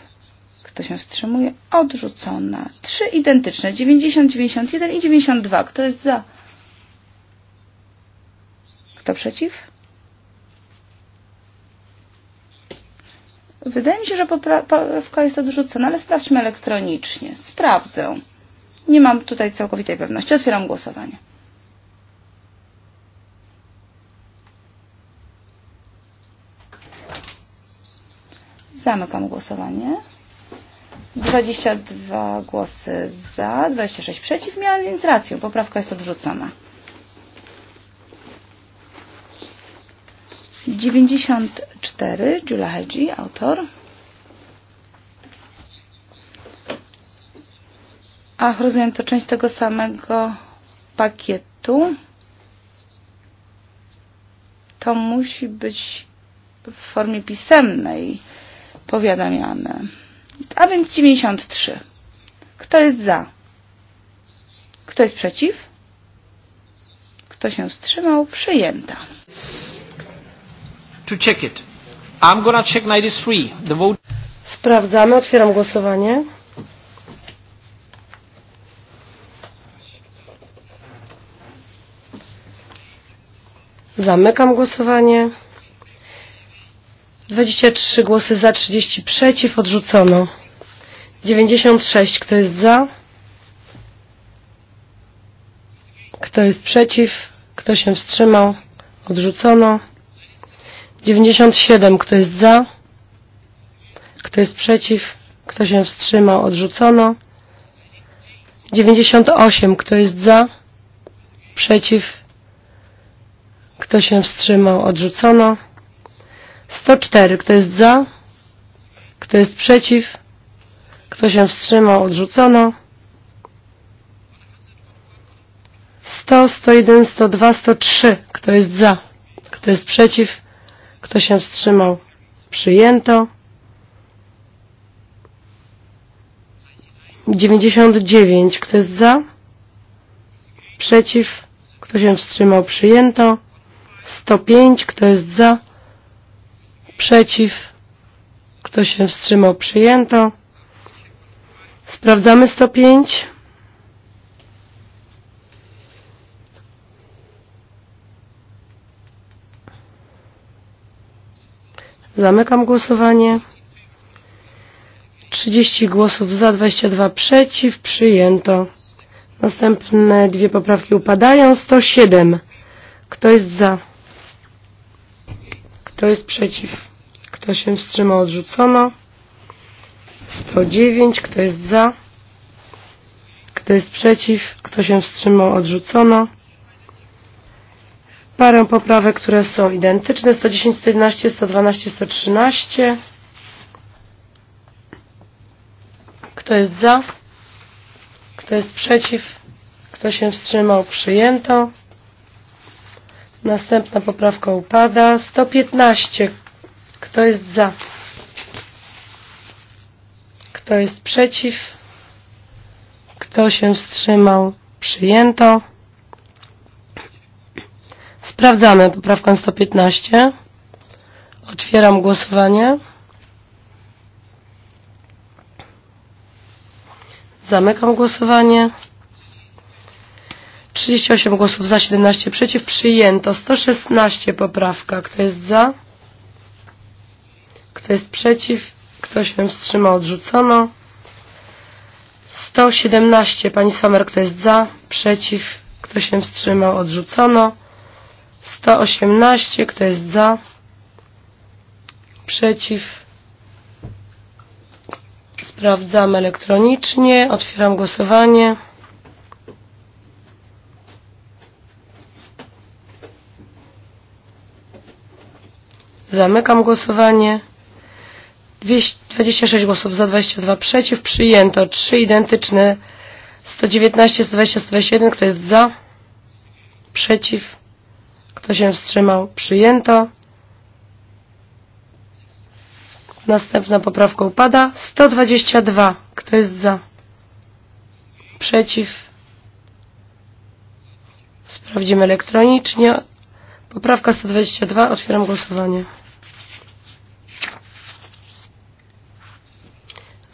Kto się wstrzymuje? Odrzucona. Trzy identyczne. 90, 91 i 92. Kto jest za? Kto przeciw? Wydaje mi się, że poprawka jest odrzucona, ale sprawdźmy elektronicznie. Sprawdzę. Nie mam tutaj całkowitej pewności. Otwieram głosowanie. Zamykam głosowanie. 22 głosy za, 26 przeciw. Miałem więc rację. Poprawka jest odrzucona. 94, Jula Hedzi, autor. Ach, rozumiem, to część tego samego pakietu. To musi być w formie pisemnej Powiadamiamy. A więc 93. Kto jest za? Kto jest przeciw? Kto się wstrzymał? Przyjęta. To check it. I'm gonna check 93. The vote... Sprawdzamy, otwieram głosowanie. Zamykam głosowanie. 23 głosy za, 30 przeciw, odrzucono. 96, kto jest za? Kto jest przeciw? Kto się wstrzymał? Odrzucono. 97, kto jest za? Kto jest przeciw? Kto się wstrzymał? Odrzucono. 98, kto jest za? Przeciw? Kto się wstrzymał? Odrzucono. 104. Kto jest za? Kto jest przeciw? Kto się wstrzymał? Odrzucono. 100, 101, 102, 103. Kto jest za? Kto jest przeciw? Kto się wstrzymał? Przyjęto. 99. Kto jest za? Przeciw? Kto się wstrzymał? Przyjęto. 105. Kto jest za? Przeciw. Kto się wstrzymał? Przyjęto. Sprawdzamy 105. Zamykam głosowanie. 30 głosów za, 22 przeciw. Przyjęto. Następne dwie poprawki upadają. 107. Kto jest za? Kto jest przeciw? Kto się wstrzymał? Odrzucono. 109. Kto jest za? Kto jest przeciw? Kto się wstrzymał? Odrzucono. Parę poprawek, które są identyczne. 110, 111, 112, 113. Kto jest za? Kto jest przeciw? Kto się wstrzymał? Przyjęto. Następna poprawka upada. 115. Kto jest za? Kto jest przeciw? Kto się wstrzymał? Przyjęto. Sprawdzamy poprawkę 115. Otwieram głosowanie. Zamykam głosowanie. 38 głosów za, 17 przeciw. Przyjęto. 116 poprawka. Kto jest za? Kto jest przeciw? Kto się wstrzymał? Odrzucono. 117. Pani Sommer, kto jest za? Przeciw? Kto się wstrzymał? Odrzucono. 118. Kto jest za? Przeciw? Sprawdzamy elektronicznie. Otwieram głosowanie. Zamykam głosowanie. 26 głosów za, 22 przeciw, przyjęto 3 identyczne 119, 120, 121, kto jest za, przeciw, kto się wstrzymał, przyjęto. Następna poprawka upada. 122, kto jest za, przeciw. Sprawdzimy elektronicznie. Poprawka 122, otwieram głosowanie.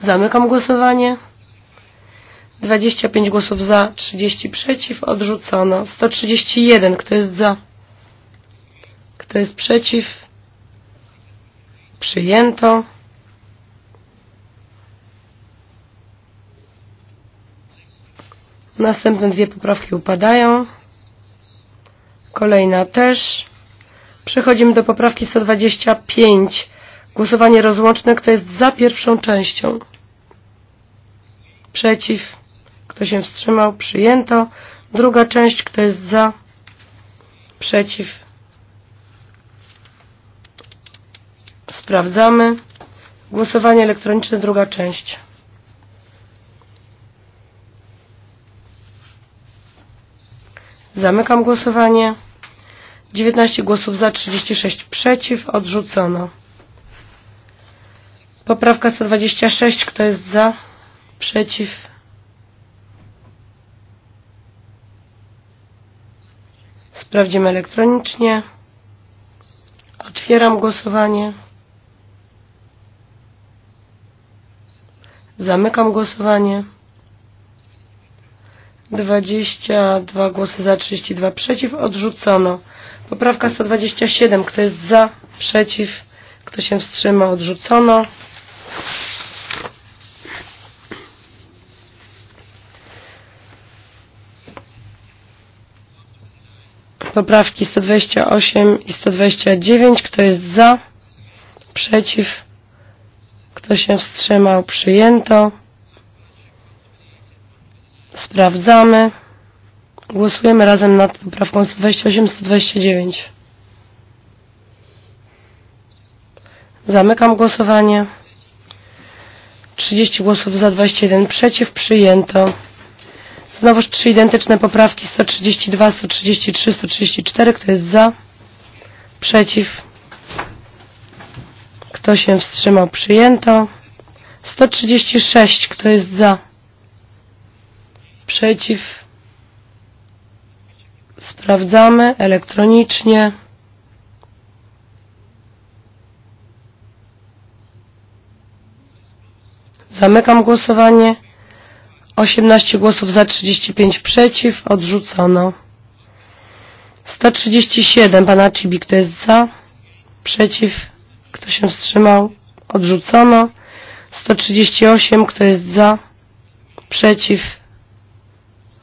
Zamykam głosowanie. 25 głosów za, 30 przeciw, odrzucono. 131, kto jest za? Kto jest przeciw? Przyjęto. Następne dwie poprawki upadają. Kolejna też. Przechodzimy do poprawki 125. Głosowanie rozłączne. Kto jest za pierwszą częścią? Przeciw. Kto się wstrzymał? Przyjęto. Druga część. Kto jest za? Przeciw. Sprawdzamy. Głosowanie elektroniczne, druga część. Zamykam głosowanie. 19 głosów za, 36 przeciw. Odrzucono. Poprawka 126. Kto jest za? Przeciw. Sprawdzimy elektronicznie. Otwieram głosowanie. Zamykam głosowanie. 22 głosy za, 32 przeciw. Odrzucono. Poprawka 127. Kto jest za? Przeciw? Kto się wstrzymał? Odrzucono. Poprawki 128 i 129. Kto jest za? Przeciw? Kto się wstrzymał? Przyjęto. Sprawdzamy. Głosujemy razem nad poprawką 128-129. Zamykam głosowanie. 30 głosów za, 21 przeciw. Przyjęto. Znowuż trzy identyczne poprawki 132, 133, 134. Kto jest za? Przeciw? Kto się wstrzymał? Przyjęto. 136. Kto jest za? Przeciw? Sprawdzamy elektronicznie. Zamykam głosowanie. 18 głosów za, 35 przeciw, odrzucono. 137 pana Chibi, kto jest za, przeciw, kto się wstrzymał, odrzucono. 138, kto jest za, przeciw,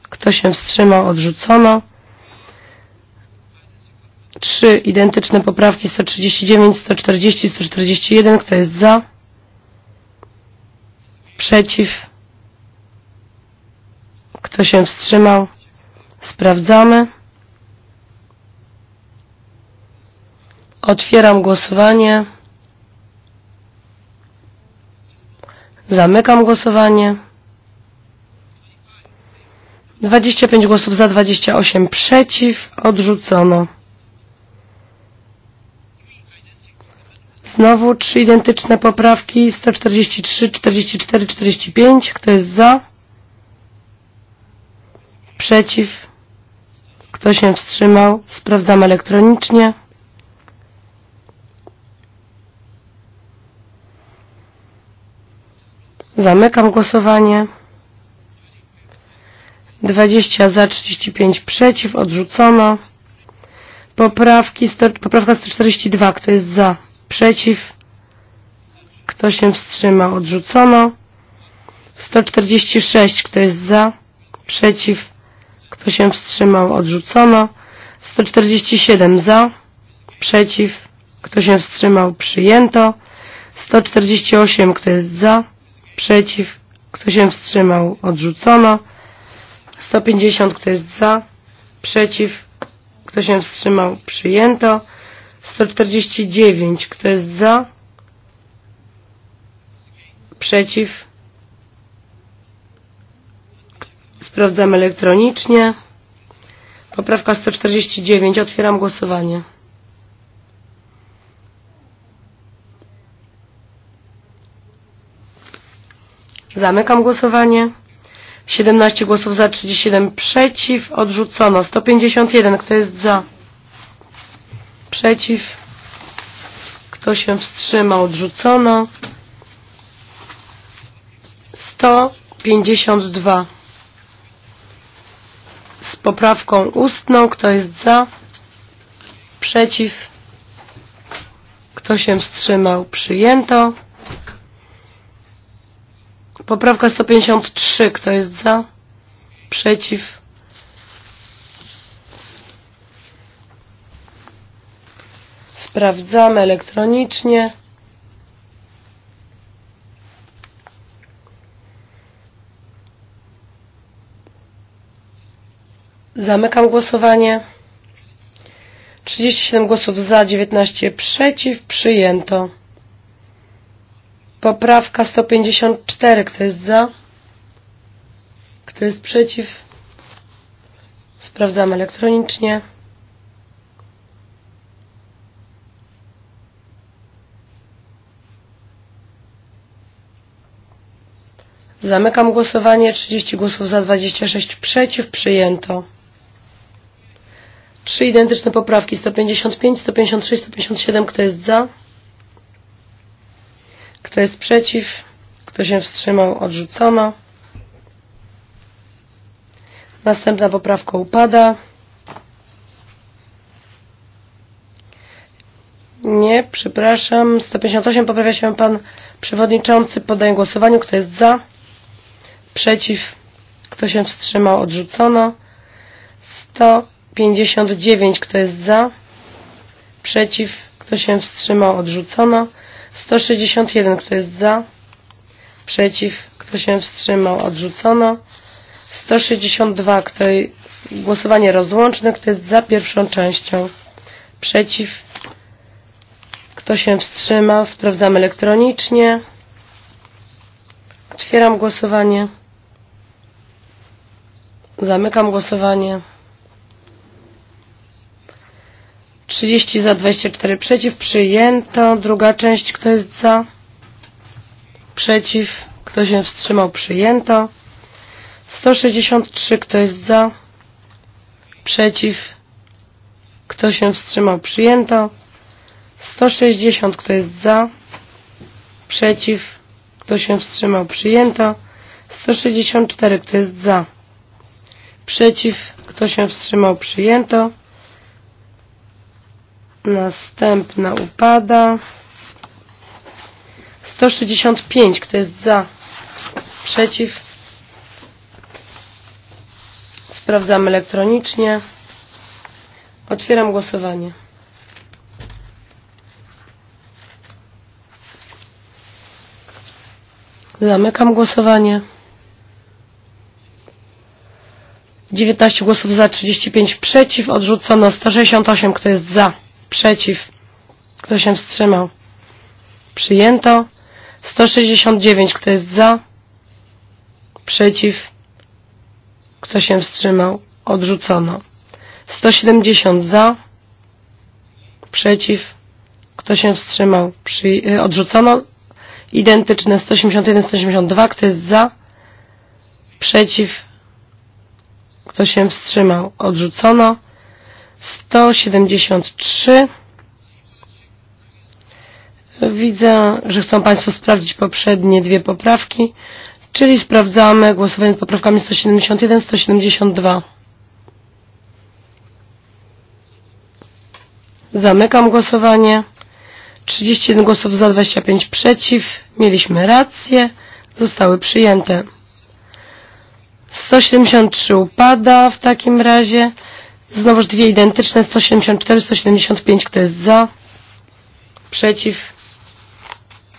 kto się wstrzymał, odrzucono. 3 identyczne poprawki 139, 140, 141, kto jest za, przeciw, Kto się wstrzymał? Sprawdzamy. Otwieram głosowanie. Zamykam głosowanie. 25 głosów za, 28 przeciw. Odrzucono. Znowu trzy identyczne poprawki 143, 44, 45. Kto jest za? Przeciw. Kto się wstrzymał? Sprawdzam elektronicznie. Zamykam głosowanie. 20 za, 35 przeciw, odrzucono. Poprawki, sto, poprawka 142, kto jest za? Przeciw. Kto się wstrzymał? Odrzucono. 146, kto jest za? Przeciw. Kto się wstrzymał? Odrzucono. 147 za, przeciw. Kto się wstrzymał? Przyjęto. 148. Kto jest za? Przeciw. Kto się wstrzymał? Odrzucono. 150. Kto jest za? Przeciw. Kto się wstrzymał? Przyjęto. 149. Kto jest za? Przeciw. Sprawdzamy elektronicznie. Poprawka 149. Otwieram głosowanie. Zamykam głosowanie. 17 głosów za, 37 przeciw. Odrzucono. 151. Kto jest za? Przeciw. Kto się wstrzymał? Odrzucono. 152 z poprawką ustną. Kto jest za? Przeciw? Kto się wstrzymał? Przyjęto. Poprawka 153. Kto jest za? Przeciw? Sprawdzamy elektronicznie. Zamykam głosowanie. 37 głosów za, 19 przeciw, przyjęto. Poprawka 154, kto jest za? Kto jest przeciw? Sprawdzamy elektronicznie. Zamykam głosowanie. 30 głosów za, 26 przeciw. Przyjęto. Trzy identyczne poprawki 155, 156, 157. Kto jest za? Kto jest przeciw? Kto się wstrzymał? Odrzucono. Następna poprawka upada. Nie, przepraszam. 158 poprawia się pan przewodniczący. Podaję głosowaniu. Kto jest za? Przeciw? Kto się wstrzymał? Odrzucono. 100 59, kto jest za, przeciw, kto się wstrzymał, odrzucono. 161, kto jest za, przeciw, kto się wstrzymał, odrzucono. 162, kto głosowanie rozłączne, kto jest za pierwszą częścią, przeciw, kto się wstrzymał, sprawdzamy elektronicznie. Otwieram głosowanie. Zamykam głosowanie. 30 za, 24 przeciw, przyjęto. Druga część, kto jest za? Przeciw, kto się wstrzymał, przyjęto. 163, kto jest za? Przeciw, kto się wstrzymał, przyjęto. 160, kto jest za? Przeciw, kto się wstrzymał, przyjęto. 164, kto jest za? Przeciw, kto się wstrzymał, przyjęto. Następna upada. 165. Kto jest za? Przeciw? Sprawdzamy elektronicznie. Otwieram głosowanie. Zamykam głosowanie. 19 głosów za, 35 przeciw. Odrzucono 168. Kto jest za? Przeciw. Kto się wstrzymał? Przyjęto. 169. Kto jest za? Przeciw. Kto się wstrzymał? Odrzucono. 170 za. Przeciw. Kto się wstrzymał? Przy, odrzucono. Identyczne 181, 182. Kto jest za? Przeciw. Kto się wstrzymał? Odrzucono. 173. Widzę, że chcą Państwo sprawdzić poprzednie dwie poprawki, czyli sprawdzamy głosowanie nad poprawkami 171-172. Zamykam głosowanie. 31 głosów za, 25 przeciw. Mieliśmy rację. Zostały przyjęte. 173 upada w takim razie. Znowuż dwie identyczne, 174, 175. Kto jest za? Przeciw?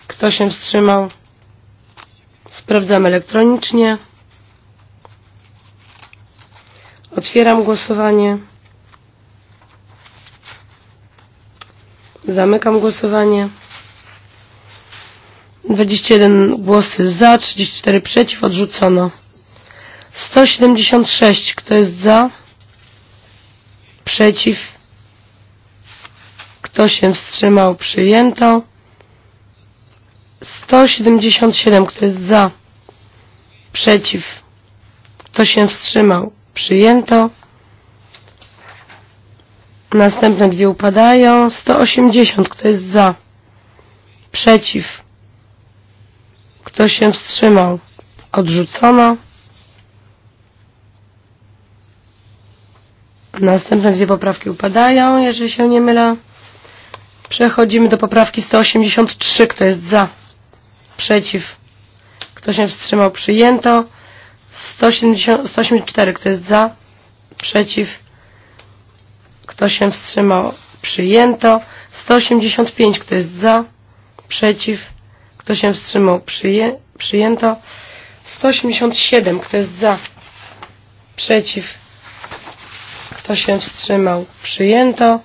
Kto się wstrzymał? Sprawdzamy elektronicznie. Otwieram głosowanie. Zamykam głosowanie. 21 głosy za, 34 przeciw, odrzucono. 176, kto jest za? Przeciw. Kto się wstrzymał? Przyjęto. 177. Kto jest za? Przeciw. Kto się wstrzymał? Przyjęto. Następne dwie upadają. 180. Kto jest za? Przeciw. Kto się wstrzymał? Odrzucono. Następne dwie poprawki upadają, jeżeli się nie mylę. Przechodzimy do poprawki 183. Kto jest za? Przeciw. Kto się wstrzymał? Przyjęto. 170, 184. Kto jest za? Przeciw. Kto się wstrzymał? Przyjęto. 185. Kto jest za? Przeciw. Kto się wstrzymał? Przyję, przyjęto. 187. Kto jest za? Przeciw. Kto się wstrzymał? Przyjęto.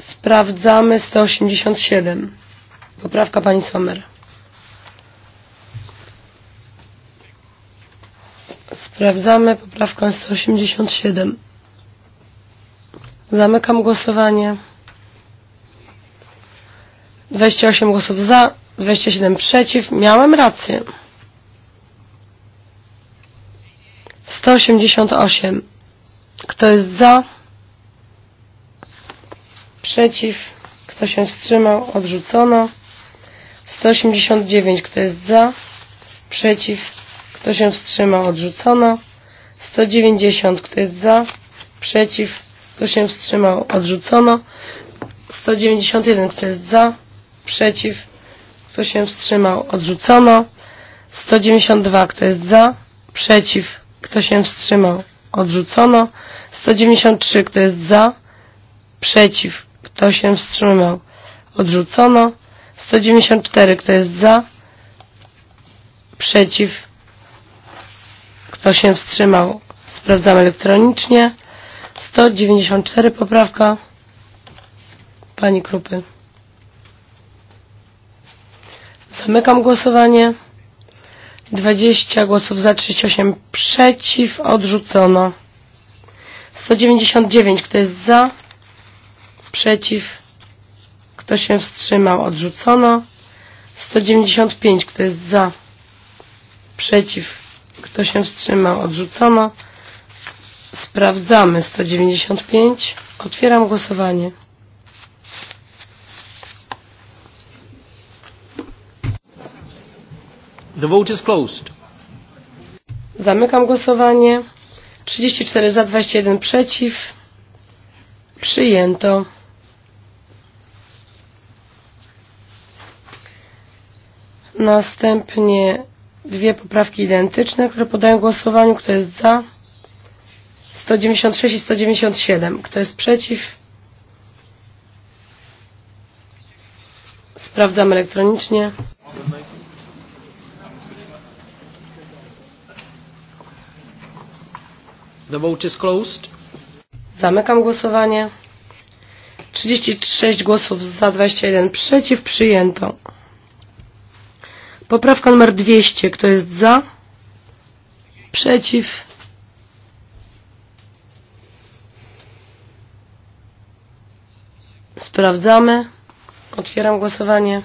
Sprawdzamy 187. Poprawka pani Sommer. Sprawdzamy poprawkę 187. Zamykam głosowanie. 28 głosów za, 27 przeciw. Miałem rację. 188. Kto jest za? Przeciw. Kto się wstrzymał? Odrzucono. 189. Kto jest za? Przeciw. Kto się wstrzymał? Odrzucono. 190. Kto jest za? Przeciw. Kto się wstrzymał? Odrzucono. 191. Kto jest za? Przeciw. Kto się wstrzymał? Odrzucono. 192. Kto jest za? Przeciw. Kto się wstrzymał? Odrzucono. 193. Kto jest za? Przeciw. Kto się wstrzymał? Odrzucono. 194. Kto jest za? Przeciw. Kto się wstrzymał? Sprawdzamy elektronicznie. 194 poprawka pani Krupy. Zamykam głosowanie. 20 głosów za, 38 przeciw, odrzucono. 199, kto jest za, przeciw, kto się wstrzymał, odrzucono. 195, kto jest za, przeciw, kto się wstrzymał, odrzucono. Sprawdzamy 195. Otwieram głosowanie. The vote is closed. Zamykam głosowanie. 34 za, 21 przeciw. Przyjęto. Następnie dwie poprawki identyczne, które podają głosowaniu. Kto jest za? 196 i 197. Kto jest przeciw? Sprawdzam elektronicznie. The vote is closed. Zamykam głosowanie. 36 głosów za, 21 przeciw, przyjęto. Poprawka numer 200. Kto jest za? Przeciw? Sprawdzamy. Otwieram głosowanie.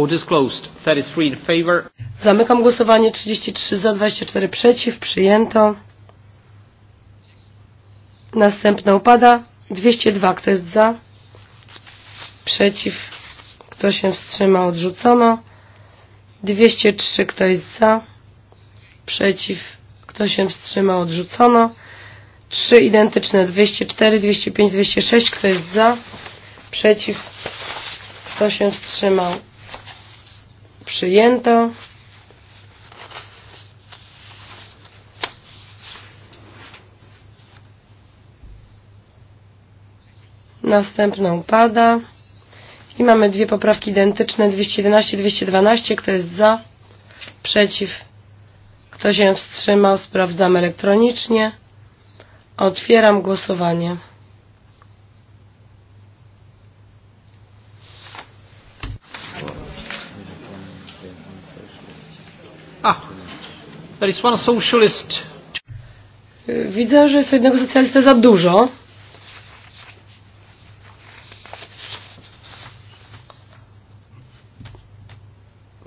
Vote is closed. 33 in favor. Zamykam głosowanie. 33 za, 24 przeciw. Przyjęto. Następna upada. 202. Kto jest za? Przeciw. Kto się wstrzymał? Odrzucono. 203. Kto jest za? Przeciw. Kto się wstrzymał? Odrzucono. 3 identyczne. 204, 205, 206. Kto jest za? Przeciw. Kto się wstrzymał? Przyjęto. Następną pada. I mamy dwie poprawki identyczne, 211-212. Kto jest za? Przeciw? Kto się wstrzymał? Sprawdzamy elektronicznie. Otwieram głosowanie. There is one socialist. Widzę, że jest jednego socjalistę za dużo.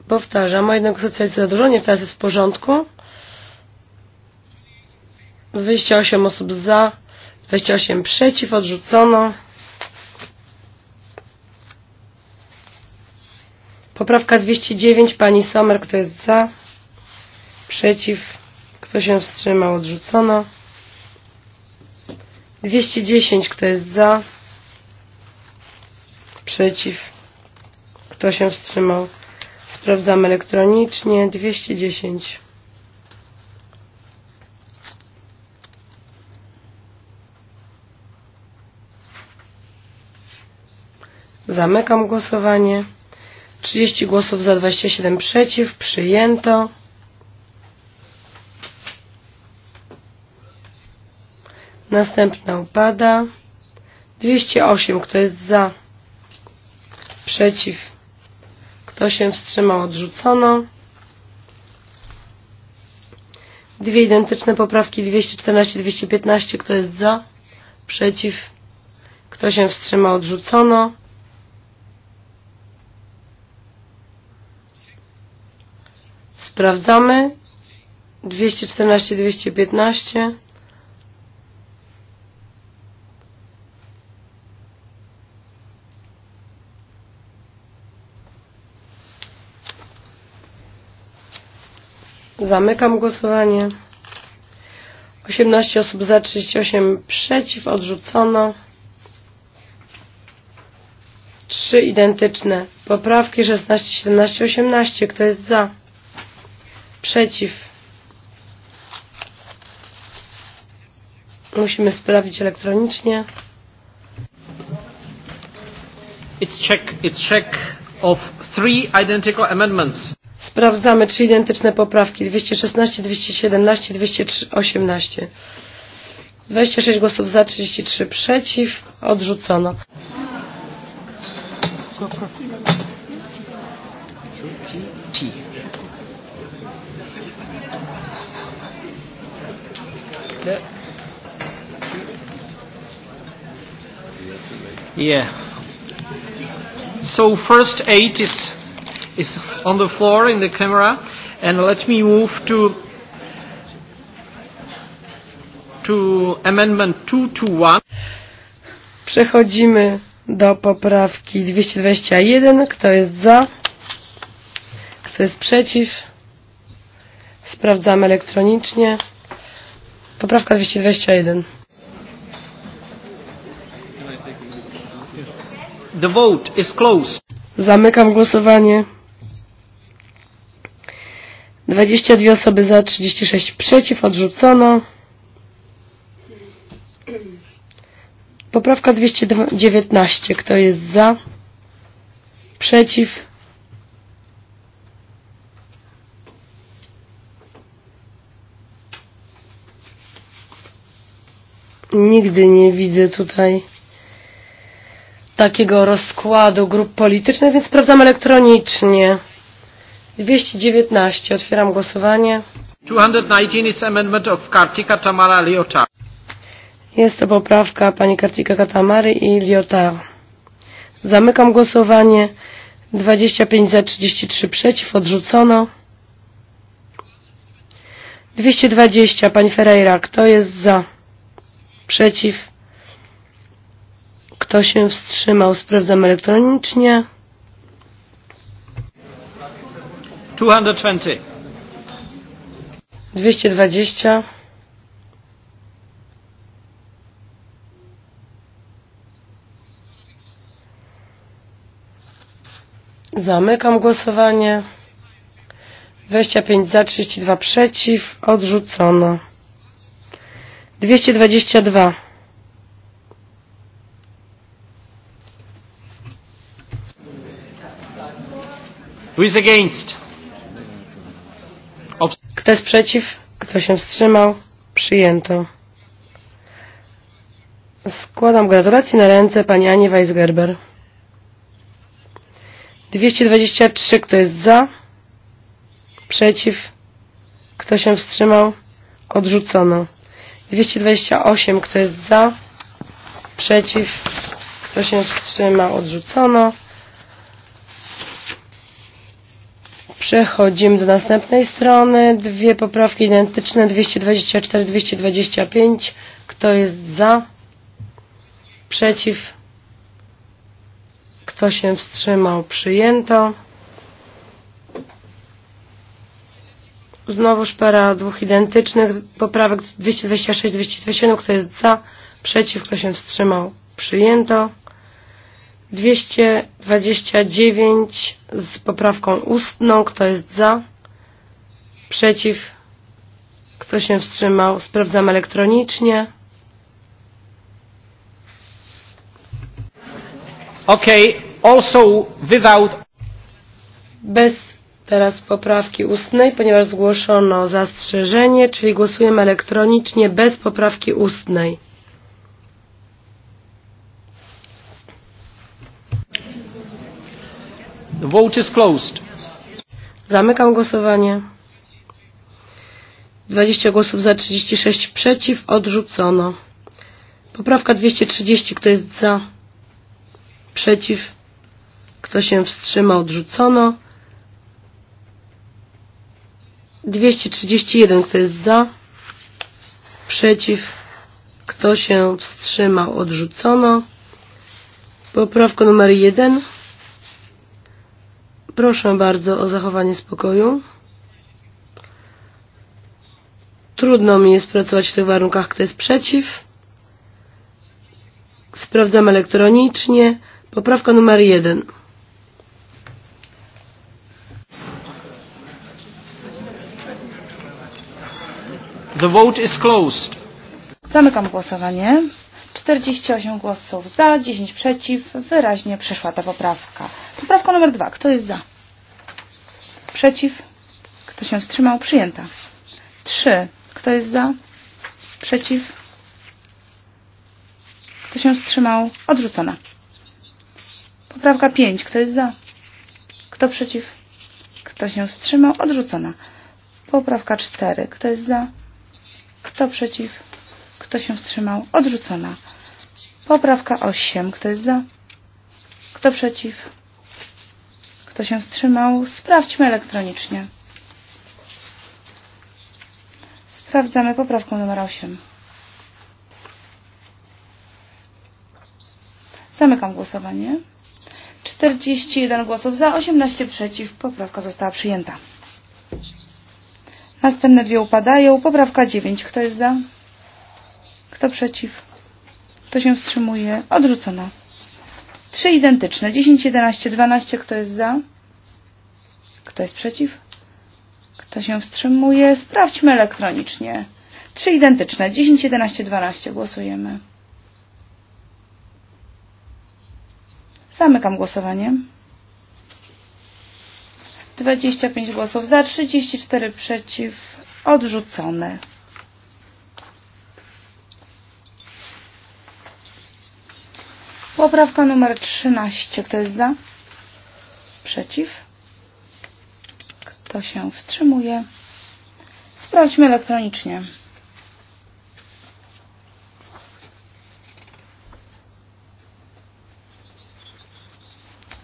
Powtarzam, ma jednego socjalistę za dużo, nie teraz jest w porządku. 28 osób za, 28 przeciw, odrzucono. Poprawka 209, pani Sommer, kto jest za? Przeciw. Kto się wstrzymał? Odrzucono. 210. Kto jest za? Przeciw. Kto się wstrzymał? Sprawdzamy elektronicznie. 210. Zamykam głosowanie. 30 głosów za, 27 przeciw. Przyjęto. Następna upada. 208. Kto jest za? Przeciw. Kto się wstrzymał? Odrzucono. Dwie identyczne poprawki 214-215. Kto jest za? Przeciw. Kto się wstrzymał? Odrzucono. Sprawdzamy. 214-215. Zamykam głosowanie. 18 osób za, 38 przeciw, odrzucono. Trzy identyczne. Poprawki 16, 17, 18. Kto jest za? Przeciw. Musimy sprawdzić elektronicznie. It's check, it's check of three identical amendments. Sprawdzamy trzy identyczne poprawki 216, 217, 218. 26 głosów za, 33 przeciw. Odrzucono. Yeah. So first eight is is on the floor in the camera. And let me move to, to amendment 221. Przechodzimy do poprawki 221. Kto jest za? Kto jest przeciw? Sprawdzamy elektronicznie. Poprawka 221. The vote is closed. Zamykam głosowanie. 22 osoby za, 36 przeciw, odrzucono. Poprawka 219. Kto jest za? Przeciw? Nigdy nie widzę tutaj takiego rozkładu grup politycznych, więc sprawdzam elektronicznie. 219. Otwieram głosowanie. 219 it's amendment of Kartika Tamara Liota. Jest to poprawka pani Kartika Katamary i Liota. Zamykam głosowanie. 25 za, 33 przeciw. Odrzucono. 220. Pani Ferreira. Kto jest za? Przeciw. Kto się wstrzymał? Sprawdzam elektronicznie. 220. 220. Zamykam głosowanie. 25 za, 32 przeciw. Odrzucono. 222. Who is against? Kto jest przeciw? Kto się wstrzymał? Przyjęto. Składam gratulacje na ręce pani Ani Weisgerber. 223. Kto jest za? Przeciw? Kto się wstrzymał? Odrzucono. 228. Kto jest za? Przeciw? Kto się wstrzymał? Odrzucono. Przechodzimy do następnej strony. Dwie poprawki identyczne, 224-225. Kto jest za? Przeciw? Kto się wstrzymał? Przyjęto. Znowuż para dwóch identycznych poprawek 226-227. Kto jest za? Przeciw? Kto się wstrzymał? Przyjęto. 229 z poprawką ustną. Kto jest za? Przeciw? Kto się wstrzymał? Sprawdzam elektronicznie. Ok, also without... Bez teraz poprawki ustnej, ponieważ zgłoszono zastrzeżenie, czyli głosujemy elektronicznie bez poprawki ustnej. The vote is closed. Zamykam głosowanie. 20 głosów za, 36 przeciw, odrzucono. Poprawka 230, kto jest za, przeciw, kto się wstrzyma, odrzucono. 231, kto jest za, przeciw, kto się wstrzymał, odrzucono. Poprawka numer 1, Proszę bardzo o zachowanie spokoju. Trudno mi jest pracować w tych warunkach. Kto jest przeciw? Sprawdzam elektronicznie. Poprawka numer jeden. The vote is closed. Zamykam głosowanie. 48 głosów za, 10 przeciw. Wyraźnie przeszła ta poprawka. Poprawka numer 2. Kto jest za? Przeciw? Kto się wstrzymał? Przyjęta. 3. Kto jest za? Przeciw? Kto się wstrzymał? Odrzucona. Poprawka 5. Kto jest za? Kto przeciw? Kto się wstrzymał? Odrzucona. Poprawka 4. Kto jest za? Kto przeciw? Kto się wstrzymał? Odrzucona. Poprawka 8. Kto jest za? Kto przeciw? Kto się wstrzymał? Sprawdźmy elektronicznie. Sprawdzamy poprawkę numer 8. Zamykam głosowanie. 41 głosów za, 18 przeciw. Poprawka została przyjęta. Następne dwie upadają. Poprawka 9. Kto jest za? Kto przeciw? Kto się wstrzymuje? Odrzucono. Trzy identyczne. 10, 11, 12. Kto jest za? Kto jest przeciw? Kto się wstrzymuje? Sprawdźmy elektronicznie. Trzy identyczne. 10, 11, 12. Głosujemy. Zamykam głosowanie. 25 głosów za, 34 przeciw. Odrzucone. Poprawka numer 13. Kto jest za? Przeciw? Kto się wstrzymuje? Sprawdźmy elektronicznie.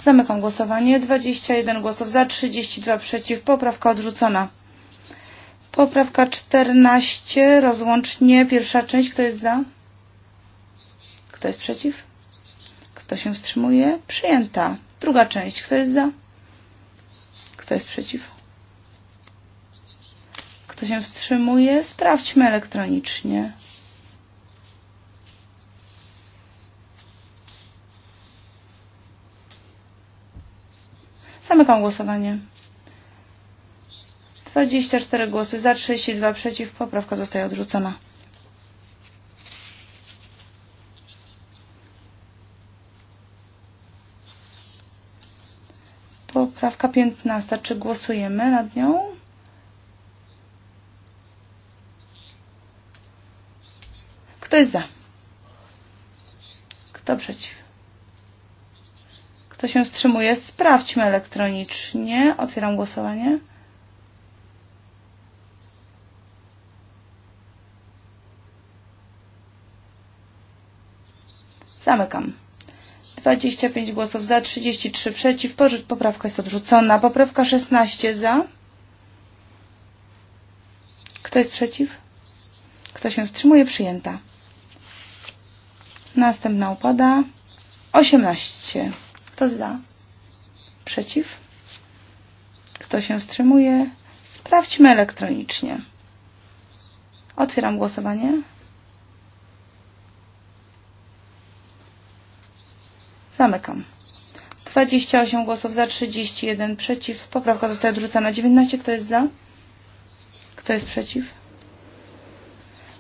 Zamykam głosowanie. 21 głosów za, 32 przeciw. Poprawka odrzucona. Poprawka 14, rozłącznie, pierwsza część. Kto jest za? Kto jest przeciw? Kto się wstrzymuje? Przyjęta. Druga część. Kto jest za? Kto jest przeciw? Kto się wstrzymuje? Sprawdźmy elektronicznie. Zamykam głosowanie. 24 głosy za, 32 przeciw. Poprawka zostaje odrzucona. Poprawka 15. Czy głosujemy nad nią? Kto jest za? Kto przeciw? Kto się wstrzymuje? Sprawdźmy elektronicznie. Otwieram głosowanie. Zamykam. 25 głosów za, 33 przeciw. Poprawka jest odrzucona. Poprawka 16 za. Kto jest przeciw? Kto się wstrzymuje? Przyjęta. Następna upada. 18. Kto za? Przeciw? Kto się wstrzymuje? Sprawdźmy elektronicznie. Otwieram głosowanie. Zamykam. 28 głosów za, 31 przeciw. Poprawka zostaje odrzucona. 19. Kto jest za? Kto jest przeciw?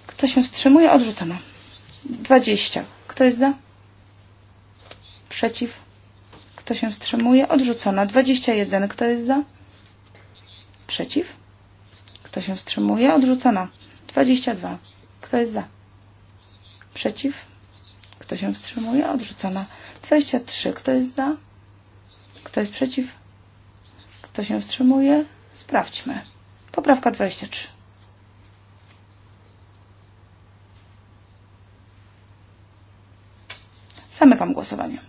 Kto się wstrzymuje? Odrzucona. 20. Kto jest za? Przeciw. Kto się wstrzymuje? Odrzucona. 21. Kto jest za? Przeciw. Kto się wstrzymuje? Odrzucona. 22. Kto jest za? Przeciw. Kto się wstrzymuje? Odrzucona. 23. Kto jest za? Kto jest przeciw? Kto się wstrzymuje? Sprawdźmy. Poprawka 23. Zamykam głosowanie.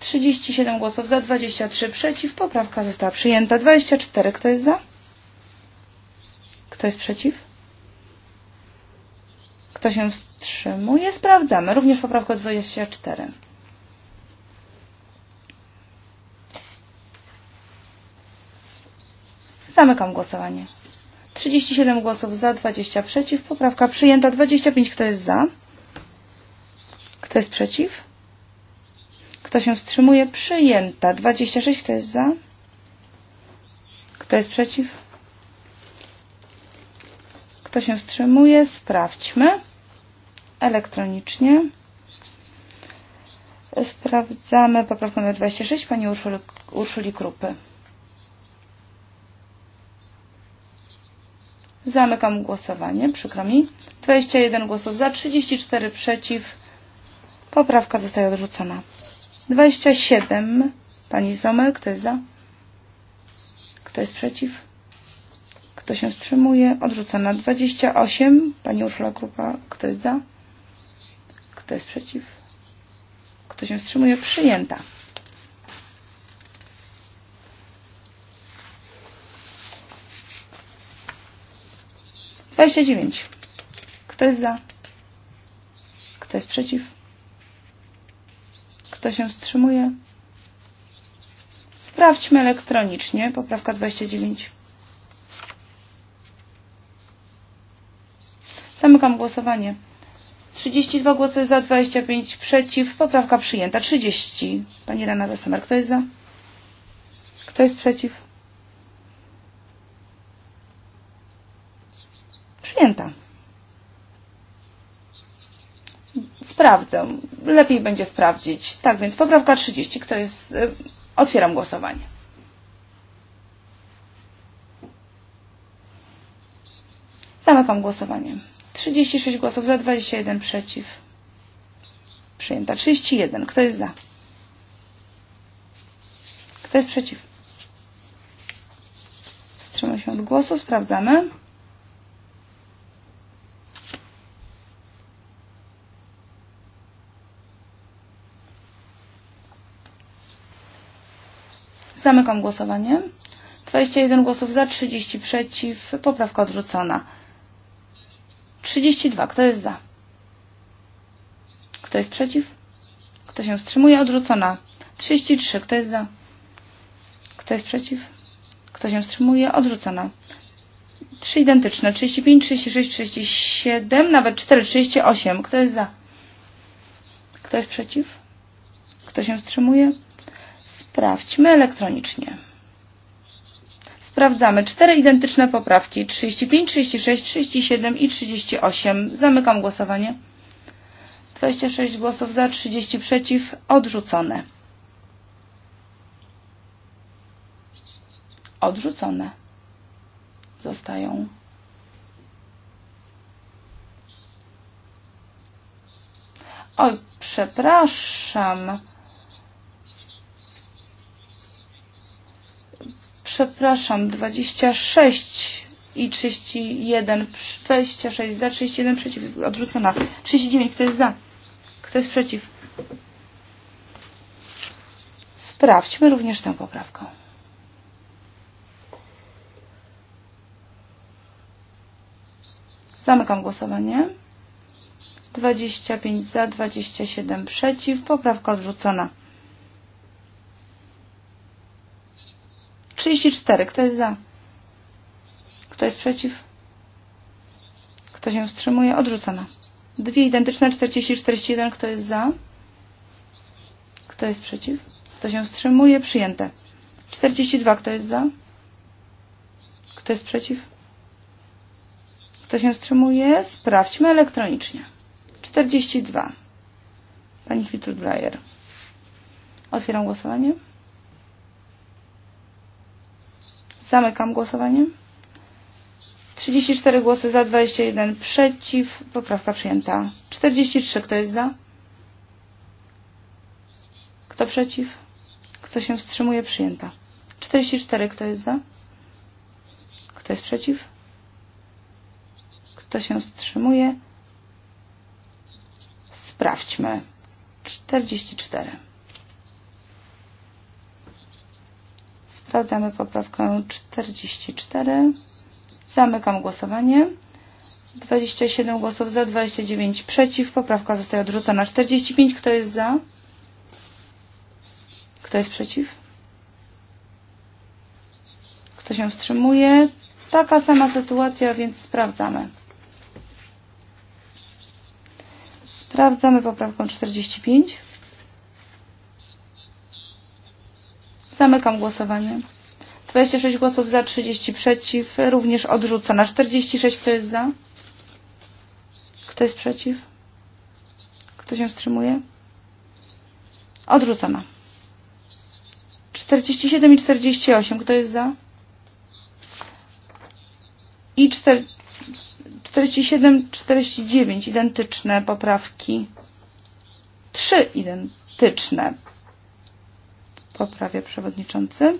37 głosów za, 23 przeciw. Poprawka została przyjęta. 24. Kto jest za? Kto jest przeciw? Kto się wstrzymuje? Sprawdzamy. Również poprawkę 24. Zamykam głosowanie. 37 głosów za, 20 przeciw. Poprawka przyjęta. 25. Kto jest za? Kto jest przeciw? Kto się wstrzymuje? Przyjęta. 26. Kto jest za? Kto jest przeciw? Kto się wstrzymuje? Sprawdźmy. Elektronicznie. Sprawdzamy poprawkę numer 26 pani Urszuli, Urszuli Krupy. Zamykam głosowanie, przykro mi. 21 głosów za, 34 przeciw. Poprawka zostaje odrzucona. 27. Pani Zomer, kto jest za? Kto jest przeciw? Kto się wstrzymuje? Odrzucona. 28. Pani Urszula Krupa, kto jest za? Kto jest przeciw? Kto się wstrzymuje? Przyjęta. 29. Kto jest za? Kto jest przeciw? Kto się wstrzymuje? Sprawdźmy elektronicznie. Poprawka 29. Zamykam głosowanie. 32 głosy za, 25 przeciw. Poprawka przyjęta. 30. Pani Renata Semer, kto jest za? Kto jest przeciw? sprawdzę. Lepiej będzie sprawdzić. Tak więc poprawka 30. Kto jest. E, otwieram głosowanie. Zamykam głosowanie. 36 głosów za, 21 przeciw. Przyjęta. 31. Kto jest za? Kto jest przeciw? Wstrzymał się od głosu. Sprawdzamy. Zamykam głosowanie. 21 głosów za, 30 przeciw. Poprawka odrzucona. 32. Kto jest za? Kto jest przeciw? Kto się wstrzymuje? Odrzucona. 33. Kto jest za? Kto jest przeciw? Kto się wstrzymuje? Odrzucona. 3 identyczne. 35, 36, 37, nawet 4, 38. Kto jest za? Kto jest przeciw? Kto się wstrzymuje? Sprawdźmy elektronicznie. Sprawdzamy cztery identyczne poprawki 35, 36, 37 i 38. Zamykam głosowanie. 26 głosów za, 30 przeciw, odrzucone. Odrzucone. Zostają. Oj, przepraszam. przepraszam, 26 i 31, 26 za, 31 przeciw, odrzucona. 39, kto jest za? Kto jest przeciw? Sprawdźmy również tę poprawkę. Zamykam głosowanie. 25 za, 27 przeciw. Poprawka odrzucona. 34. Kto jest za? Kto jest przeciw? Kto się wstrzymuje? Odrzucona. Dwie identyczne, 40 i 41. Kto jest za? Kto jest przeciw? Kto się wstrzymuje? Przyjęte. 42. Kto jest za? Kto jest przeciw? Kto się wstrzymuje? Sprawdźmy elektronicznie. 42. Pani Hiltrud Breyer. Otwieram głosowanie. Zamykam głosowanie. 34 głosy za, 21 przeciw. Poprawka przyjęta. 43. Kto jest za? Kto przeciw? Kto się wstrzymuje? Przyjęta. 44. Kto jest za? Kto jest przeciw? Kto się wstrzymuje? Sprawdźmy. 44. Sprawdzamy poprawkę 44. Zamykam głosowanie. 27 głosów za, 29 przeciw. Poprawka zostaje odrzucona. 45. Kto jest za? Kto jest przeciw? Kto się wstrzymuje? Taka sama sytuacja, więc sprawdzamy. Sprawdzamy poprawką 45. Zamykam głosowanie. 26 głosów za, 30 przeciw. Również odrzucona. 46 kto jest za? Kto jest przeciw? Kto się wstrzymuje? Odrzucona. 47 i 48. Kto jest za? I 4, 47, 49. Identyczne poprawki. Trzy identyczne poprawia przewodniczący.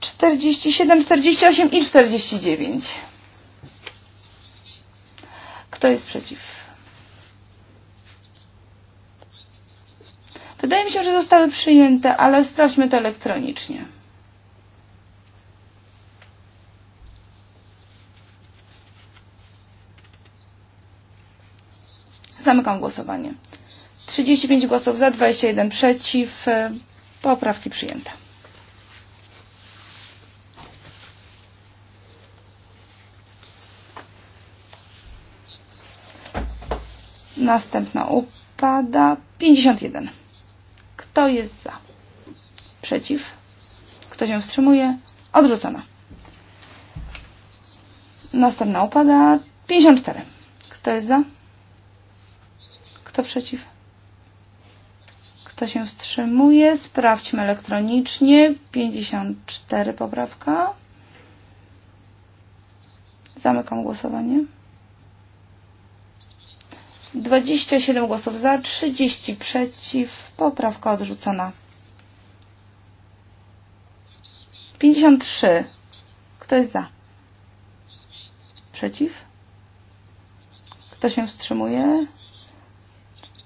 47, 48 i 49. Kto jest przeciw? Wydaje mi się, że zostały przyjęte, ale sprawdźmy to elektronicznie. Zamykam głosowanie. 35 głosów za, 21 przeciw. Poprawki przyjęte. Następna upada. 51. Kto jest za? Przeciw? Kto się wstrzymuje? Odrzucona. Następna upada. 54. Kto jest za? Kto przeciw? Kto się wstrzymuje? Sprawdźmy elektronicznie. 54 poprawka. Zamykam głosowanie. 27 głosów za, 30 przeciw. Poprawka odrzucona. 53. Kto jest za? Przeciw? Kto się wstrzymuje?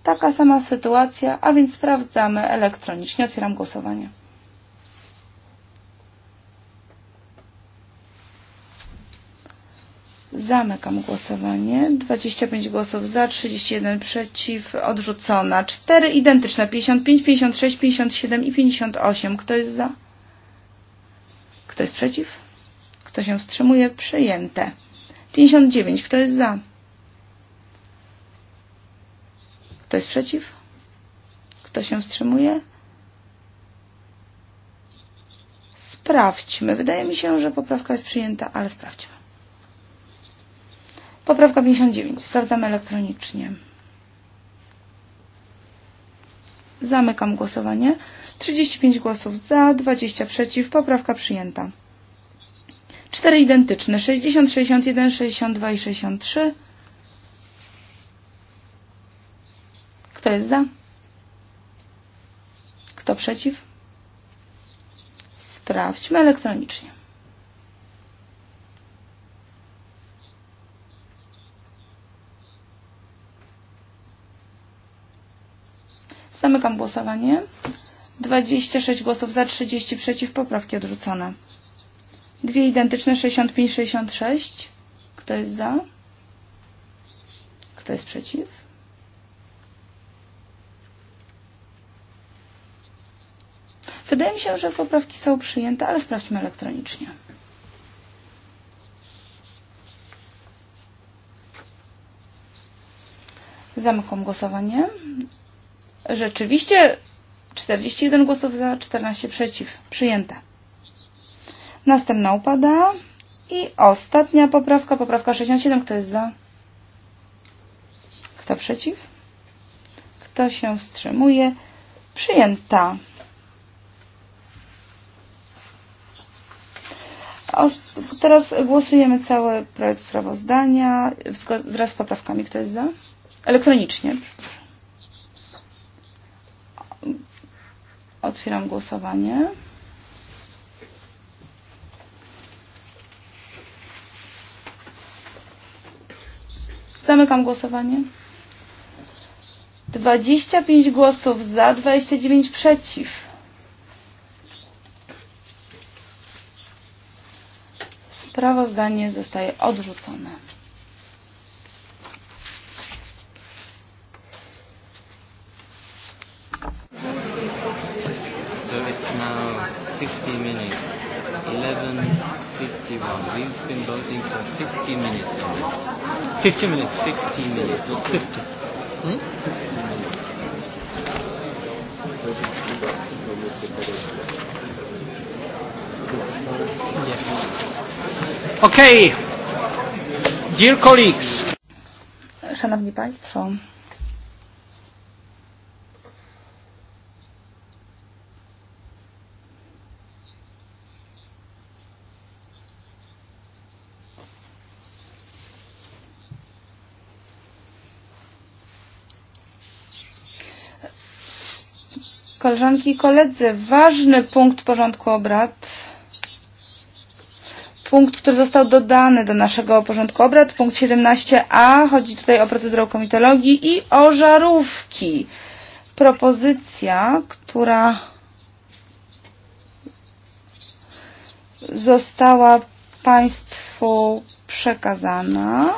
Taka sama sytuacja, a więc sprawdzamy elektronicznie. Otwieram głosowanie. Zamykam głosowanie. 25 głosów za, 31 przeciw, odrzucona. 4 identyczne, 55, 56, 57 i 58. Kto jest za? Kto jest przeciw? Kto się wstrzymuje? Przyjęte. 59. Kto jest za? Kto jest przeciw? Kto się wstrzymuje? Sprawdźmy. Wydaje mi się, że poprawka jest przyjęta, ale sprawdźmy. Poprawka 59. Sprawdzamy elektronicznie. Zamykam głosowanie. 35 głosów za, 20 przeciw. Poprawka przyjęta. Cztery identyczne. 60, 61, 62 i 63. Kto jest za? Kto przeciw? Sprawdźmy elektronicznie. Zamykam głosowanie. 26 głosów za, 30 przeciw, poprawki odrzucone. Dwie identyczne, 65-66. Kto jest za? Kto jest przeciw? Wydaje mi się, że poprawki są przyjęte, ale sprawdźmy elektronicznie. Zamykam głosowanie. Rzeczywiście 41 głosów za, 14 przeciw. Przyjęte. Następna upada. I ostatnia poprawka, poprawka 67. Kto jest za? Kto przeciw? Kto się wstrzymuje? Przyjęta. Teraz głosujemy cały projekt sprawozdania wraz z poprawkami. Kto jest za? Elektronicznie. Otwieram głosowanie. Zamykam głosowanie. 25 głosów za, 29 przeciw. Sprawozdanie zostaje odrzucone. So it's now 50 minutes. 11.51. We've been voting for 50 minutes on this. 50 minutes. 50 minutes. 50. Hmm? 50 minutes. Okay. Dear colleagues. Szanowni Państwo. Koleżanki i koledzy, ważny punkt porządku obrad punkt, który został dodany do naszego porządku obrad, punkt 17a. Chodzi tutaj o procedurę komitologii i o żarówki. Propozycja, która została Państwu przekazana.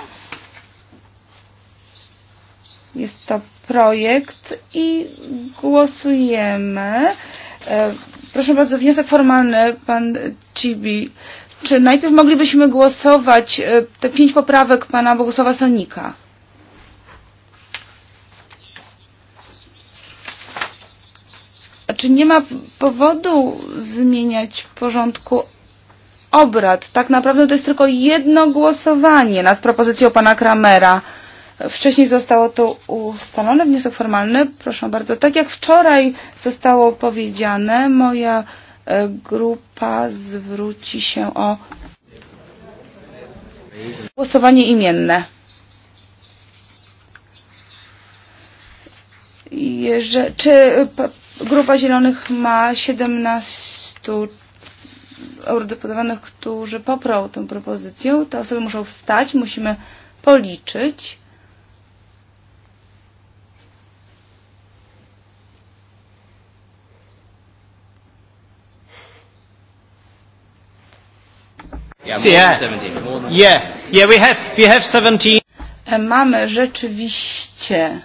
Jest to projekt i głosujemy. E, proszę bardzo, wniosek formalny, pan Cibi Czy najpierw moglibyśmy głosować e, te pięć poprawek pana Bogusława Sonika? A czy nie ma powodu zmieniać porządku obrad? Tak naprawdę to jest tylko jedno głosowanie nad propozycją pana Kramera. Wcześniej zostało to ustalone, wniosek formalny, proszę bardzo. Tak jak wczoraj zostało powiedziane, moja E, grupa zwróci się o głosowanie imienne. Jeże, czy grupa zielonych ma 17 eurodeputowanych, którzy poprą tę propozycję? Te osoby muszą wstać, musimy policzyć. Yeah, more yeah. Than 17. More than yeah. 17. Yeah, we have, we have 17. Mamy rzeczywiście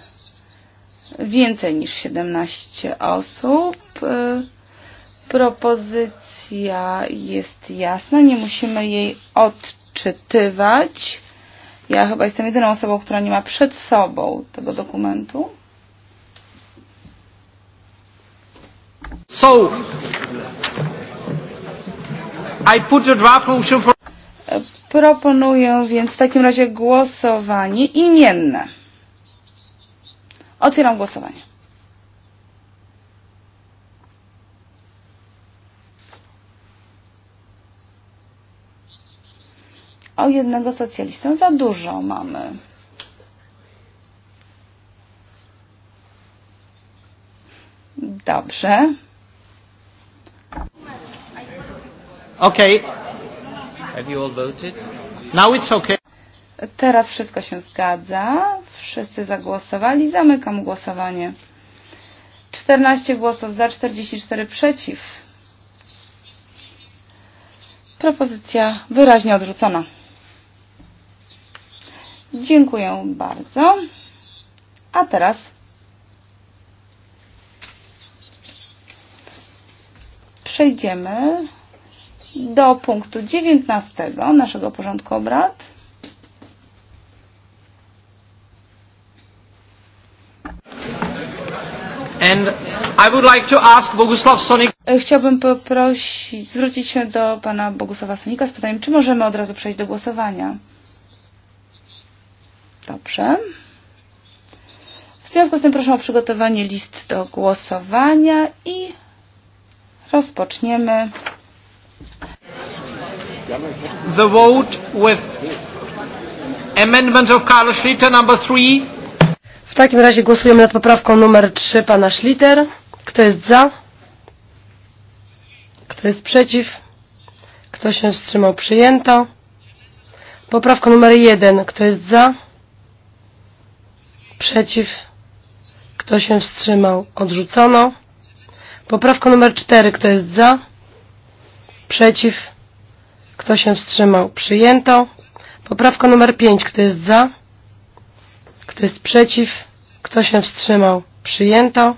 więcej niż 17 osób. E, propozycja jest jasna, nie musimy jej odczytywać. Ja chyba jestem jedyną osobą, która nie ma przed sobą tego dokumentu. So, I put the draft motion for Proponuję więc w takim razie głosowanie imienne. Otwieram głosowanie. O jednego socjalistę za dużo mamy. Dobrze. Okej. Okay. Have you all voted? Now it's okay. Teraz wszystko się zgadza. Wszyscy zagłosowali. Zamykam głosowanie. 14 głosów za, 44 przeciw. Propozycja wyraźnie odrzucona. Dziękuję bardzo. A teraz przejdziemy do punktu 19 naszego porządku obrad. And I would like to ask Bogusław Sonik. E, chciałbym poprosić, zwrócić się do pana Bogusława Sonika z pytaniem, czy możemy od razu przejść do głosowania. Dobrze. W związku z tym proszę o przygotowanie list do głosowania i rozpoczniemy the vote with amendment of Karl Schlitter number 3. W takim razie głosujemy nad poprawką numer 3 pana Schlitter. Kto jest za? Kto jest przeciw? Kto się wstrzymał? Przyjęto. Poprawka numer 1. Kto jest za? Przeciw? Kto się wstrzymał? Odrzucono. Poprawka numer 4. Kto jest za? Przeciw? Kto się wstrzymał? Przyjęto. Poprawka numer 5. Kto jest za? Kto jest przeciw? Kto się wstrzymał? Przyjęto.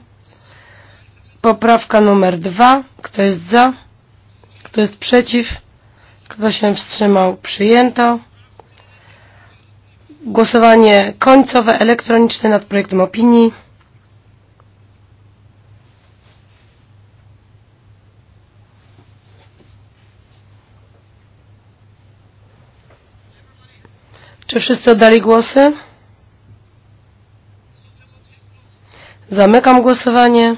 Poprawka numer 2. Kto jest za? Kto jest przeciw? Kto się wstrzymał? Przyjęto. Głosowanie końcowe elektroniczne nad projektem opinii. Czy wszyscy oddali głosy? Zamykam głosowanie.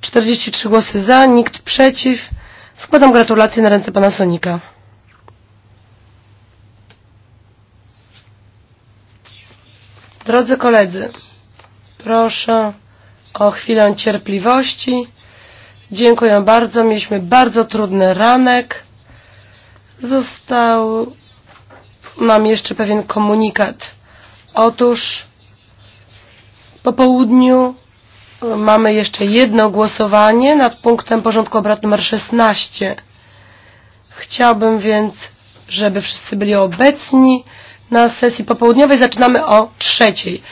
43 głosy za, nikt przeciw. Składam gratulacje na ręce pana Sonika. Drodzy koledzy, proszę o chwilę cierpliwości. Dziękuję bardzo. Mieliśmy bardzo trudny ranek. Został nam jeszcze pewien komunikat. Otóż po południu e, mamy jeszcze jedno głosowanie nad punktem porządku obrad numer 16. Chciałbym więc, żeby wszyscy byli obecni na sesji popołudniowej. Zaczynamy o trzeciej.